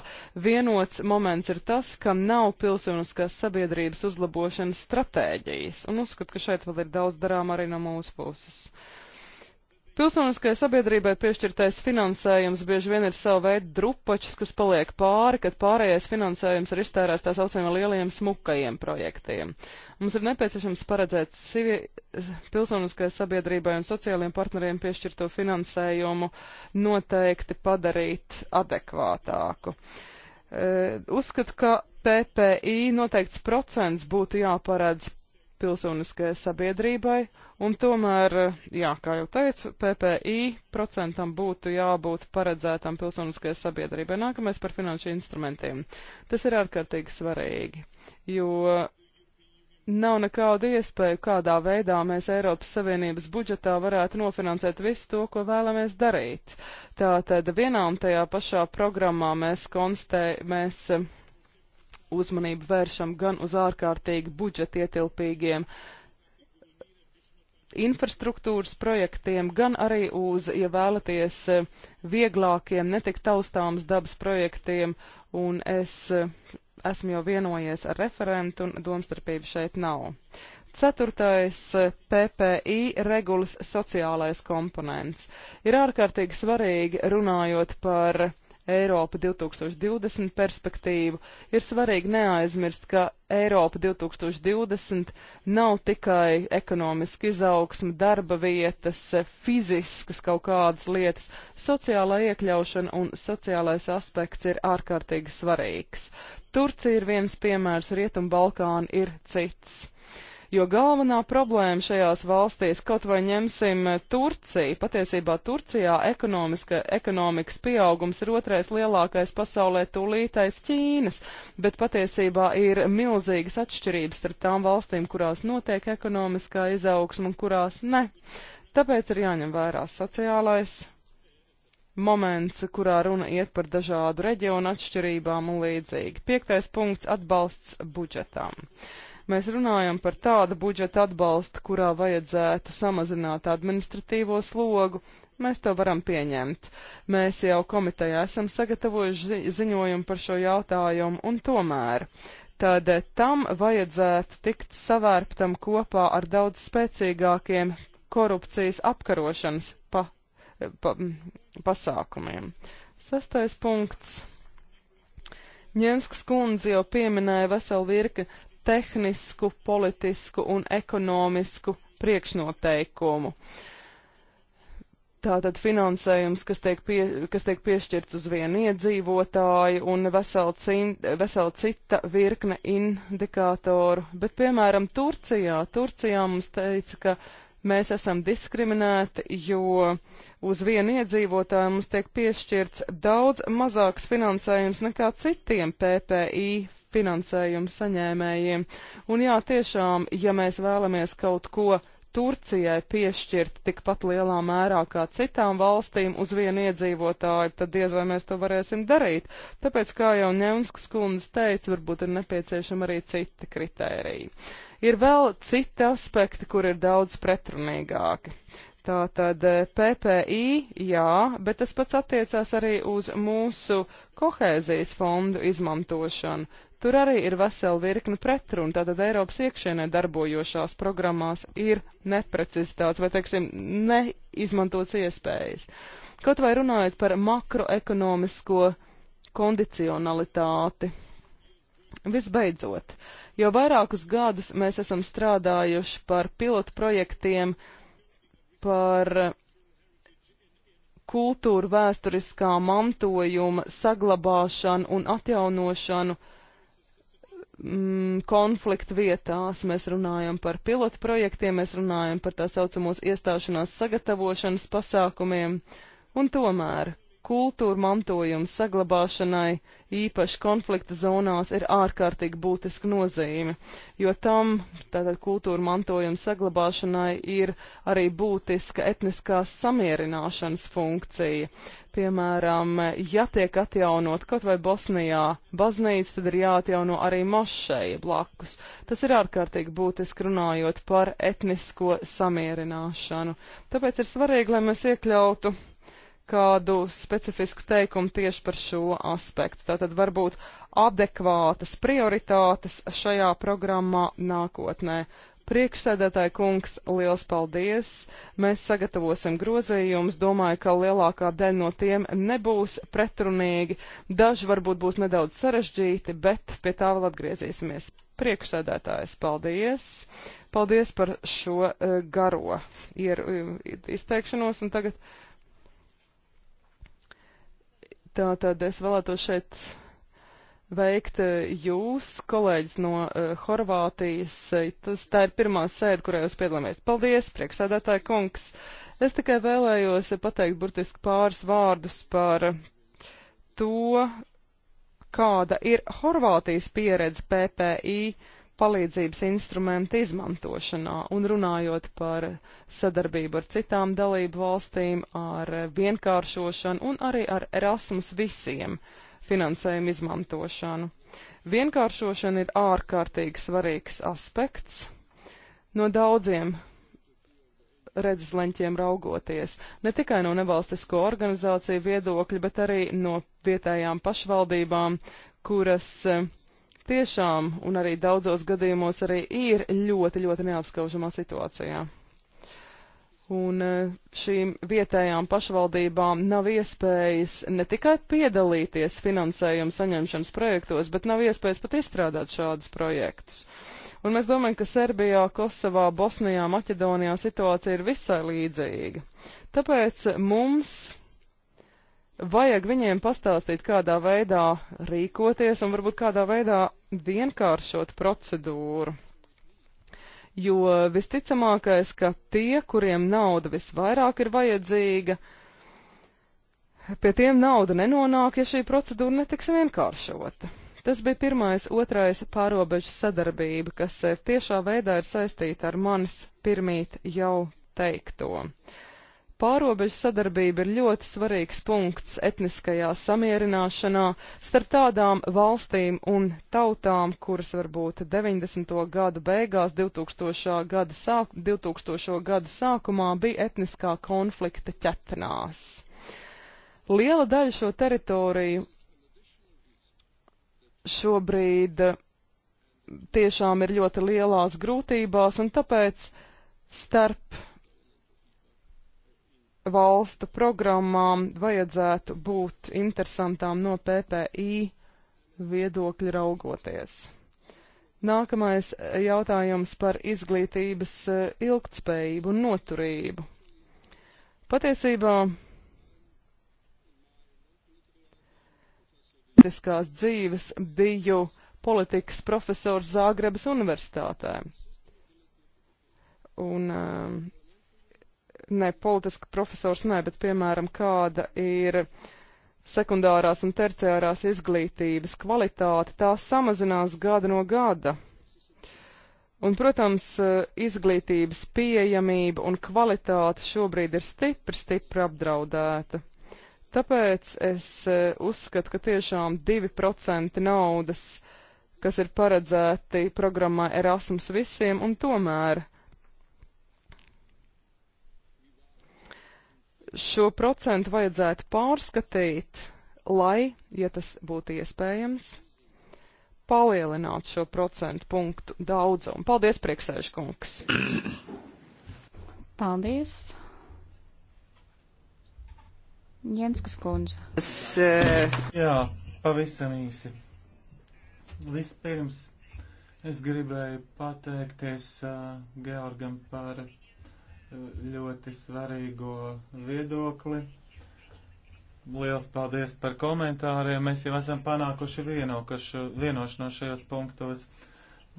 vienots moments ir tas, ka nav pilsoniskās sabiedrības uzlabošanas stratēģijas, un uzskat, ka šeit vēl ir daudz darām arī no mūsu puses. Uh, Pilsoniskajai sabiedrībai piešķirtais finansējums bieži vien ir sava veida drupačs, kas paliek pāri, kad pārējais finansējums ir iztērēts tās saucamajiem lielajiem smukajiem projektiem. Mums ir nepieciešams paredzēt sivi, pilsoniskajai sabiedrībai un sociālajiem partneriem piešķirto finansējumu noteikti padarīt adekvātāku. Uh, uzskatu, ka PPI noteikts procents būtu jāparedz pilsoniskajai sabiedrībai Un tomēr, jā, kā jau teicu, PPI procentam būtu jābūt paredzētam pilsoniskajai sabiedrībai. Nākamais par finanšu instrumentiem. Tas ir ārkārtīgi svarīgi, jo nav nekāda iespēja, kādā veidā mēs Eiropas Savienības budžetā varētu nofinansēt visu to, ko vēlamies darīt. Tātad vienā un tajā pašā programmā mēs konstē, mēs uzmanību vēršam gan uz ārkārtīgi budžeta ietilpīgiem uh, infrastruktūras projektiem, gan arī uz, ja vēlaties, vieglākiem, netik taustāms dabas projektiem, un es esmu jau vienojies ar referentu, un domstarpība šeit nav. Ceturtais PPI regulas sociālais komponents ir ārkārtīgi svarīgi runājot par Eiropa 2020 perspektīvu, ir svarīgi neaizmirst, ka Eiropa 2020 nav tikai ekonomiski izaugsme, darba vietas, fiziskas kaut kādas lietas. Sociālā iekļaušana un sociālais aspekts ir ārkārtīgi svarīgs. Turcija ir viens piemērs, Rietumbalkāna ir cits jo galvenā problēma šajās valstīs, kaut vai ņemsim eh, Turciju, patiesībā Turcijā ekonomikas pieaugums ir otrais lielākais pasaulē tūlītais Ķīnas, bet patiesībā ir milzīgas atšķirības starp tām valstīm, kurās notiek ekonomiskā izaugsma un kurās ne. Tāpēc ir jāņem vērā sociālais moments, kurā runa iet par dažādu reģionu atšķirībām un līdzīgi. Piektais punkts - atbalsts budžetām. Mēs runājam par tādu budžeta atbalstu, kurā vajadzētu samazināt administratīvo slogu. Mēs to varam pieņemt. Mēs jau komitejā esam sagatavojuši zi ziņojumu par šo jautājumu, un tomēr tad tam vajadzētu tikt savērptam kopā ar daudz spēcīgākiem korupcijas apkarošanas pa, pa, pasākumiem. Sastais punkts. Ņenskas kundze jau pieminēja veselu virkni tehnisku, politisku un ekonomisku priekšnoteikumu. Tātad finansējums, kas tiek, pie, kas tiek piešķirts uz vienu iedzīvotāju un vesela, cin, vesela cita virkne indikātoru. Bet, piemēram, Turcijā, Turcijā mums teica, ka mēs esam diskriminēti, jo uz vienu iedzīvotāju mums tiek piešķirts daudz mazāks finansējums nekā citiem PPI finansējumu saņēmējiem. Un jā, tiešām, ja mēs vēlamies kaut ko Turcijai piešķirt tikpat lielā mērā kā citām valstīm uz vienu iedzīvotāju, tad diez vai mēs to varēsim darīt. Tāpēc, kā jau Ņemskas kundze teica, varbūt ir nepieciešama arī citi kritēriji. Ir vēl citi aspekti, kur ir daudz pretrunīgāki. Tātad eh, PPI, jā, bet tas pats attiecās arī uz mūsu kohēzijas fondu izmantošanu. Tur arī ir vesela virkne pretrunu, tātad Eiropas iekšienē darbojošās programmās ir neprecizitāts vai, teiksim, neizmantots iespējas. Kaut vai runājot par makroekonomisko kondicionalitāti. Visbeidzot, jau vairākus gadus mēs esam strādājuši par pilotu projektiem, par kultūru vēsturiskā mantojuma saglabāšanu un atjaunošanu mm, konfliktu vietās, mēs runājam par pilotu projektiem, mēs runājam par tā saucamos iestāšanās sagatavošanas pasākumiem, un tomēr kultūra mantojuma saglabāšanai īpaši konflikta zonās ir ārkārtīgi būtiska nozīme, jo tam tātad kultūra mantojuma saglabāšanai ir arī būtiska etniskās samierināšanas funkcija. Piemēram, ja tiek atjaunot kaut vai Bosnijā baznīca, tad ir jāatjauno arī mošeja blakus. Tas ir ārkārtīgi būtiski runājot par etnisko samierināšanu. Tāpēc ir svarīgi, lai mēs iekļautu kādu specifisku teikumu tieši par šo aspektu. Tātad varbūt adekvātas prioritātes šajā programmā nākotnē. Priekšsēdētāji kungs, liels paldies! Mēs sagatavosim grozījumus. Domāju, ka lielākā daļa no tiem nebūs pretrunīgi. Daži varbūt būs nedaudz sarežģīti, bet pie tā vēl atgriezīsimies. Priekšsēdētājs, paldies! Paldies par šo uh, garo Ier, izteikšanos. Un tagad tātad es vēlētos šeit veikt eh, jūs, kolēģis no uh, Horvātijas. Eh, tas, tā ir pirmā sēde, kurā jūs piedalāmies. Paldies, priekšsēdētāji kungs! Es tikai vēlējos pateikt burtiski pāris vārdus par to, kāda ir Horvātijas pieredze PPI palīdzības instrumentu izmantošanā un runājot par sadarbību ar citām dalību valstīm, ar vienkāršošanu un arī ar Erasmus visiem finansējumu izmantošanu. Vienkāršošana ir ārkārtīgi svarīgs aspekts no daudziem redzesleņķiem raugoties, ne tikai no nevalstisko organizāciju viedokļa, bet arī no vietējām pašvaldībām, kuras eh, tiešām un arī daudzos gadījumos arī ir ļoti, ļoti neapskaužamā situācijā. Un e, šīm vietējām pašvaldībām nav iespējas ne tikai piedalīties finansējuma saņemšanas projektos, bet nav iespējas pat izstrādāt šādus projektus. Un mēs domājam, ka Serbijā, Kosovā, Bosnijā, Maķedonijā situācija ir visai līdzīga. Tāpēc mums vajag viņiem pastāstīt, kādā veidā rīkoties un varbūt kādā veidā vienkāršot procedūru jo visticamākais, ka tie, kuriem nauda visvairāk ir vajadzīga, pie tiem nauda nenonāk, ja šī procedūra netiks vienkāršota. Tas bija pirmais, otrais pārobežu sadarbība, kas tiešā veidā ir saistīta ar manis pirmīt jau teikto. Uh, Pārobežu sadarbība ir ļoti svarīgs punkts etniskajā samierināšanā starp tādām valstīm un tautām, kuras varbūt 90. gadu beigās, 2000. gada, sāk, 2000. gada sākumā bija etniskā konflikta ķetnās. Liela daļa šo teritoriju šobrīd eh, tiešām ir ļoti lielās grūtībās, un tāpēc starp valstu programmām vajadzētu būt interesantām no PPI viedokļa raugoties. Nākamais jautājums par izglītības e, ilgtspējību un noturību. Patiesībā politiskās dzīves biju politikas profesors Zāgrebas universitātē. Un, uh, ne politiska profesors, nē, bet piemēram kāda ir sekundārās un terciārās izglītības kvalitāte, tā samazinās gada no gada. Un, protams, izglītības pieejamība un kvalitāte šobrīd ir stipri, stipri apdraudēta. Tāpēc es e, uzskatu, ka tiešām 2% naudas, kas ir paredzēti programmā Erasmus visiem, un tomēr 2% šo procentu vajadzētu pārskatīt, lai, ja tas būtu iespējams, palielināt šo procentu punktu daudzumu. Paldies, priekšsēžkungs! Paldies! Jenskas kundze. Es, uh... Jā, pavisam īsi. Vispirms es gribēju pateikties uh, Georgam par ļoti svarīgo viedokli. Liels paldies par komentāriem. Mēs jau esam panākuši vienošanos šajos punktos.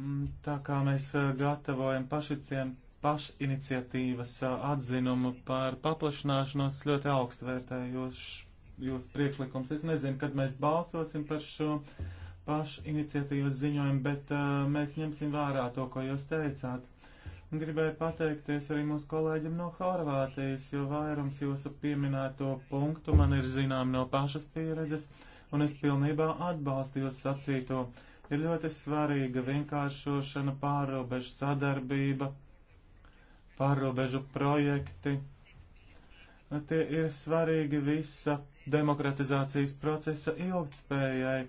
Mm, tā kā mēs eh, gatavojam pašiciem pašiniciatīvas eh, atzinumu par paplašināšanos, ļoti augstu vērtēju jūs, jūs priekšlikums. Es nezinu, kad mēs balsosim par šo pašiniciatīvas ziņojumu, bet uh, mēs ņemsim vērā to, ko jūs teicāt. Gribēju pateikties arī mūsu kolēģim no Horvātijas, jo vairums jūsu pieminēto punktu man ir zinām no pašas pieredzes, un es pilnībā atbalstu jūs sacīto. Ir ļoti svarīga vienkāršošana, pārrobežu sadarbība, pārrobežu projekti. Tie ir svarīgi visa demokratizācijas procesa ilgtspējai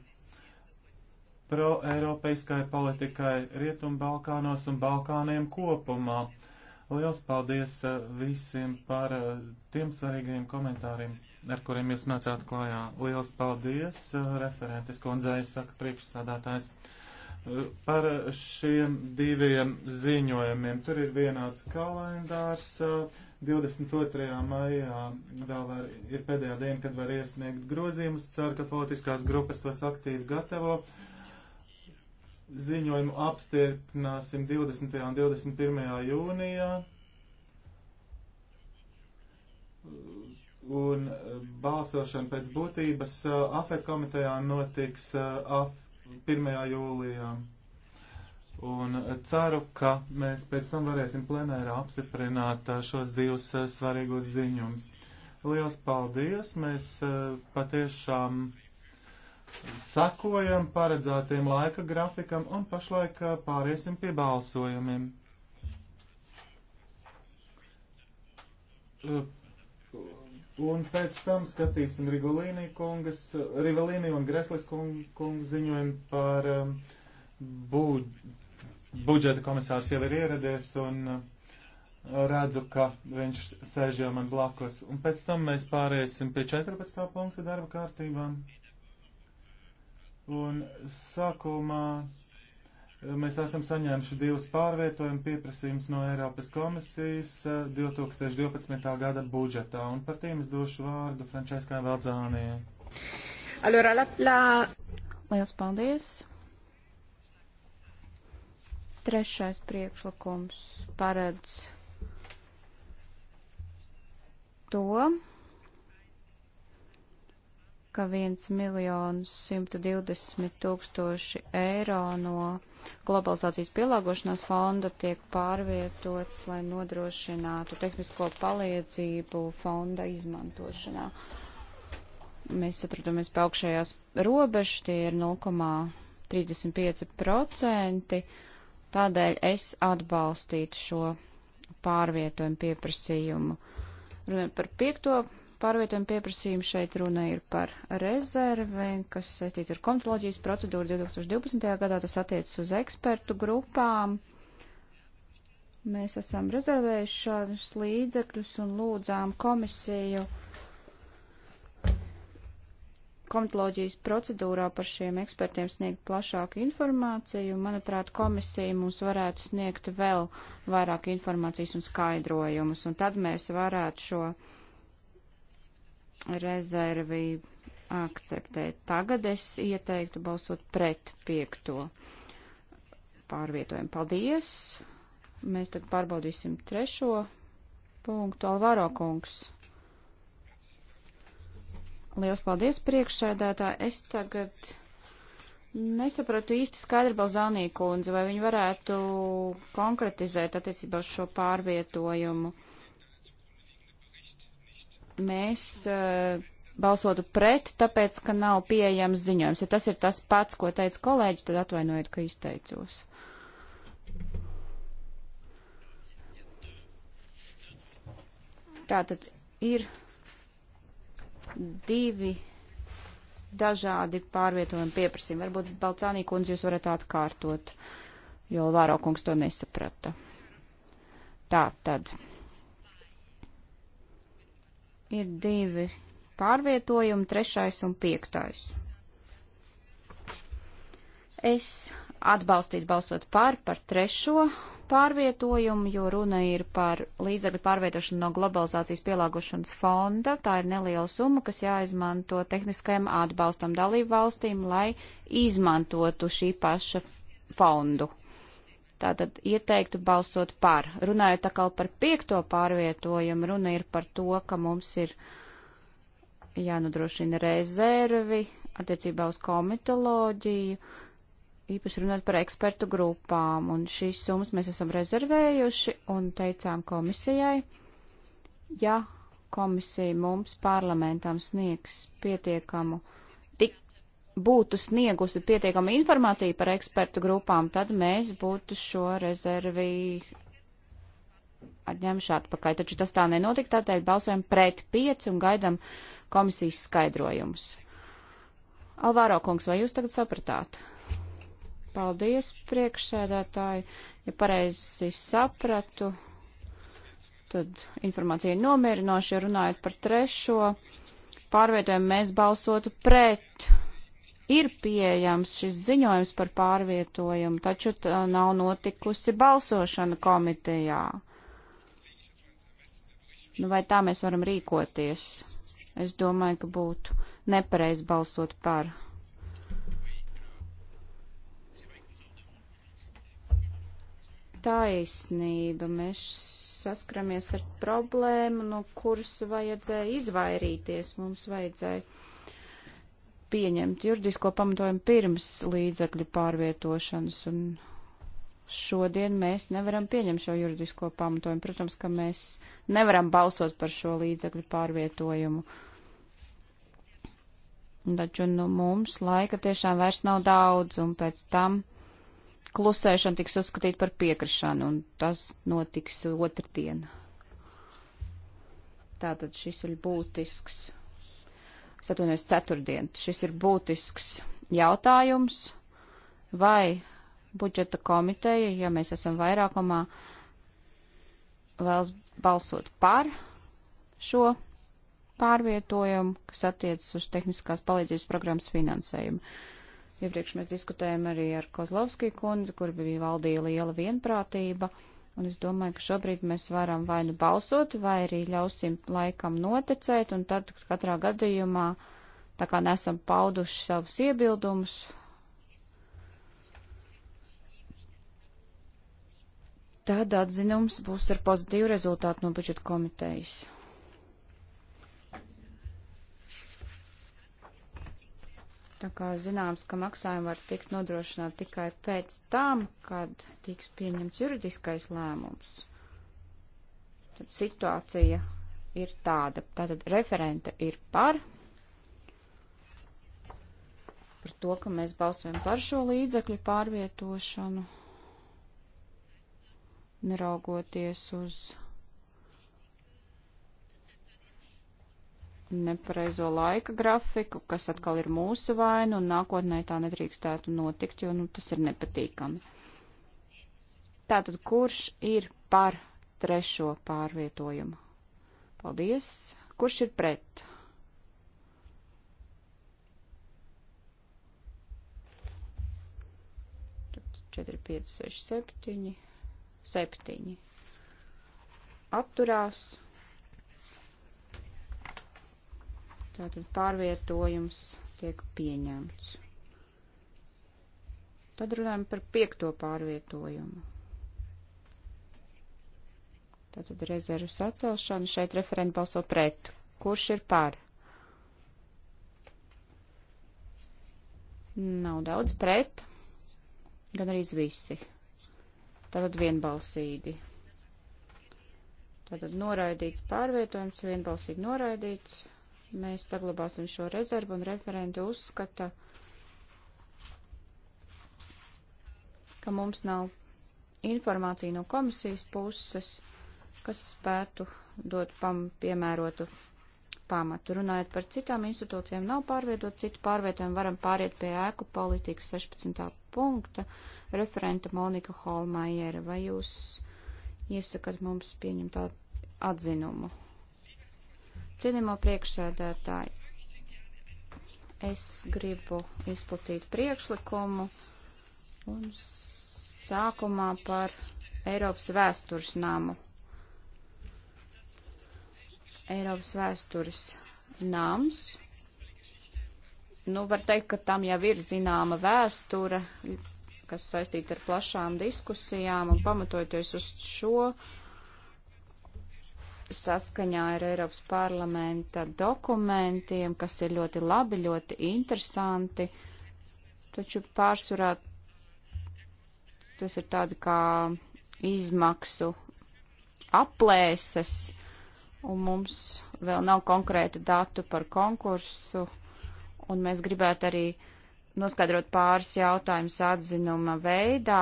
pro-eiropeiskai politikai Rietumbalkānos un Balkāniem kopumā. Liels paldies eh, visiem par eh, tiem svarīgajiem komentāriem, ar kuriem jūs nācāt klājā. Liels paldies eh, referentes kundzei, saka priekšsādātājs. Par šiem diviem ziņojumiem. Tur ir vienāds kalendārs. 22. maijā vēl var, ir pēdējā diena, kad var iesniegt grozījumus. Ceru, ka politiskās grupas tos aktīvi gatavo ziņojumu apstiprināsim 20. un 21. jūnijā. Un eh, balsošana pēc būtības eh, AFET komitejā notiks eh, AF 1. jūlijā. Un ceru, ka mēs pēc tam varēsim plenērā apstiprināt šos divus svarīgos ziņumus. Liels paldies! Mēs patiešām sakojam paredzētiem laika grafikam un pašlaik pāriesim pie balsojumiem. Un pēc tam skatīsim Rigolīni kungas, Rivalīni un Greslis kungu kung ziņojumu par būd, budžeta komisārs jau ir ieradies un redzu, ka viņš sēž jau man blakus. Un pēc tam mēs pāriesim pie 14. punktu darba kārtībām. Un sākumā eh, mēs esam saņēmuši divus pārvietojumu pieprasījumus no Eiropas komisijas 2012. Eh, gada budžetā, un par tiem es došu vārdu Frančiskai Valdzānijai. Allora, la, la... Liels paldies! Trešais priekšlikums paredz to, ka 1 miljonus 120 tūkstoši eiro no globalizācijas pielāgošanās fonda tiek pārvietots, lai nodrošinātu tehnisko palīdzību fonda izmantošanā. Mēs atrodamies pa augšējās robežas, tie ir 0,35%, tādēļ es atbalstītu šo pārvietojumu pieprasījumu. Runājot par piekto pārvietojumu pieprasījumu šeit runa ir par rezervi, kas saistīta ar komitoloģijas procedūru 2012. gadā. Tas attiecas uz ekspertu grupām. Mēs esam rezervējuši šādus līdzekļus un lūdzām komisiju komitoloģijas procedūrā par šiem ekspertiem sniegt plašāku informāciju. Manuprāt, komisija mums varētu sniegt vēl vairāk informācijas un skaidrojumus, un tad mēs varētu šo rezervi akceptēt. Tagad es ieteiktu balsot pret piekto pārvietojumu. Paldies! Mēs tad pārbaudīsim trešo punktu. Alvaro kungs. Liels paldies priekšsēdētā. Es tagad nesapratu īsti skaidri Balzānī kundze, vai viņi varētu konkretizēt attiecībā uz šo pārvietojumu. Uh, mēs uh, balsotu pret, tāpēc, ka nav pieejams ziņojums. Ja tas ir tas pats, ko teica kolēģis, tad atvainojiet, ka izteicos. Tātad ir divi dažādi pārvietojumi pieprasījumi. Varbūt Balcānī kundze jūs varat atkārtot, jo Lvāro kungs to nesaprata. Tā tad ir divi pārvietojumi, trešais un piektais. Es atbalstītu balsot par, par trešo pārvietojumu, jo runa ir par līdzekļu pārvietošanu no globalizācijas pielāgošanas fonda. Tā ir neliela summa, kas jāizmanto tehniskajam atbalstam dalību valstīm, lai izmantotu šī paša fondu Tātad ieteiktu balsot par. Runājot atkal par piekto pārvietojumu, runa ir par to, ka mums ir jānodrošina rezervi attiecībā uz komitoloģiju, īpaši runāt par ekspertu grupām, un šīs summas mēs esam rezervējuši un teicām komisijai, ja komisija mums parlamentam sniegs pietiekamu uh, būtu sniegusi pietiekama informācija par ekspertu grupām, tad mēs būtu šo rezervi atņemšu atpakaļ. Taču tas tā nenotika, tādēļ balsojam pret pieci un gaidam komisijas skaidrojumus. Alvāro kungs, vai jūs tagad sapratāt? Paldies, priekšsēdētāji. Ja pareizi sapratu, tad informācija ir nomierinoša, ja runājot par trešo pārvietojumu, mēs balsotu pret ir pieejams šis ziņojums par pārvietojumu, taču nav notikusi balsošana komitejā. Nu, vai tā mēs varam rīkoties? Es domāju, ka būtu nepareizi balsot par. Taisnība. Mēs saskaramies ar problēmu, no kuras vajadzēja izvairīties. Mums vajadzēja pieņemt juridisko pamatojumu pirms līdzekļu pārvietošanas, un šodien mēs nevaram pieņemt šo juridisko pamatojumu. Protams, ka mēs nevaram balsot par šo līdzekļu pārvietojumu. Taču nu, mums laika tiešām vairs nav daudz, un pēc tam klusēšana tiks uzskatīta par piekrišanu, un tas notiks otrdien. Tātad šis ir būtisks es atvainojos ceturtdien. Šis ir būtisks jautājums, vai budžeta komiteja, ja mēs esam vairākumā, vēlas balsot par šo pārvietojumu, kas attiecas uz tehniskās palīdzības programmas finansējumu. Iepriekš mēs diskutējām arī ar Kozlovskiju kundzi, kur bija valdīja liela vienprātība. Uh, Un es domāju, ka šobrīd mēs varam vai nu balsot, vai arī ļausim laikam noticēt, un tad katrā gadījumā, tā kā nesam pauduši savus iebildumus, tad atzinums būs ar pozitīvu rezultātu no budžeta komitejas. Tā kā zināms, ka maksājumi var tikt nodrošināti tikai pēc tam, kad tiks pieņemts juridiskais lēmums. Tad situācija ir tāda. Tātad referente ir par, par to, ka mēs balsojam par šo līdzekļu pārvietošanu, neraugoties uz nepareizo laika grafiku, kas atkal ir mūsu vaina, un nākotnē tā nedrīkstētu notikt, jo nu, tas ir nepatīkami. Tātad, kurš ir par trešo pārvietojumu? Paldies! Kurš ir pret? Tad 4, 5, 6, 7, 7. Atturās. Tātad pārvietojums tiek pieņemts. Tad runājam par piekto pārvietojumu. Tātad rezervas atcelšana. Šeit referenti balso pret. Kurš ir par? Nav daudz pret. Gan arī visi. Tātad vienbalsīgi. Tātad noraidīts pārvietojums, vienbalsīgi noraidīts. Mēs saglabāsim šo rezervu un referentu uzskata, ka mums nav informācija no komisijas puses, kas spētu dot pam piemērotu pamatu. Runājot par citām institūcijām, nav pārvietot citu pārvietojumu, varam pāriet pie ēku politikas 16. punkta referenta Monika Holmajera. Vai jūs iesakāt mums pieņemt tādu atzinumu? Cienījamo priekšsēdētāji, es gribu izplatīt priekšlikumu un sākumā par Eiropas vēstures namu. Eiropas vēstures nams. Nu, var teikt, ka tam jau ir zināma vēsture, kas saistīta ar plašām diskusijām un pamatojoties uz šo uh, saskaņā ar Eiropas parlamenta dokumentiem, kas ir ļoti labi, ļoti interesanti, taču pārsvarā tas ir tādi kā izmaksu aplēses, un mums vēl nav konkrētu datu par konkursu, un mēs gribētu arī noskaidrot pāris jautājumus atzinuma veidā,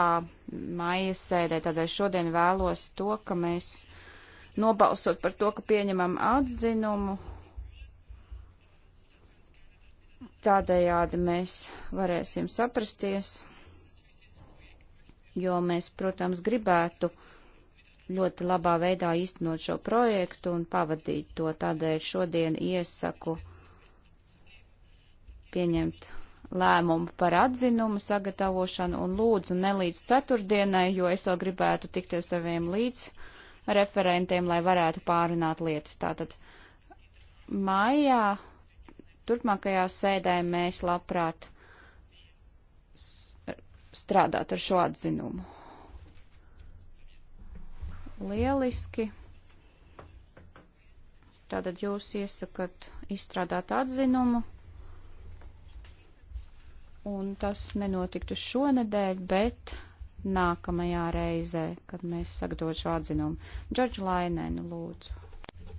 maija sēdē, tādēļ šodien vēlos to, ka mēs nobalsot par to, ka pieņemam atzinumu. Tādējādi mēs varēsim saprasties, jo mēs, protams, gribētu ļoti labā veidā īstenot šo projektu un pavadīt to. Tādēļ šodien iesaku pieņemt lēmumu par atzinumu sagatavošanu un lūdzu ne līdz ceturtdienai, jo es vēl gribētu tikties ar saviem līdz referentiem, lai varētu pārunāt lietas. Tātad maijā, turpmākajā sēdē mēs labprāt strādāt ar šo atzinumu. Lieliski. Tātad jūs iesakat izstrādāt atzinumu un tas nenotiktu šonedēļ, bet nākamajā reizē, kad mēs sagatavošu atzinumu. Džordž Lainēn, lūdzu.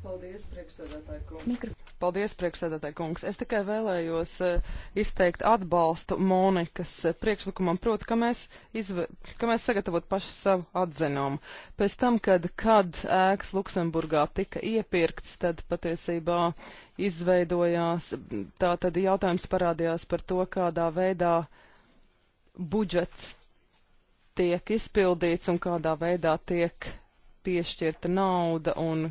Paldies, priekšsēdētāji kungs. Mikro... Paldies, priekšsēdētāji kungs. Es tikai vēlējos eh, izteikt atbalstu Monikas eh, priekšlikumam, proti, ka mēs, izve... ka mēs sagatavot pašu savu atzinumu. Pēc tam, kad, kad ēks Luksemburgā tika iepirkts, tad patiesībā izveidojās, tā tad jautājums parādījās par to, kādā veidā budžets tiek izpildīts un kādā veidā tiek piešķirta nauda un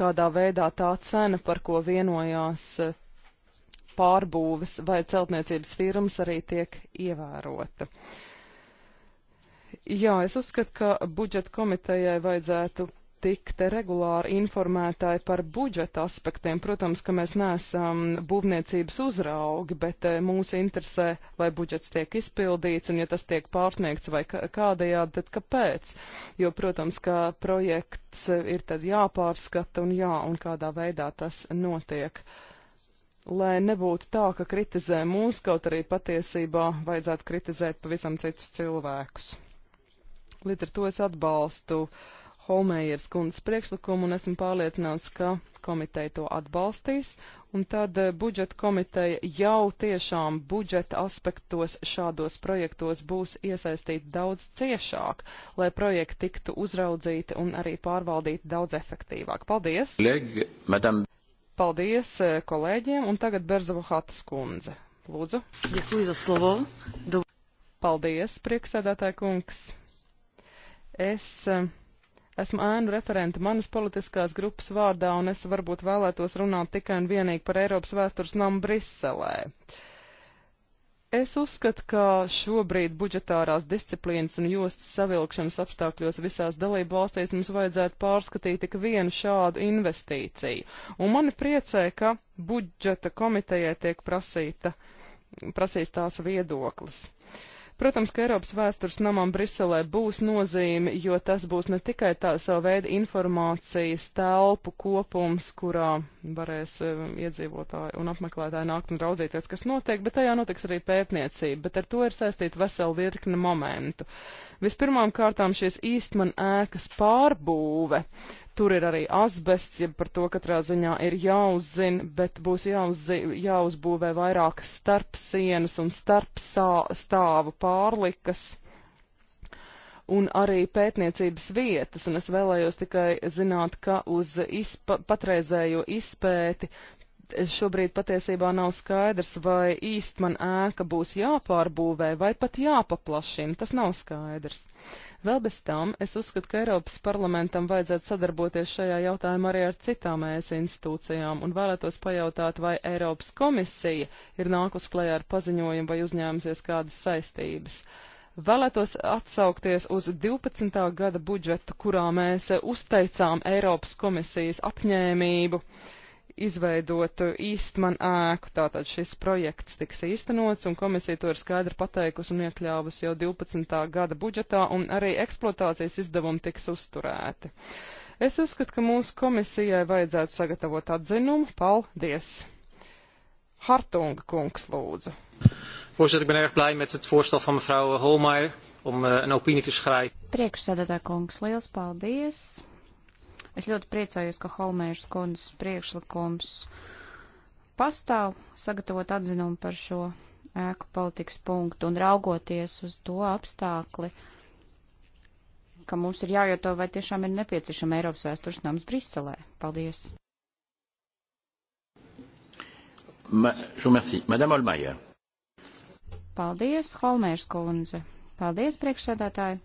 kādā veidā tā cena, par ko vienojās eh, pārbūves vai celtniecības firmas, arī tiek ievērota. Jā, es uzskatu, ka budžeta komitejai vajadzētu tikt regulāri informētāji par budžeta aspektiem. Protams, ka mēs neesam būvniecības uzraugi, bet eh, mūs interesē, vai budžets tiek izpildīts, un ja tas tiek pārsniegts vai kādajādi, tad kāpēc? Jo, protams, ka projekts eh, ir tad jāpārskata un jā, un kādā veidā tas notiek lai nebūtu tā, ka kritizē mūs, kaut arī patiesībā vajadzētu kritizēt pavisam citus cilvēkus. Līdz ar to es atbalstu Holmējers kundzes priekšlikumu un esmu pārliecināts, ka komiteja to atbalstīs. Un tad eh, budžeta komiteja jau tiešām budžeta aspektos šādos projektos būs iesaistīta daudz ciešāk, lai projekti tiktu uzraudzīti un arī pārvaldīti daudz efektīvāk. Paldies! Leg, Paldies eh, kolēģiem un tagad Berzavu Hatas kundze. Lūdzu. Děkuji za slovo. Do... Paldies, prieksēdētāja kungs. Es uh, Esmu ēnu referenta manas politiskās grupas vārdā, un es varbūt vēlētos runāt tikai un vienīgi par Eiropas vēstures namu Briselē. Es uzskatu, ka šobrīd budžetārās disciplīnas un jostas savilkšanas apstākļos visās dalību valstīs mums vajadzētu pārskatīt tik vienu šādu investīciju. Un mani priecē, ka budžeta komitejai tiek prasīta, prasīs tās viedoklis. Uh, Protams, ka Eiropas vēstures namam Briselē būs nozīme, jo tas būs ne tikai tā savu veidu informācijas telpu kopums, kurā varēs um, iedzīvotāji un apmeklētāji nākt un raudzīties, kas notiek, bet tajā notiks arī pētniecība, bet ar to ir saistīta vesela virkne momentu. Vispirmām kārtām šīs īstman ēkas pārbūve. Uh, Tur ir arī asbests, ja par to katrā ziņā ir jāuzzina, bet būs jāuzzi, jāuzbūvē vairāk starp sienas un starp sā, stāvu pārlikas un arī pētniecības vietas, un es vēlējos tikai zināt, ka uz izpa, patreizējo izpēti šobrīd patiesībā nav skaidrs, vai īsti man ēka būs jāpārbūvē vai pat jāpaplašina. Tas nav skaidrs. Vēl bez tam es uzskatu, ka Eiropas parlamentam vajadzētu sadarboties šajā jautājumā arī ar citām ES institūcijām un vēlētos pajautāt, vai Eiropas komisija ir nākus klajā ar paziņojumu vai uzņēmusies kādas saistības. Vēlētos atsaukties uz 12. gada budžetu, kurā mēs uzteicām Eiropas komisijas apņēmību uh, izveidot īstman ēku. Tātad šis projekts tiks īstenots, un komisija to ir skaidri pateikusi un iekļāvusi jau 12. gada budžetā, un arī eksploatācijas izdevumi tiks uzturēti. Es uzskatu, ka mūsu komisijai vajadzētu sagatavot atzinumu. Paldies! Hartunga kungs lūdzu. Voorzitter, ik ben erg blij met het voorstel van mevrouw Holmeijer om uh, een opinie te schrijven. Priekšsēdētā kungs, liels paldies! Es ļoti priecājos, ka Holmēžas kundzes priekšlikums pastāv sagatavot atzinumu par šo ēku politikas punktu un raugoties uz to apstākli, ka mums ir jājoto, vai tiešām ir nepieciešama Eiropas vēstures nams Briselē. Paldies! Ma, Madame Olmaja. Paldies, Holmērs kundze. Paldies, priekšsēdētāji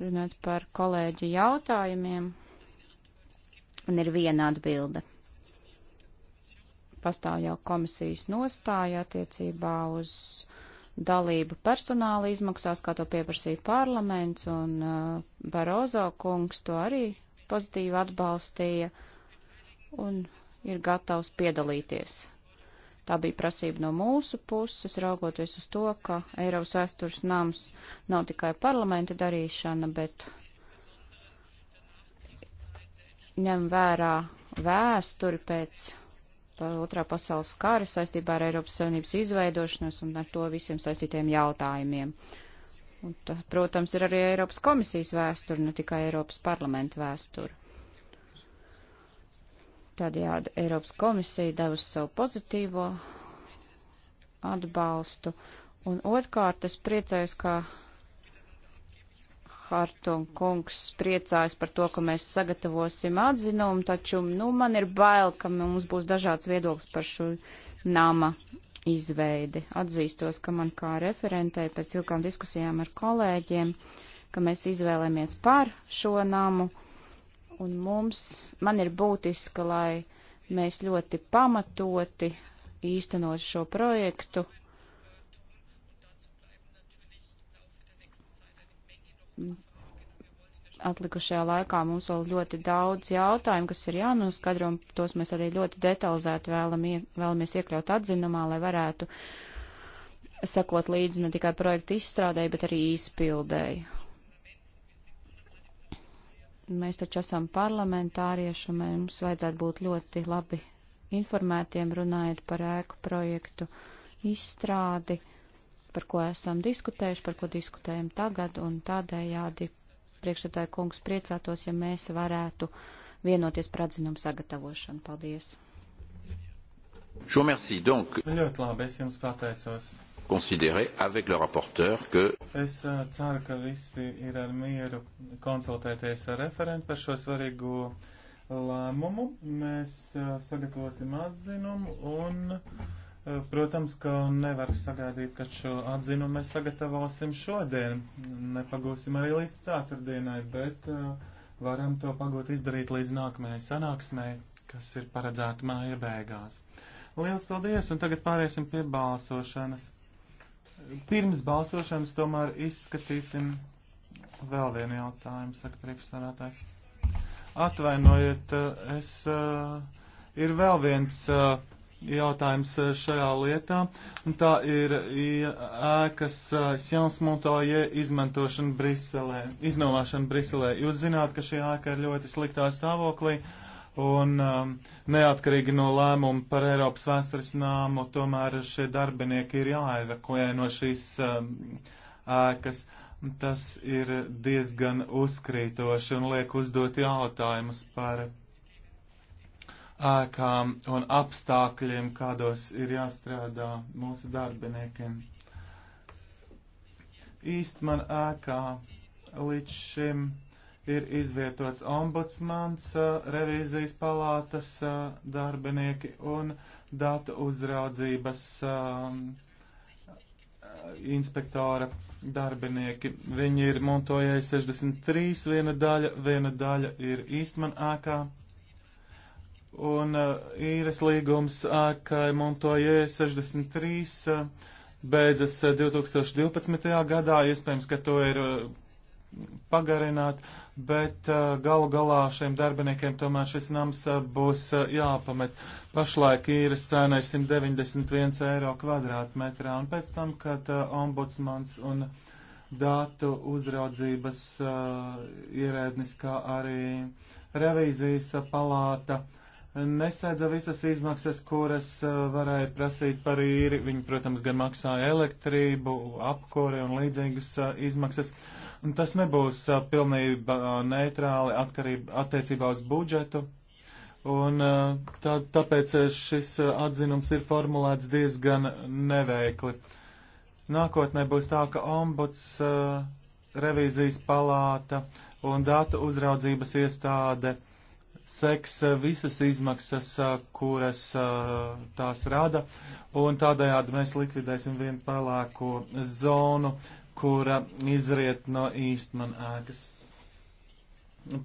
runāt par kolēģu jautājumiem, un ir viena atbilde. Pastāv jau komisijas nostāja attiecībā uz dalību personāla izmaksās, kā to pieprasīja parlaments, un uh, Barozo kungs to arī pozitīvi atbalstīja un ir gatavs piedalīties Tā bija prasība no mūsu puses, raugoties uz to, ka Eiropas vēstures nams nav tikai parlamenta darīšana, bet ņem vērā vēsturi pēc otrā pasaules kara saistībā ar Eiropas Savienības izveidošanos un ar to visiem saistītiem jautājumiem. Un, tā, protams, ir arī Eiropas komisijas vēsture, ne tikai Eiropas parlamenta vēsture. Tādējādi Eiropas komisija devusi savu pozitīvo atbalstu. Un otrkārt, es priecājos, ka Hartung kungs priecājas par to, ka mēs sagatavosim atzinumu, taču, nu, man ir bail, ka mums būs dažāds viedoklis par šo nama izveidi. Atzīstos, ka man kā referentei pēc ilgām diskusijām ar kolēģiem, ka mēs izvēlēmies par šo namu un mums, man ir būtiska, lai mēs ļoti pamatoti īstenot šo projektu. Atlikušajā laikā mums vēl ļoti daudz jautājumu, kas ir jānoskadro, un tos mēs arī ļoti detalizēti vēlam, vēlamies iekļaut atzinumā, lai varētu sekot līdzi ne tikai projektu izstrādēji, bet arī izpildēji. Mēs taču esam parlamentārieši, un mums vajadzētu būt ļoti labi informētiem runājot par ēku projektu izstrādi, par ko esam diskutējuši, par ko diskutējam tagad, un tādējādi priekšsētāja kungs priecātos, ja mēs varētu vienoties par atzinumu sagatavošanu. Paldies! Šo merci, donc. Ļoti labi, es jums pateicos considérer avec le rapporteur que. Es uh, ceru, ka visi ir ar mieru konsultēties ar referentu par šo svarīgo lēmumu. Mēs uh, sagatavosim atzinumu un, uh, protams, ka nevar sagaidīt, ka šo atzinumu mēs sagatavosim šodien. Nepagūsim arī līdz ceturtdienai, bet varam to pagūt izdarīt līdz nākamajai sanāksmai, kas ir paredzēta māja beigās. Liels paldies, un tagad pāriesim pie balsošanas pirms balsošanas tomēr izskatīsim vēl vienu jautājumu, saka priekšsādātājs. Atvainojiet, es, eh, ir vēl viens eh, jautājums eh, šajā lietā, un tā ir ēkas Sjans Montoje izmantošana Briselē, iznovāšana Briselē. Jūs zināt, ka šī ēka ir ļoti sliktā stāvoklī. Uh, Un um, neatkarīgi no lēmuma par Eiropas vēstures nāmu, tomēr šie darbinieki ir jāevakuē no šīs um, ēkas. Tas ir diezgan uzkrītoši un liek uzdot jautājumus par ēkām un apstākļiem, kādos ir jāstrādā mūsu darbiniekiem. Īstman ēkā līdz šim ir izvietots ombudsmans, revīzijas palātas darbinieki un datu uzraudzības inspektora darbinieki. Viņi ir montojai 63, viena daļa, viena daļa ir Eastman ēkā. Un uh, īres līgums ēkai montojai 63 uh, beidzas 2012. gadā, iespējams, ka to ir uh, pagarināt, bet uh, galu galā šiem darbiniekiem tomēr šis nams uh, būs uh, jāpamet. Pašlaik īres cēnai 191 eiro kvadrātmetrā, un pēc tam, kad ombudsmans un datu uzraudzības ierēdnis, kā arī revīzijas palāta, uh, nesedza visas izmaksas, kuras uh, varēja prasīt par īri. Viņi, protams, gan maksāja elektrību, apkore un līdzīgas uh, izmaksas. Un tas nebūs uh, pilnībā neitrāli atkarība attiecībā uz budžetu. Un tā, tāpēc šis atzinums ir formulēts diezgan neveikli. Nākotnē būs tā, ka ombuds, revīzijas palāta un datu uzraudzības iestāde seks eh, visas izmaksas, eh, kuras eh, tās rada, un tādējādi mēs likvidēsim vienu pelēko zonu, kura izriet no īstman ēkas.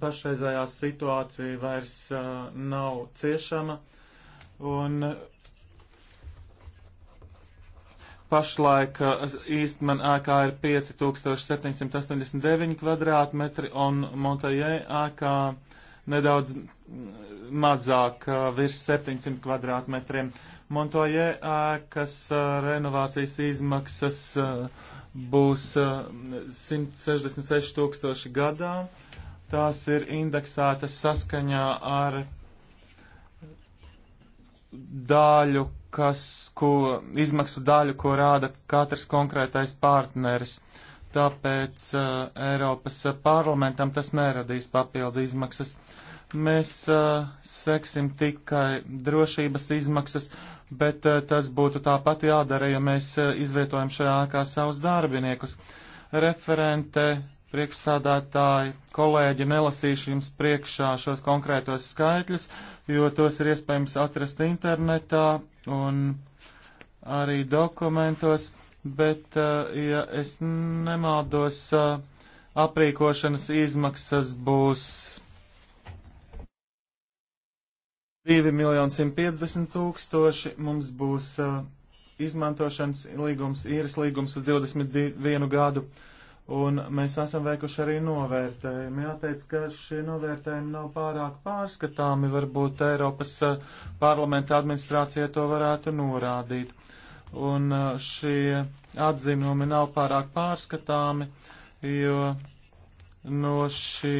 Pašreizējā situācija vairs nav ciešama, un pašlaik īstman ēkā ir 5789 kvadrātmetri, un Montajē ēkā nedaudz mazāk, virs 700 kvadrātmetriem. Montoje ēkas renovācijas izmaksas būs 166 tūkstoši gadā. Tās ir indeksētas saskaņā ar daļu, kas, ko, izmaksu daļu, ko rāda katrs konkrētais partneris. Uh, tāpēc uh, Eiropas uh, parlamentam tas neradīs papildu izmaksas. Mēs uh, seksim tikai drošības izmaksas, bet uh, tas būtu tāpat jādara, ja mēs uh, izvietojam šajā ēkā savus darbiniekus. Referente, priekšsādātāji, kolēģi, nelasīšu jums priekšā šos konkrētos skaitļus, jo tos ir iespējams atrast internetā un arī dokumentos. Uh, bet, uh, ja es nemaldos, uh, aprīkošanas izmaksas būs 2 miljoni 150 tūkstoši, mums būs uh, izmantošanas līgums, īres līgums uz 21 gadu. Un mēs esam veikuši arī novērtējumu. Jāteic, ka šie novērtējumi nav pārāk pārskatāmi. Varbūt Eiropas parlamenta administrācija to varētu norādīt un uh, šie atzinumi nav pārāk pārskatāmi, jo no šī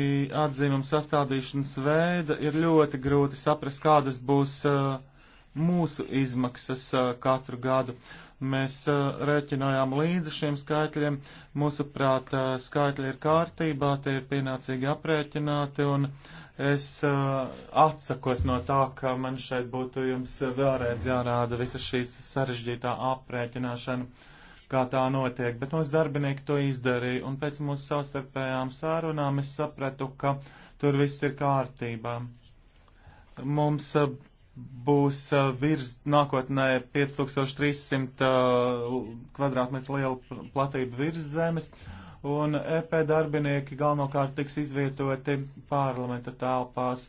atzinuma sastādīšanas veida ir ļoti grūti saprast, kādas būs uh, mūsu izmaksas uh, katru gadu. Mēs uh, rēķinājām līdzi šiem skaitļiem. Mūsuprāt, uh, skaitļi ir kārtībā, tie ir pienācīgi aprēķināti, un es uh, atsakos no tā, ka man šeit būtu jums vēlreiz jārāda visa šīs sarežģītā aprēķināšana kā tā notiek, bet mūsu darbinieki to izdarīja, un pēc mūsu savstarpējām sārunām es sapratu, ka tur viss ir kārtībā. Mums uh, būs uh, virs nākotnē 5300 uh, kvadrātmetru liela platība virs zemes, un EP darbinieki galvenokārt tiks izvietoti parlamenta telpās.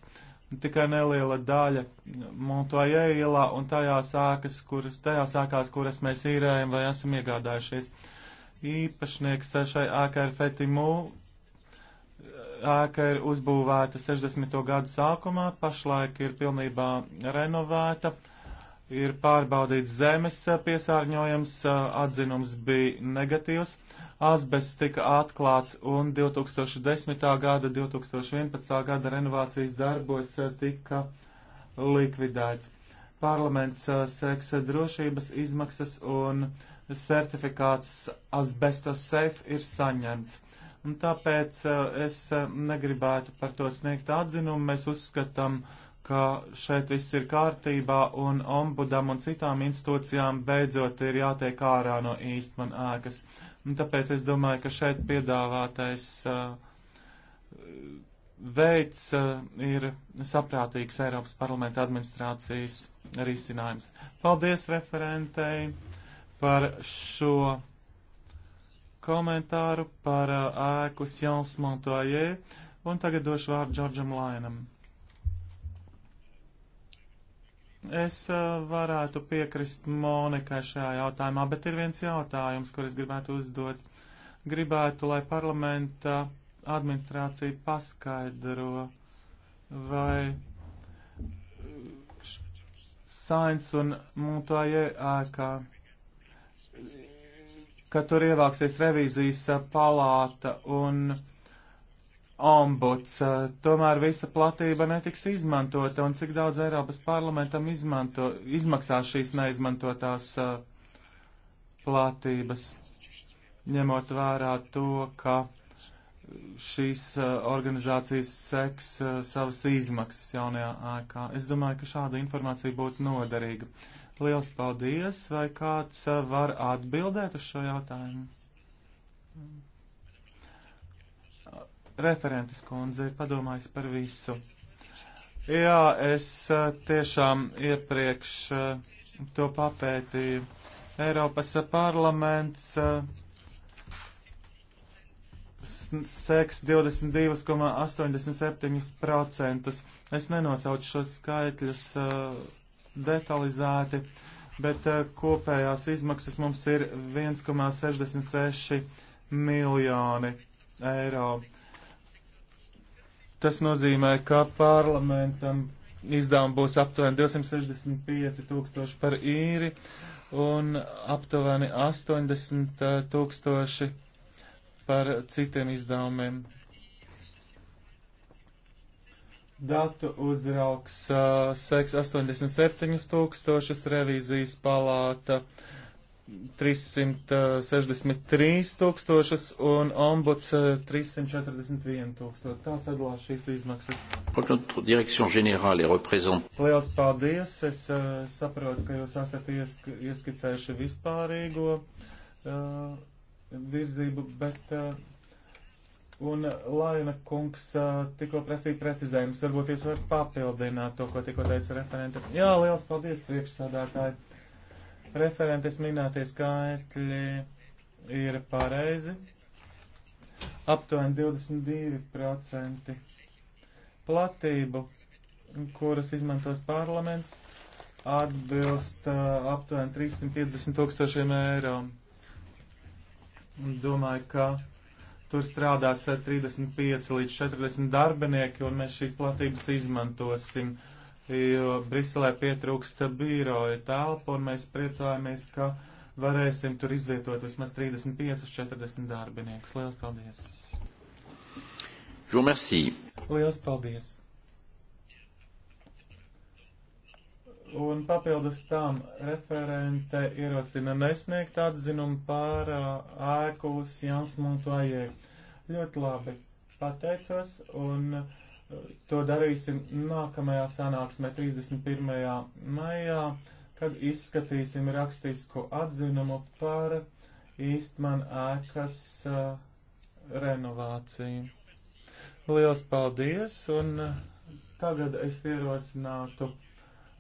Tikai neliela daļa Montoje ielā un tajā sākas, kur, tajā sākās, kuras mēs īrējam vai esam iegādājušies. Īpašnieks šai ēkai ir Fetimu, Ēka ir uzbūvēta 60. gadu sākumā, pašlaik ir pilnībā renovēta, ir pārbaudīts zemes piesārņojums, atzinums bija negatīvs, asbests tika atklāts un 2010. gada, 2011. gada renovācijas darbos tika likvidēts. Parlaments seksa drošības izmaksas un certifikāts asbestos safe ir saņemts un tāpēc eh, es eh, negribētu par to sniegt atzinumu. Mēs uzskatām, ka šeit viss ir kārtībā un ombudam un citām institūcijām beidzot ir jātiek ārā no īstman ēkas. Un tāpēc es domāju, ka šeit piedāvātais eh, veids ir saprātīgs Eiropas parlamenta administrācijas risinājums. Paldies referentei par šo komentāru par uh, ēku Sjons Montoyē, un tagad došu vārdu Džordžam Lainam. Es uh, varētu piekrist Monikai šajā jautājumā, bet ir viens jautājums, kur es gribētu uzdot. Gribētu, lai parlamenta administrācija paskaidro, vai Sainz un Mutāje ēkā ka tur ievāksies revīzijas eh, palāta un ombuds. Eh, tomēr visa platība netiks izmantota, un cik daudz Eiropas parlamentam izmanto, izmaksās šīs neizmantotās eh, platības, ņemot vērā to, ka šīs organizācijas seks savas izmaksas jaunajā ēkā. Es domāju, ka šāda informācija būtu noderīga. Liels paldies! Vai kāds uh, var atbildēt uz šo jautājumu? Referentes kundze ir padomājusi par visu. Jā, es uh, tiešām iepriekš uh, to papētīju. Eiropas parlaments seks 22,87%. Es nenosaucu šos skaitļus detalizēti, bet eh, kopējās izmaksas mums ir 1,66 miljoni eiro. Tas nozīmē, ka parlamentam izdevumi būs aptuveni 265 tūkstoši par īri un aptuveni 80 eh, tūkstoši par citiem izdevumiem. Datu uzrauks uh, seks 87 tūkstošus, revīzijas palāta 363 tūkstošus un ombuds 341 tūkstoši. Tā sadalās šīs izmaksas. Liels paldies! Es uh, saprotu, ka jūs esat iesk ieskicējuši vispārīgo uh, virzību, bet. Uh, Un uh, Laina kungs uh, tikko prasīja precizējumus, varbūt jūs varat papildināt to, ko tikko teica referente. Jā, liels paldies priekšsādātāji. Referentes minētie skaitļi ir pareizi. Aptuveni 22% platību, kuras izmantos parlaments, atbilst uh, aptuveni 350 tūkstošiem eiro. Domāju, ka Tur strādās 35 līdz 40 darbinieki, un mēs šīs platības izmantosim, jo Briselē pietrūkst bīroja telpa, un mēs priecājamies, ka varēsim tur izvietot vismaz 35-40 darbiniekus. Lielas paldies! Jū, merci! Lielas paldies! Un papildus tam referente ierosina nesniegt atzinumu par ēku Sjans Montoyē. Ļoti labi. Pateicos un to darīsim nākamajā sanāksmē 31. maijā, kad izskatīsim rakstisku atzinumu par Īstman ēkas uh, renovāciju. Liels paldies un tagad es ierosinātu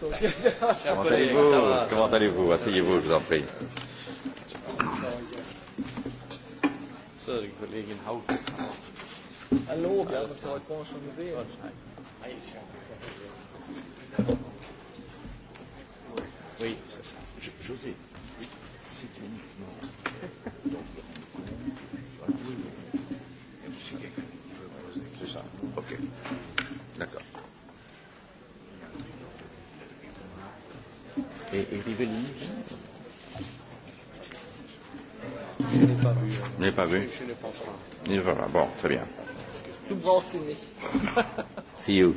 Comment allez-vous Comment allez-vous Asseyez-vous, je vous en prie. So, die Kollegin Haug. Hallo, wir haben uns heute Morgen schon gesehen. Oui, c'est ça. José, c'est uniquement. C'est ça, ok. et, et Rivellini. Je ne l'ai pas vu. Euh, je ne l'ai pas vu. Je, je ne pense pas. Et voilà, bon, très bien. Tout branchiné. See you.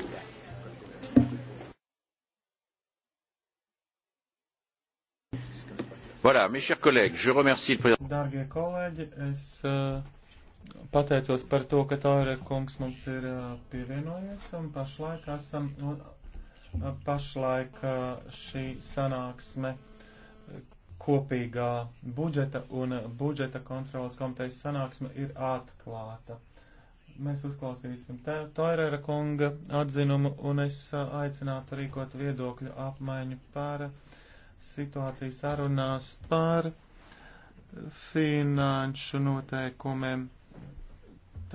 Voilà, mes chers collègues, je remercie le président. Dārgie kolēģi, es uh, pateicos par to, ka Taurē kungs mums ir uh, pievienojies un pašlaik esam. Uh, Pašlaik eh, šī sanāksme eh, kopīgā budžeta un budžeta kontrolas komitejas sanāksme ir atklāta. Mēs uzklausīsim Toirera kunga atzinumu un es eh, aicinātu rīkot viedokļu apmaiņu par situāciju sarunās par finanšu noteikumiem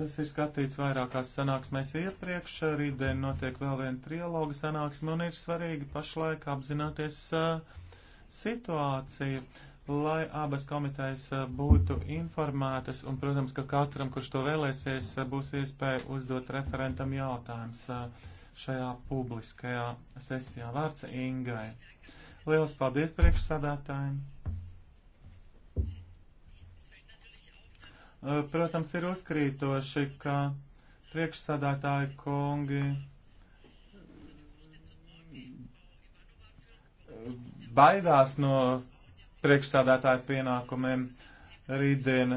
Tas ir skatīts vairākās sanāksmēs iepriekš, rītdien notiek vēl viena trialoga sanāksme un ir svarīgi pašlaik apzināties uh, situāciju, lai abas komitejas uh, būtu informētas un, protams, ka katram, kurš to vēlēsies, uh, būs iespēja uzdot referentam jautājums šajā publiskajā sesijā. Vārds Ingai. Lielas paldies priekšsādātājiem! Eh, protams, ir uzkrītoši, ka priekšsādātāji kungi eh, baidās no priekšsādātāju pienākumiem. Rītdien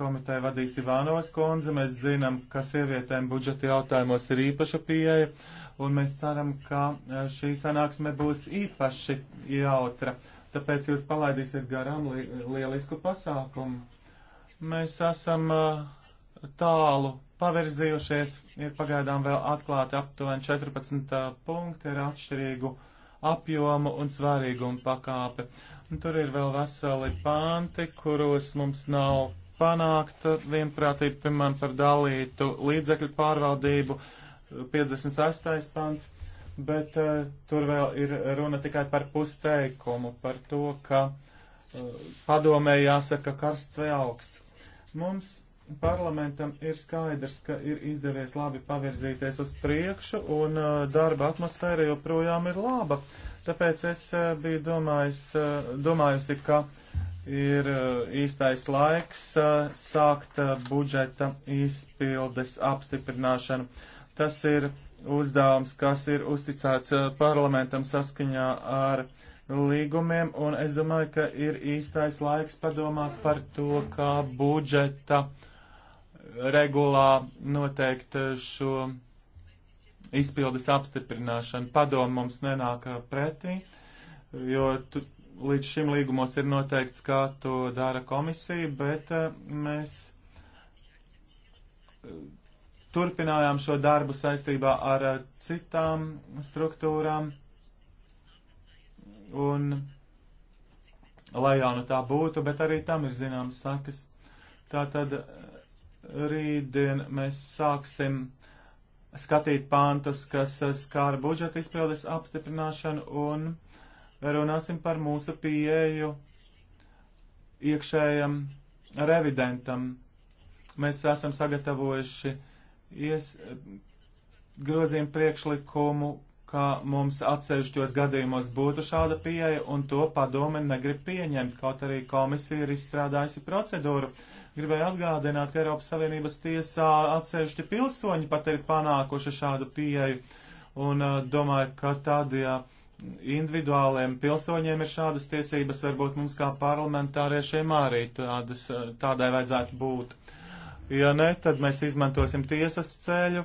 komiteja vadīs Ivānovas kundze. Mēs zinām, ka sievietēm budžeta jautājumos ir īpaša pieeja, un mēs ceram, ka eh, šī sanāksme būs īpaši jautra. Tāpēc jūs palaidīsiet garām li lielisku pasākumu. Mēs esam uh, tālu pavirzījušies, ir pagaidām vēl atklāti aptuveni 14 uh, punkti ar atšķirīgu apjomu un svarīgumu pakāpi. Un tur ir vēl veseli panti, kuros mums nav panākta vienprātība, piemēram, par dalītu līdzekļu pārvaldību, 56. pants, bet uh, tur vēl ir runa tikai par pusteikumu, par to, ka uh, padomē jāsaka karsts vai augsts Mums parlamentam ir skaidrs, ka ir izdevies labi pavirzīties uz priekšu un uh, darba atmosfēra joprojām ir laba. Tāpēc es uh, biju domājis, uh, domājusi, ka ir uh, īstais laiks uh, sākt uh, budžeta izpildes apstiprināšanu. Tas ir uzdevums, kas ir uzticēts uh, parlamentam saskaņā ar uh, līgumiem, un es domāju, ka ir īstais laiks padomāt par to, kā budžeta regulā noteikt eh, šo izpildes apstiprināšanu. Padomu mums nenāk eh, pretī, jo tu, līdz šim līgumos ir noteikts, kā to dara komisija, bet eh, mēs turpinājām šo darbu saistībā ar citām struktūrām Un, lai jau nu tā būtu, bet arī tam ir zināmas sakas. Tātad eh, rītdien mēs sāksim skatīt pāntus, kas eh, skāra budžeta izpildes apstiprināšanu un runāsim par mūsu pieeju iekšējam revidentam. Mēs esam sagatavojuši ies, grozījumu priekšlikumu ka mums atsevišķos gadījumos būtu šāda pieeja, un to padome negrib pieņemt, kaut arī komisija ir izstrādājusi procedūru. Gribēju atgādināt, ka Eiropas Savienības tiesā atsevišķi pilsoņi pat ir panākuši šādu pieeju, un uh, domāju, ka tad, ja individuāliem pilsoņiem ir šādas tiesības, varbūt mums kā parlamentāriešiem arī tādas, uh, tādai vajadzētu būt. Ja ne, tad mēs izmantosim tiesas ceļu,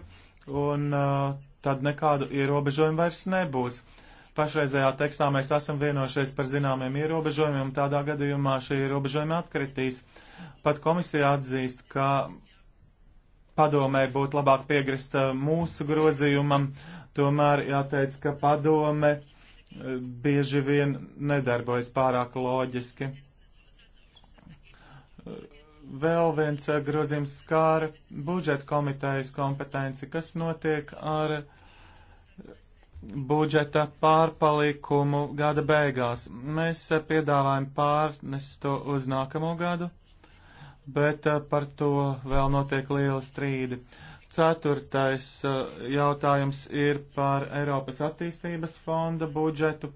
un uh, tad nekādu ierobežojumu vairs nebūs. Pašreizējā tekstā mēs esam vienojušies par zināmiem ierobežojumiem, un tādā gadījumā šie ierobežojumi atkritīs. Pat komisija atzīst, ka padomē būtu labāk piegrist uh, mūsu grozījumam, tomēr jāteic, ka padome uh, bieži vien nedarbojas pārāk loģiski. Uh, vēl viens eh, grozījums skāra budžeta komitejas kompetenci, kas notiek ar budžeta pārpalikumu gada beigās. Mēs eh, piedāvājam pārnest to uz nākamo gadu, bet eh, par to vēl notiek liela strīdi. Ceturtais jautājums ir par Eiropas attīstības fonda budžetu,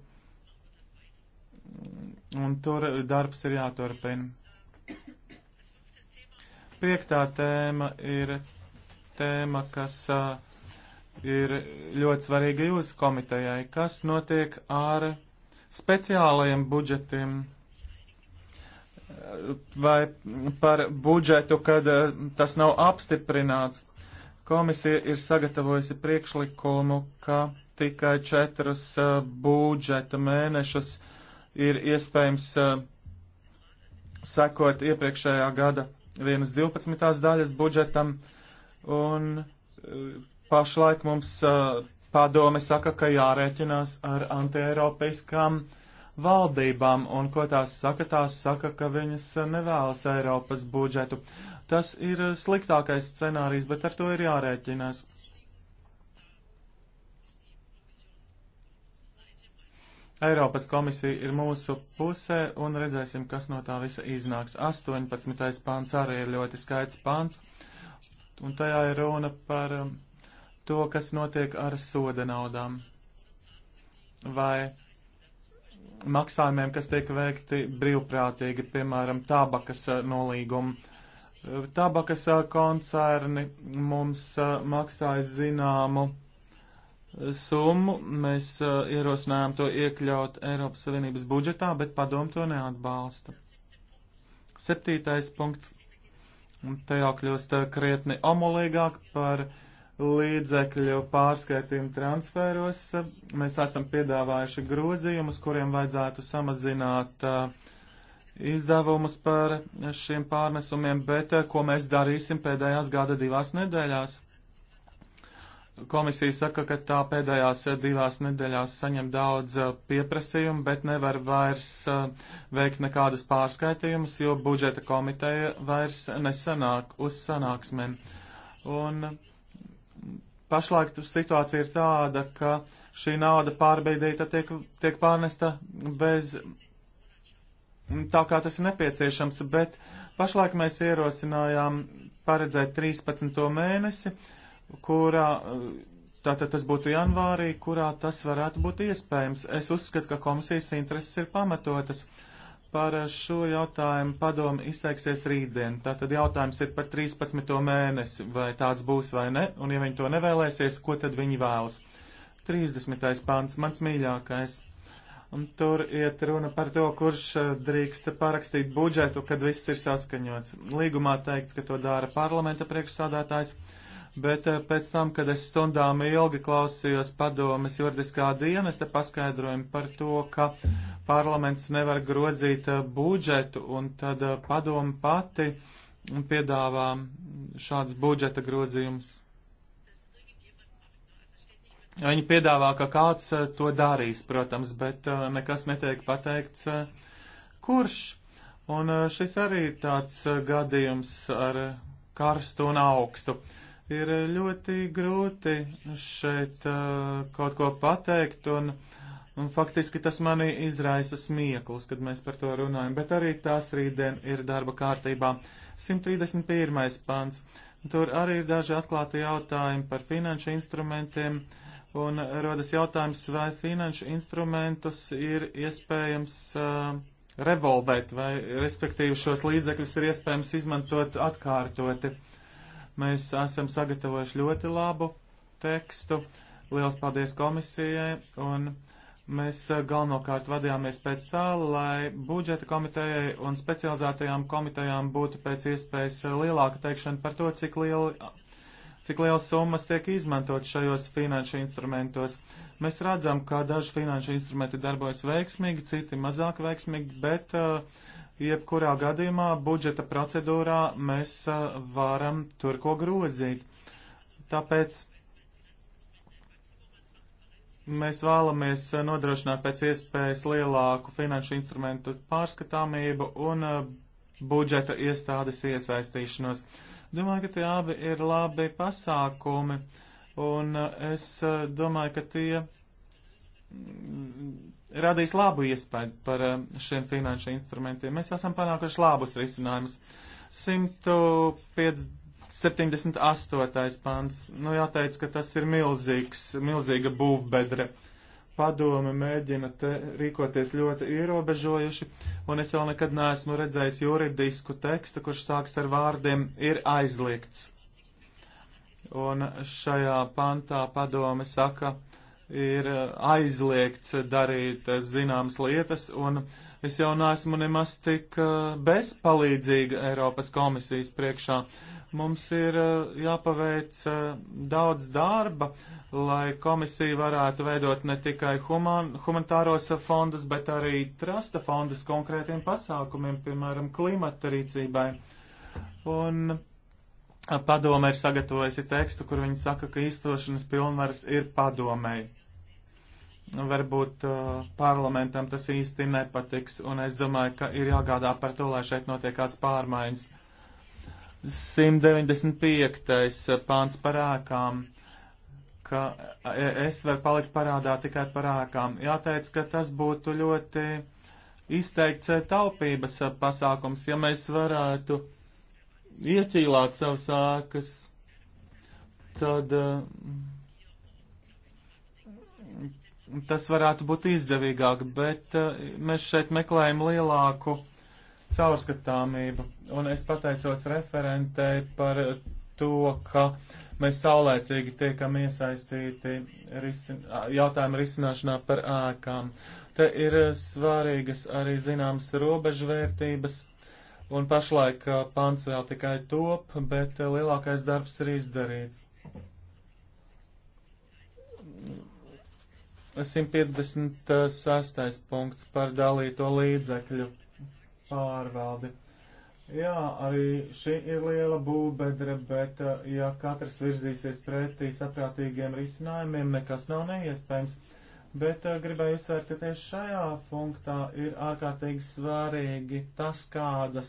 un tur darbs ir jāturpina. Piektā tēma ir tēma, kas uh, ir ļoti svarīga jūsu komitejai. Kas notiek ar speciālajiem budžetiem? Vai par budžetu, kad uh, tas nav apstiprināts? Komisija ir sagatavojusi priekšlikumu, ka tikai četrus uh, budžeta mēnešus ir iespējams sekot iepriekšējā gada vienas 12. daļas budžetam, un e, pašlaik mums e, padome saka, ka jārēķinās ar antieiropeiskām valdībām, un ko tās saka, tās saka, ka viņas e, nevēlas Eiropas budžetu. Tas ir sliktākais scenārijs, bet ar to ir jārēķinās. Eiropas komisija ir mūsu pusē un redzēsim, kas no tā visa iznāks. 18. pāns arī ir ļoti skaits pāns, un tajā ir runa par um, to, kas notiek ar soda naudām vai maksājumiem, kas tiek veikti brīvprātīgi, piemēram, tabakas uh, nolīgumu. Uh, tabakas uh, koncerni mums maksāja zināmu summu. Mēs uh, ierosinājām to iekļaut Eiropas Savienības budžetā, bet padomu to neatbalsta. Septītais punkts. Te jau kļūst eh, krietni omulīgāk par līdzekļu pārskaitījumu transferos. Mēs esam piedāvājuši grozījumus, kuriem vajadzētu samazināt uh, izdevumus par šiem pārnesumiem, bet uh, ko mēs darīsim pēdējās gada divās nedēļās? Komisija saka, ka tā pēdējās eh, divās nedēļās saņem daudz eh, pieprasījumu, bet nevar vairs eh, veikt nekādas pārskaitījumus, jo budžeta komiteja vairs nesanāk uz sanāksmēm. Un pašlaik situācija ir tāda, ka šī nauda pārbeidīta tiek, tiek pārnesta bez tā, kā tas ir nepieciešams, bet pašlaik mēs ierosinājām paredzēt 13. mēnesi, kurā eh, Tātad tas būtu janvārī, kurā tas varētu būt iespējams. Es uzskatu, ka komisijas intereses ir pamatotas. Par eh, šo jautājumu padomu izteiksies rītdien. Tātad jautājums ir par 13. mēnesi, vai tāds būs vai ne, un ja viņi to nevēlēsies, ko tad viņi vēlas. 30. pāns, mans mīļākais. Un tur iet runa par to, kurš eh, drīkst parakstīt budžetu, kad viss ir saskaņots. Līgumā teikts, ka to dara parlamenta priekšsādātājs bet eh, pēc tam, kad es stundām ilgi klausījos padomas juridiskā dienesta paskaidrojumu par to, ka parlaments nevar grozīt eh, budžetu, un tad eh, padoma pati piedāvā šāds budžeta grozījums. Viņi piedāvā, ka kāds to darīs, protams, bet nekas netiek pateikts, kurš. Un šis arī ir tāds gadījums ar karstu un augstu. Uh, ir ļoti grūti šeit uh, kaut ko pateikt, un, un faktiski tas mani izraisa smieklus, kad mēs par to runājam, bet arī tās rītdien ir darba kārtībā. 131. pants. Tur arī ir daži atklāti jautājumi par finanšu instrumentiem, un rodas jautājums, vai finanšu instrumentus ir iespējams. Uh, revolvēt, vai respektīvi šos līdzekļus ir iespējams izmantot atkārtoti. Uh, Mēs esam sagatavojuši ļoti labu tekstu. Liels paldies komisijai un mēs eh, galvenokārt vadījāmies pēc tā, lai budžeta komitejai un specializētajām komitejām būtu pēc iespējas eh, lielāka teikšana par to, cik, liela, cik liels summas tiek izmantot šajos finanšu instrumentos. Mēs redzam, ka daži finanšu instrumenti darbojas veiksmīgi, citi mazāk veiksmīgi, bet uh, jebkurā gadījumā budžeta procedūrā mēs varam tur ko grozīt. Tāpēc mēs vēlamies nodrošināt pēc iespējas lielāku finanšu instrumentu pārskatāmību un budžeta iestādes iesaistīšanos. Domāju, ka tie abi ir labi pasākumi, un es domāju, ka tie radīs labu iespēju par eh, šiem finanšu instrumentiem. Mēs esam panākuši labus risinājumus. 178. pants. Nu, jāteic, ka tas ir milzīgs, milzīga būvbedre. Padome mēģina te rīkoties ļoti ierobežojuši, un es vēl nekad neesmu redzējis juridisku tekstu, kurš sāks ar vārdiem ir aizliegts. Un šajā pantā padome saka, uh, ir eh, aizliegts darīt eh, zināmas lietas, un es jau neesmu nemaz tik eh, bezpalīdzīga Eiropas komisijas priekšā. Mums ir jāpaveic daudz darba, lai komisija varētu veidot ne tikai human, humanitāros fondus, bet arī trasta fondus konkrētiem pasākumiem, piemēram, klimata rīcībai. Un padome ir sagatavojusi tekstu, kur viņi saka, ka īstošanas pilnvaras ir padomei varbūt uh, parlamentam tas īsti nepatiks, un es domāju, ka ir jāgādā par to, lai šeit notiek kāds pārmaiņas. 195. Uh, pāns par ēkām, ka uh, es varu palikt parādā tikai par ēkām. Jāteic, ka tas būtu ļoti izteikts uh, taupības pasākums, ja mēs varētu ieķīlāt savas ēkas, tad. Uh, tas varētu būt izdevīgāk, bet eh, mēs šeit meklējam lielāku caurskatāmību. Un es pateicos referentei par to, ka mēs saulēcīgi tiekam iesaistīti risin jautājumu risināšanā par ēkām. Te ir svarīgas arī zināmas robežvērtības, un pašlaik eh, pants vēl tikai top, bet eh, lielākais darbs ir izdarīts. 156. punkts par dalīto līdzekļu pārvaldi. Jā, arī šī ir liela būvbedre, bet eh, ja katrs virzīsies pretī saprātīgiem risinājumiem, nekas nav neiespējams. Bet eh, gribēju uzsvērt, ka tieši šajā punktā ir ārkārtīgi svarīgi tas, kādas,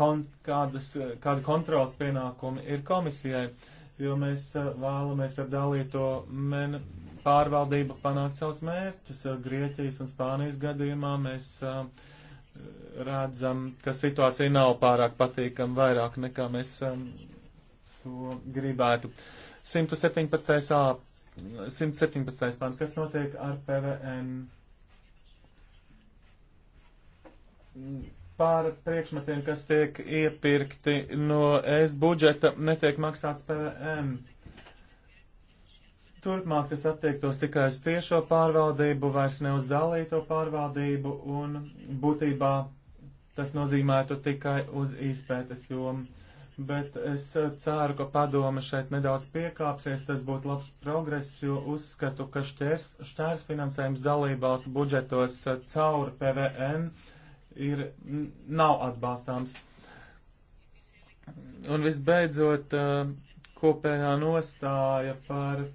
kon, kādas, kāda kontrols pienākumi ir komisijai, jo mēs eh, vēlamies ar dalīto men, pārvaldība panākt savus mērķus. Eh, Grieķijas un Spānijas gadījumā mēs uh, redzam, ka situācija nav pārāk patīkama vairāk nekā mēs um, to gribētu. 117. A, 117. pāns, kas notiek ar PVN? Par priekšmetiem, kas tiek iepirkti no ES budžeta, netiek maksāts PVN. Uh, Turpmāk tas attiektos tikai uz tiešo pārvaldību, vairs ne uz dalīto pārvaldību, un būtībā tas nozīmētu tikai uz izpētes jomu. Bet es ceru, ka padome šeit nedaudz piekāpsies, tas būtu labs progress, jo uzskatu, ka šķērs, šķērs finansējums dalībvalstu budžetos caur PVN ir, nav atbalstāms. Un visbeidzot, eh, kopējā nostāja par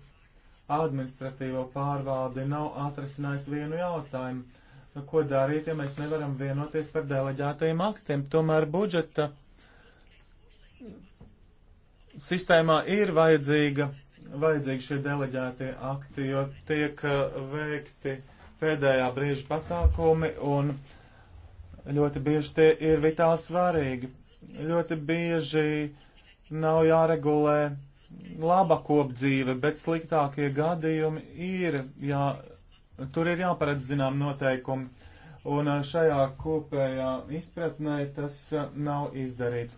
administratīvo pārvaldi nav atrisinājis vienu jautājumu. Nu, ko darīt, ja mēs nevaram vienoties par deleģētajiem aktiem? Tomēr budžeta sistēmā ir vajadzīga, vajadzīgi šie deleģētie akti, jo tiek eh, veikti pēdējā brīža pasākumi un ļoti bieži tie ir vitāli svarīgi. Ļoti bieži nav jāregulē laba kopdzīve, bet sliktākie gadījumi ir, jā, tur ir jāparedz zinām noteikumi. Un šajā kopējā izpratnē tas nav izdarīts.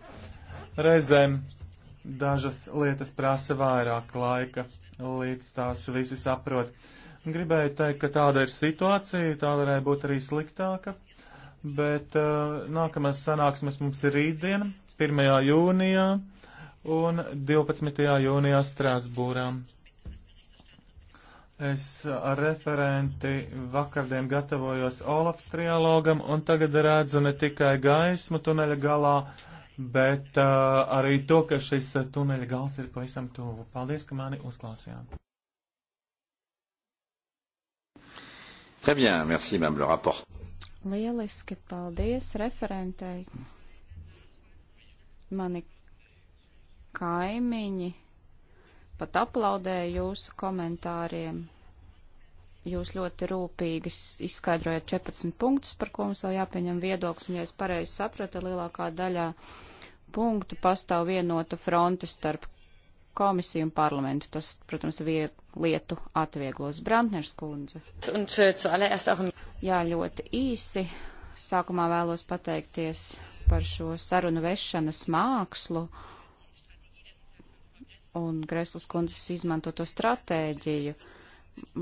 Reizēm dažas lietas prasa vairāk laika, līdz tās visi saprot. Gribēju teikt, ka tāda ir situācija, tā varēja būt arī sliktāka, bet uh, nākamās sanāksmes mums ir rītdiena, 1. jūnijā. Uh, un 12. jūnijā Strasbūrā. Es ar referenti vakardien gatavojos Olaf trialogam un tagad redzu ne tikai gaismu tuneļa galā, bet uh, arī to, ka šis uh, tuneļa gals ir pavisam tuvu. Paldies, ka mani uzklausījāt. Très bien, merci, madame le rapport. Lieliski, paldies referentei. Mani kaimiņi pat aplaudēja jūsu komentāriem. Jūs ļoti rūpīgi izskaidrojat 14 punktus, par ko mums vēl jāpieņem viedoklis, un ja es pareizi sapratu, lielākā daļā punktu pastāv vienota fronte starp komisiju un parlamentu. Tas, protams, vie, lietu atvieglos Brantners kundze. Un, eh, Jā, ļoti īsi. Sākumā vēlos pateikties par šo sarunu vešanas mākslu. Uh, un Greslas kundzes izmantoto stratēģiju.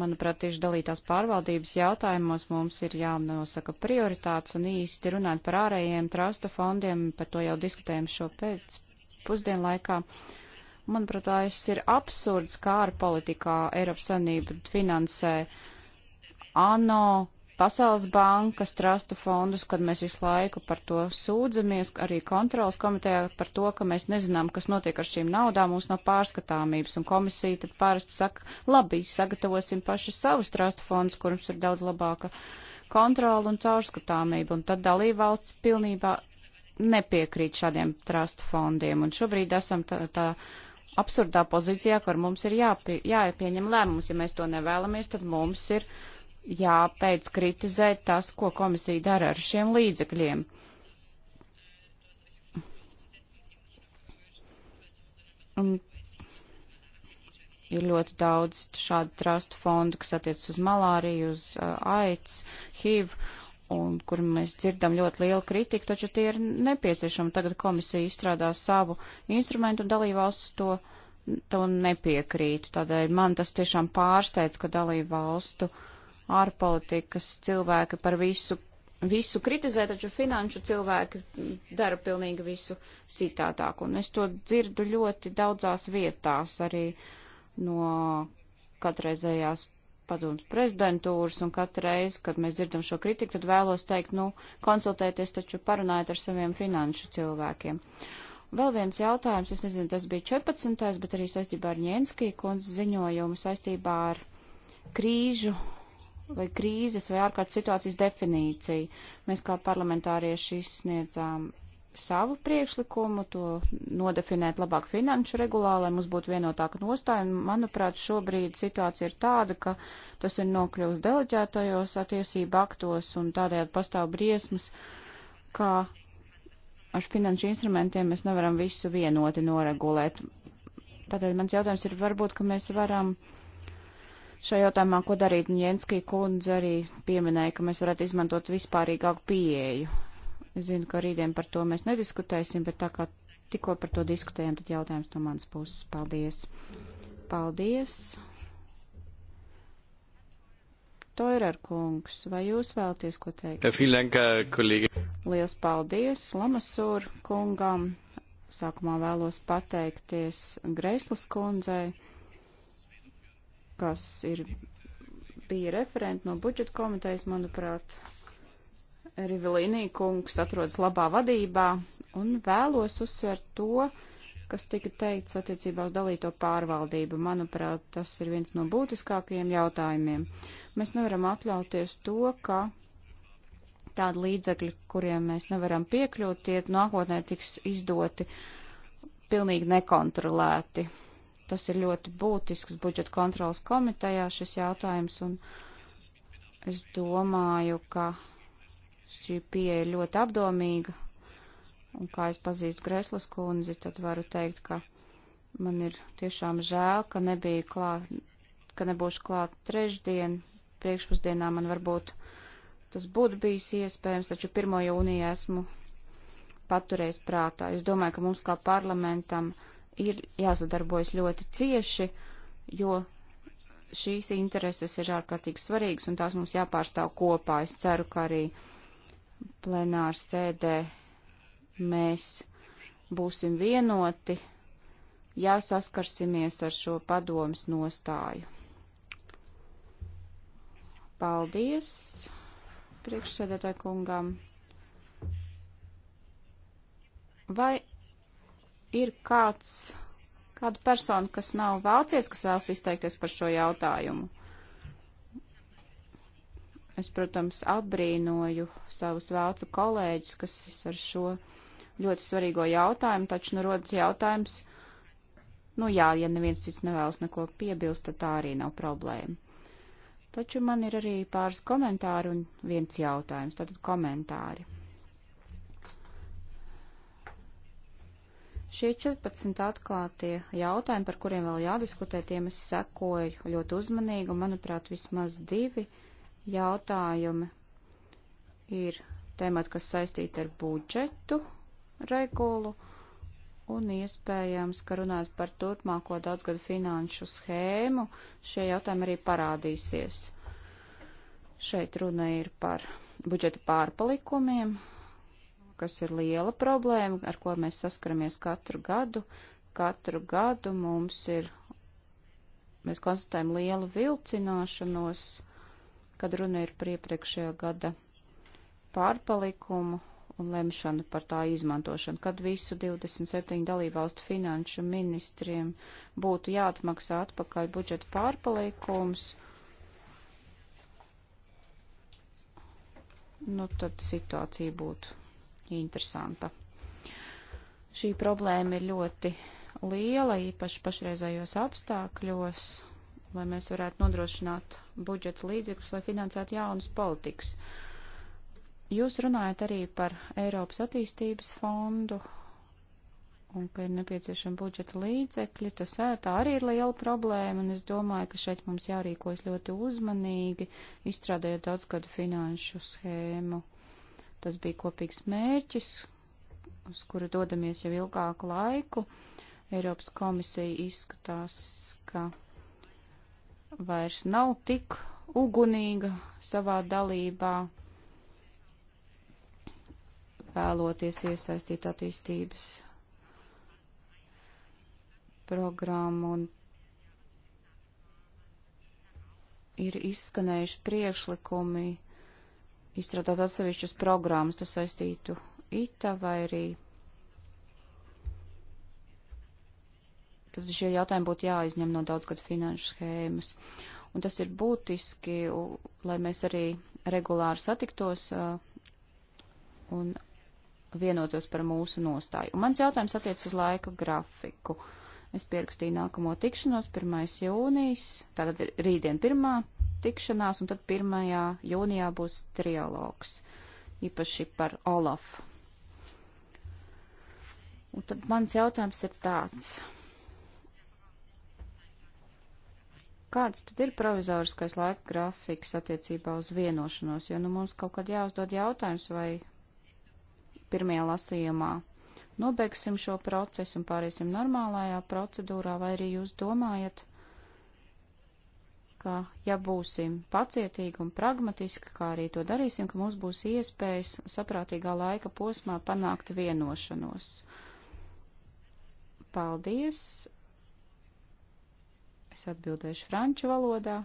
Manuprāt, tieši dalītās pārvaldības jautājumos mums ir jānosaka prioritātes un īsti runāt par ārējiem trasta fondiem, par to jau diskutējam šo pēc pusdienlaikā. Manuprāt, tas ir absurds, kā ar politikā Eiropas Sanība finansē ANO Pasaules bankas, trusta fondus, kad mēs visu laiku par to sūdzamies, arī kontrolas komitejā par to, ka mēs nezinām, kas notiek ar šīm naudām, mums nav pārskatāmības, un komisija tad pārsti saka, labi, sagatavosim paši savus trusta fondus, kurums ir daudz labāka kontrola un caurskatāmība, un tad dalībvalsts pilnībā nepiekrīt šādiem trusta fondiem, un šobrīd esam tā. tā absurdā pozīcijā, kur mums ir jāpie, jāpieņem lēmums. Ja mēs to nevēlamies, tad mums ir jāpēc kritizēt tas, ko komisija dara ar šiem līdzekļiem. Un ir ļoti daudz šādu trustu fondu, kas attiec uz malāriju, uz uh, AIDS, HIV, un kur mēs dzirdam ļoti lielu kritiku, taču tie ir nepieciešami. Tagad komisija izstrādā savu instrumentu un dalībvalsts to, to nepiekrīt. Tādēļ man tas tiešām pārsteidz, ka dalībvalstu uh, ārpolitikas cilvēki par visu, visu kritizē, taču finanšu cilvēki dara pilnīgi visu citādāk. Un es to dzirdu ļoti daudzās vietās, arī no katreizējās padomas prezidentūras, un katru reizi, kad mēs dzirdam šo kritiku, tad vēlos teikt, nu, konsultēties, taču parunājiet ar saviem finanšu cilvēkiem. Vēl viens jautājums, es nezinu, tas bija 14. bet arī saistībā ar Ņenskī kundz ziņojumu saistībā ar krīžu vai krīzes vai ārkārtas situācijas definīciju. Mēs kā parlamentārieši izsniedzām savu priekšlikumu, to nodefinēt labāk finanšu regulā, lai mums būtu vienotāka nostāja. Un, manuprāt, šobrīd situācija ir tāda, ka tas ir nokļuvis deleģētajos attiesību aktos un tādējādi pastāv briesmas, ka ar finanšu instrumentiem mēs nevaram visu vienoti noregulēt. Tādēļ mans jautājums ir varbūt, ka mēs varam uh, Šajā jautājumā, ko darīt, Jenskija kundze arī pieminēja, ka mēs varētu izmantot vispārīgāku pieeju. Es zinu, ka rītdien par to mēs nediskutēsim, bet tā kā tikko par to diskutējam, tad jautājums no manas puses. Paldies! Paldies! Toirer kungs, vai jūs vēlties ko teikt? Äh, Lielas paldies Lamasūr kungam. Sākumā vēlos pateikties Greislas kundzei kas ir, bija referenti no budžeta komitejas, manuprāt, Rivelīnī kungs atrodas labā vadībā un vēlos uzsvērt to, kas tika teikts attiecībā uz dalīto pārvaldību. Manuprāt, tas ir viens no būtiskākajiem jautājumiem. Mēs nevaram atļauties to, ka tādi līdzekļi, kuriem mēs nevaram piekļūt, tie nākotnē tiks izdoti pilnīgi nekontrolēti. Tas ir ļoti būtisks budžeta kontrolas komitejā šis jautājums, un es domāju, ka šī pieeja ir ļoti apdomīga, un kā es pazīstu Greslas kundzi, tad varu teikt, ka man ir tiešām žēl, ka nebija klāt, ka nebūšu klāt trešdien, priekšpusdienā man varbūt tas būtu bijis iespējams, taču 1. jūnijā esmu paturējis prātā. Es domāju, ka mums kā parlamentam ir jāsadarbojas ļoti cieši, jo šīs intereses ir ārkārtīgi svarīgas un tās mums jāpārstāv kopā. Es ceru, ka arī plenāra sēdē mēs būsim vienoti, ja saskarsimies ar šo padomas nostāju. Paldies priekšsēdētāju kungam. Vai ir kāds, kāda persona, kas nav vācietis, kas vēlas izteikties par šo jautājumu? Es, protams, apbrīnoju savus vācu kolēģus, kas ar šo ļoti svarīgo jautājumu, taču nu rodas jautājums, nu jā, ja neviens cits nevēlas neko piebilst, tad tā arī nav problēma. Taču man ir arī pāris komentāri un viens jautājums, tātad komentāri. Šie 14 atklātie jautājumi, par kuriem vēl jādiskutē, tiem es sekoju ļoti uzmanīgi, un, manuprāt, vismaz divi jautājumi ir temati, kas saistīti ar budžetu regulu, un iespējams, ka runāt par turpmāko daudzgadu finanšu schēmu, šie jautājumi arī parādīsies. Šeit runa ir par budžeta pārpalikumiem, kas ir liela problēma, ar ko mēs saskaramies katru gadu. Katru gadu mums ir, mēs konstatējam lielu vilcināšanos, kad runa ir par iepriekšējā gada pārpalikumu un lemšanu par tā izmantošanu, kad visu 27 dalībvalstu finanšu ministriem būtu jāatmaksā atpakaļ budžeta pārpalikums, nu tad situācija būtu interesanta. Šī problēma ir ļoti liela, īpaši pašreizējos apstākļos, lai mēs varētu nodrošināt budžeta līdzekļus, lai finansētu jaunas politikas. Jūs runājat arī par Eiropas attīstības fondu un ka ir nepieciešama budžeta līdzekļi. Tas tā arī ir liela problēma, un es domāju, ka šeit mums jārīkojas ļoti uzmanīgi, izstrādājot daudzgadu finanšu schēmu. Tas bija kopīgs mērķis, uz kuru dodamies jau ilgāku laiku. Eiropas komisija izskatās, ka vairs nav tik ugunīga savā dalībā, vēloties iesaistīt attīstības programmu un ir izskanējuši priekšlikumi izstrādāt atsevišķas programmas, tas saistītu ITA vai arī. Tad šie jautājumi būtu jāizņem no daudzgad finanšu schēmas. Un tas ir būtiski, lai mēs arī regulāri satiktos un vienotos par mūsu nostāju. Un mans jautājums attiec uz laika grafiku. Es pierakstīju nākamo tikšanos 1. jūnijas, tātad rītdien 1 tikšanās, un tad 1. jūnijā būs trialogs, īpaši par Olafu. Un tad mans jautājums ir tāds. Kāds tad ir provizoriskais laika grafiks attiecībā uz vienošanos? Jo nu mums kaut kad jāuzdod jautājums, vai pirmajā lasījumā nobeigsim šo procesu un pāriesim normālajā procedūrā, vai arī jūs domājat, ka, ja būsim pacietīgi un pragmatiski, kā arī to darīsim, ka mums būs iespējas saprātīgā laika posmā panākt vienošanos. Paldies! Es atbildēšu franču valodā.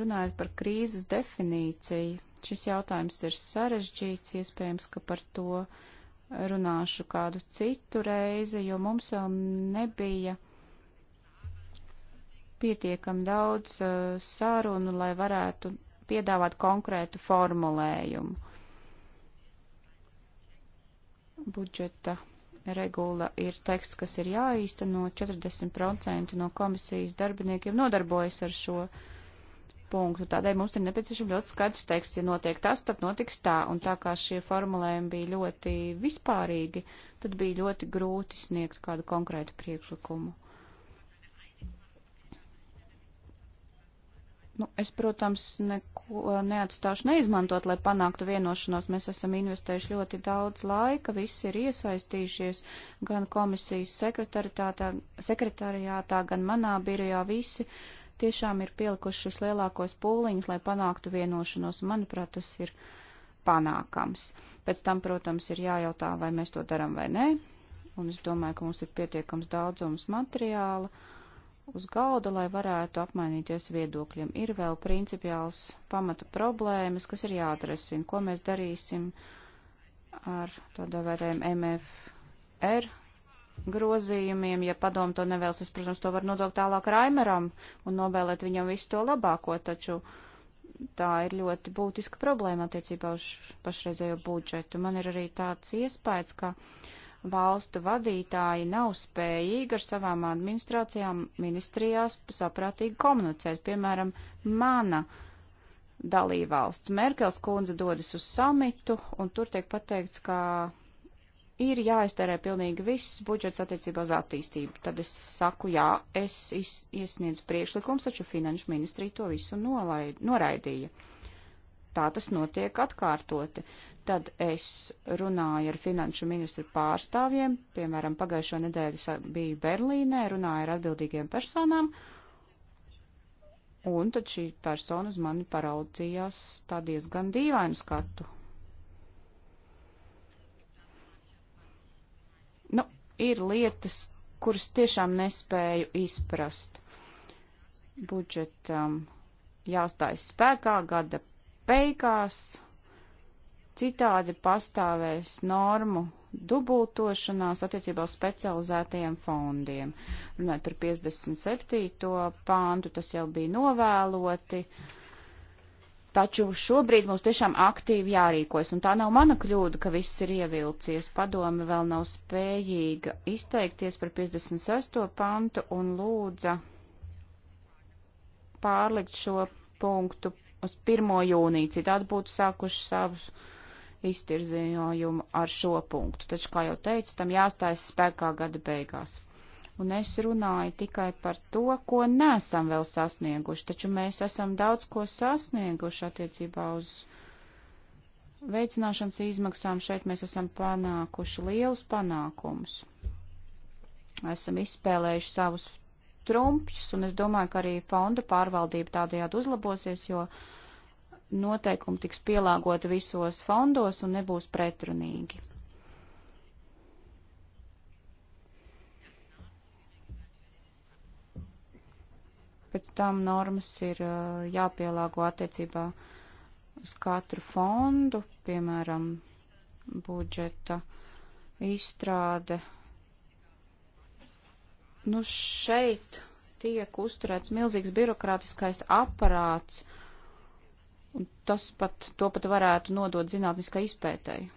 Runājot par krīzes definīciju, šis jautājums ir sarežģīts, iespējams, ka par to uh, runāšu kādu citu reizi, jo mums vēl nebija pietiekami daudz uh, sarunu, lai varētu piedāvāt konkrētu formulējumu. Budžeta regula ir teksts, kas ir jāīsteno, 40% no komisijas darbiniekiem nodarbojas ar šo uh, punktu. Tādēļ mums ir nepieciešams ļoti skaidrs teksts, ja notiek tas, tad notiks tā. Un tā kā šie formulējumi bija ļoti vispārīgi, tad bija ļoti grūti sniegt kādu konkrētu priekšlikumu. Nu, es, protams, neko neatstāšu neizmantot, lai panāktu vienošanos. Mēs esam investējuši ļoti daudz laika, visi ir iesaistījušies gan komisijas sekretariātā, gan manā birojā, visi tiešām ir pielikuši vislielākos pūliņus, lai panāktu vienošanos. Manuprāt, tas ir panākams. Pēc tam, protams, ir jājautā, vai mēs to darām vai nē. Un es domāju, ka mums ir pietiekams daudzums materiāla uz galda, lai varētu apmainīties viedokļiem. Ir vēl principiāls pamata problēmas, kas ir jāatresina, ko mēs darīsim ar tādā vērtējumu MFR grozījumiem. Ja padomu to nevēlas, protams, to var nodot tālāk Raimeram un novēlēt viņam visu to labāko, taču tā ir ļoti būtiska problēma attiecībā uz pašreizējo budžetu. Man ir arī tāds iespējas, ka valstu vadītāji nav spējīgi ar savām administrācijām ministrijās saprātīgi komunicēt. Piemēram, mana dalībvalsts Merkels kundze dodas uz samitu, un tur tiek pateikts, ka ir jāiztērē pilnīgi viss budžets attiecībā uz attīstību. Tad es saku, jā, es iz, iesniedzu priekšlikums, taču finanšu ministrija to visu nolaid, noraidīja. Tā tas notiek atkārtoti. Tad es runāju ar finanšu ministru pārstāvjiem, piemēram, pagājušo nedēļu biju Berlīnē, runāju ar atbildīgiem personām, un tad šī persona uz mani paraudzījās tā diezgan dīvainu skatu ir lietas, kuras tiešām nespēju izprast. Budžetam jāstājas spēkā gada beigās, citādi pastāvēs normu dubultošanās attiecībā uz specializētajiem fondiem. Runājot par 57. pāntu, tas jau bija novēloti. Uh, Taču šobrīd mums tiešām aktīvi jārīkojas, un tā nav mana kļūda, ka viss ir ievilcies. Padome vēl nav spējīga izteikties par 56. pantu un lūdza pārlikt šo punktu uz 1. jūniju, citādi būtu sākuši savus iztirzījumu ar šo punktu. Taču, kā jau teicu, tam jāstājas spēkā gada beigās un es runāju tikai par to, ko nesam vēl sasnieguši, taču mēs esam daudz ko sasnieguši attiecībā uz veicināšanas izmaksām. Šeit mēs esam panākuši lielus panākumus. Esam izspēlējuši savus trumpjus, un es domāju, ka arī fonda pārvaldība tādējādi uzlabosies, jo noteikumi tiks pielāgoti visos fondos un nebūs pretrunīgi. pēc tam normas ir eh, jāpielāgo attiecībā uz katru fondu, piemēram, budžeta izstrāde. Nu šeit tiek uzturēts milzīgs birokrātiskais aparāts, un tas pat, to pat varētu nodot zinātniskai izpētēji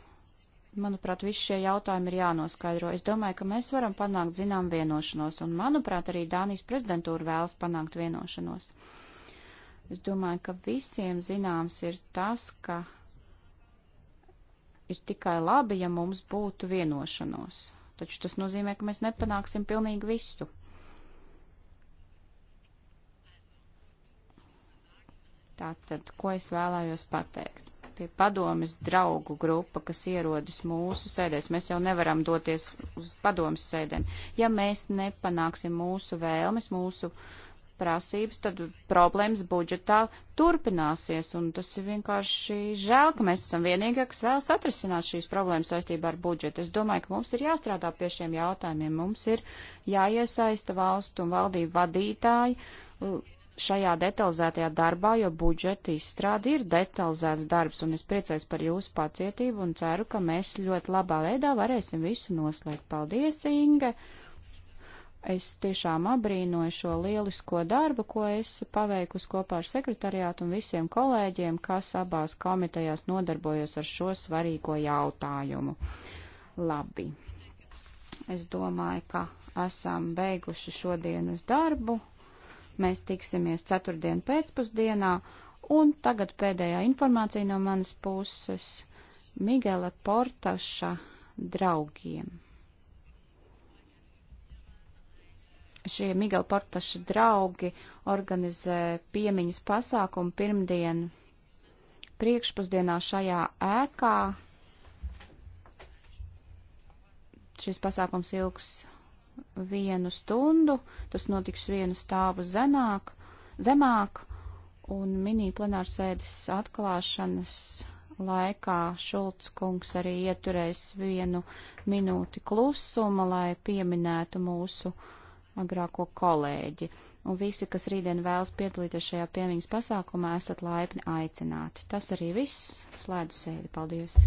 manuprāt, visi šie jautājumi ir jānoskaidro. Es domāju, ka mēs varam panākt zinām vienošanos, un, manuprāt, arī Dānijas prezidentūra vēlas panākt vienošanos. Es domāju, ka visiem zināms ir tas, ka ir tikai labi, ja mums būtu vienošanos. Taču tas nozīmē, ka mēs nepanāksim pilnīgi visu. Tātad, ko es vēlējos pateikt? pie padomes draugu grupa, kas ierodas mūsu sēdēs. Mēs jau nevaram doties uz padomes sēdēm. Ja mēs nepanāksim mūsu vēlmes, mūsu prasības, tad problēmas budžetā turpināsies. Un tas ir vienkārši žēl, ka mēs esam vienīgie, kas vēlas atrisināt šīs problēmas saistībā ar budžetu. Es domāju, ka mums ir jāstrādā pie šiem jautājumiem. Mums ir jāiesaista valstu un valdību vadītāji šajā detalizētajā darbā, jo budžeta izstrāde ir detalizēts darbs, un es priecājos par jūsu pacietību un ceru, ka mēs ļoti labā veidā varēsim visu noslēgt. Paldies, Inga! Es tiešām abrīnoju šo lielisko darbu, ko es paveikus kopā ar sekretariātu un visiem kolēģiem, kas abās komitejās nodarbojas ar šo svarīgo jautājumu. Labi. Es domāju, ka esam beiguši šodienas darbu. Mēs tiksimies ceturtdien pēcpusdienā, un tagad pēdējā informācija no manas puses Migela Portaša draugiem. Šie Migela Portaša draugi organizē piemiņas pasākumu pirmdien priekšpusdienā šajā ēkā. Šis pasākums ilgs vienu stundu, tas notiks vienu stāvu zenāk, zemāk, un mini plenārsēdes atklāšanas laikā Šulc kungs arī ieturēs vienu minūti klusuma, lai pieminētu mūsu agrāko kolēģi. Un visi, kas rītdien vēlas piedalīties šajā piemiņas pasākumā, esat laipni aicināti. Tas arī viss. Slēdz sēdi. Paldies!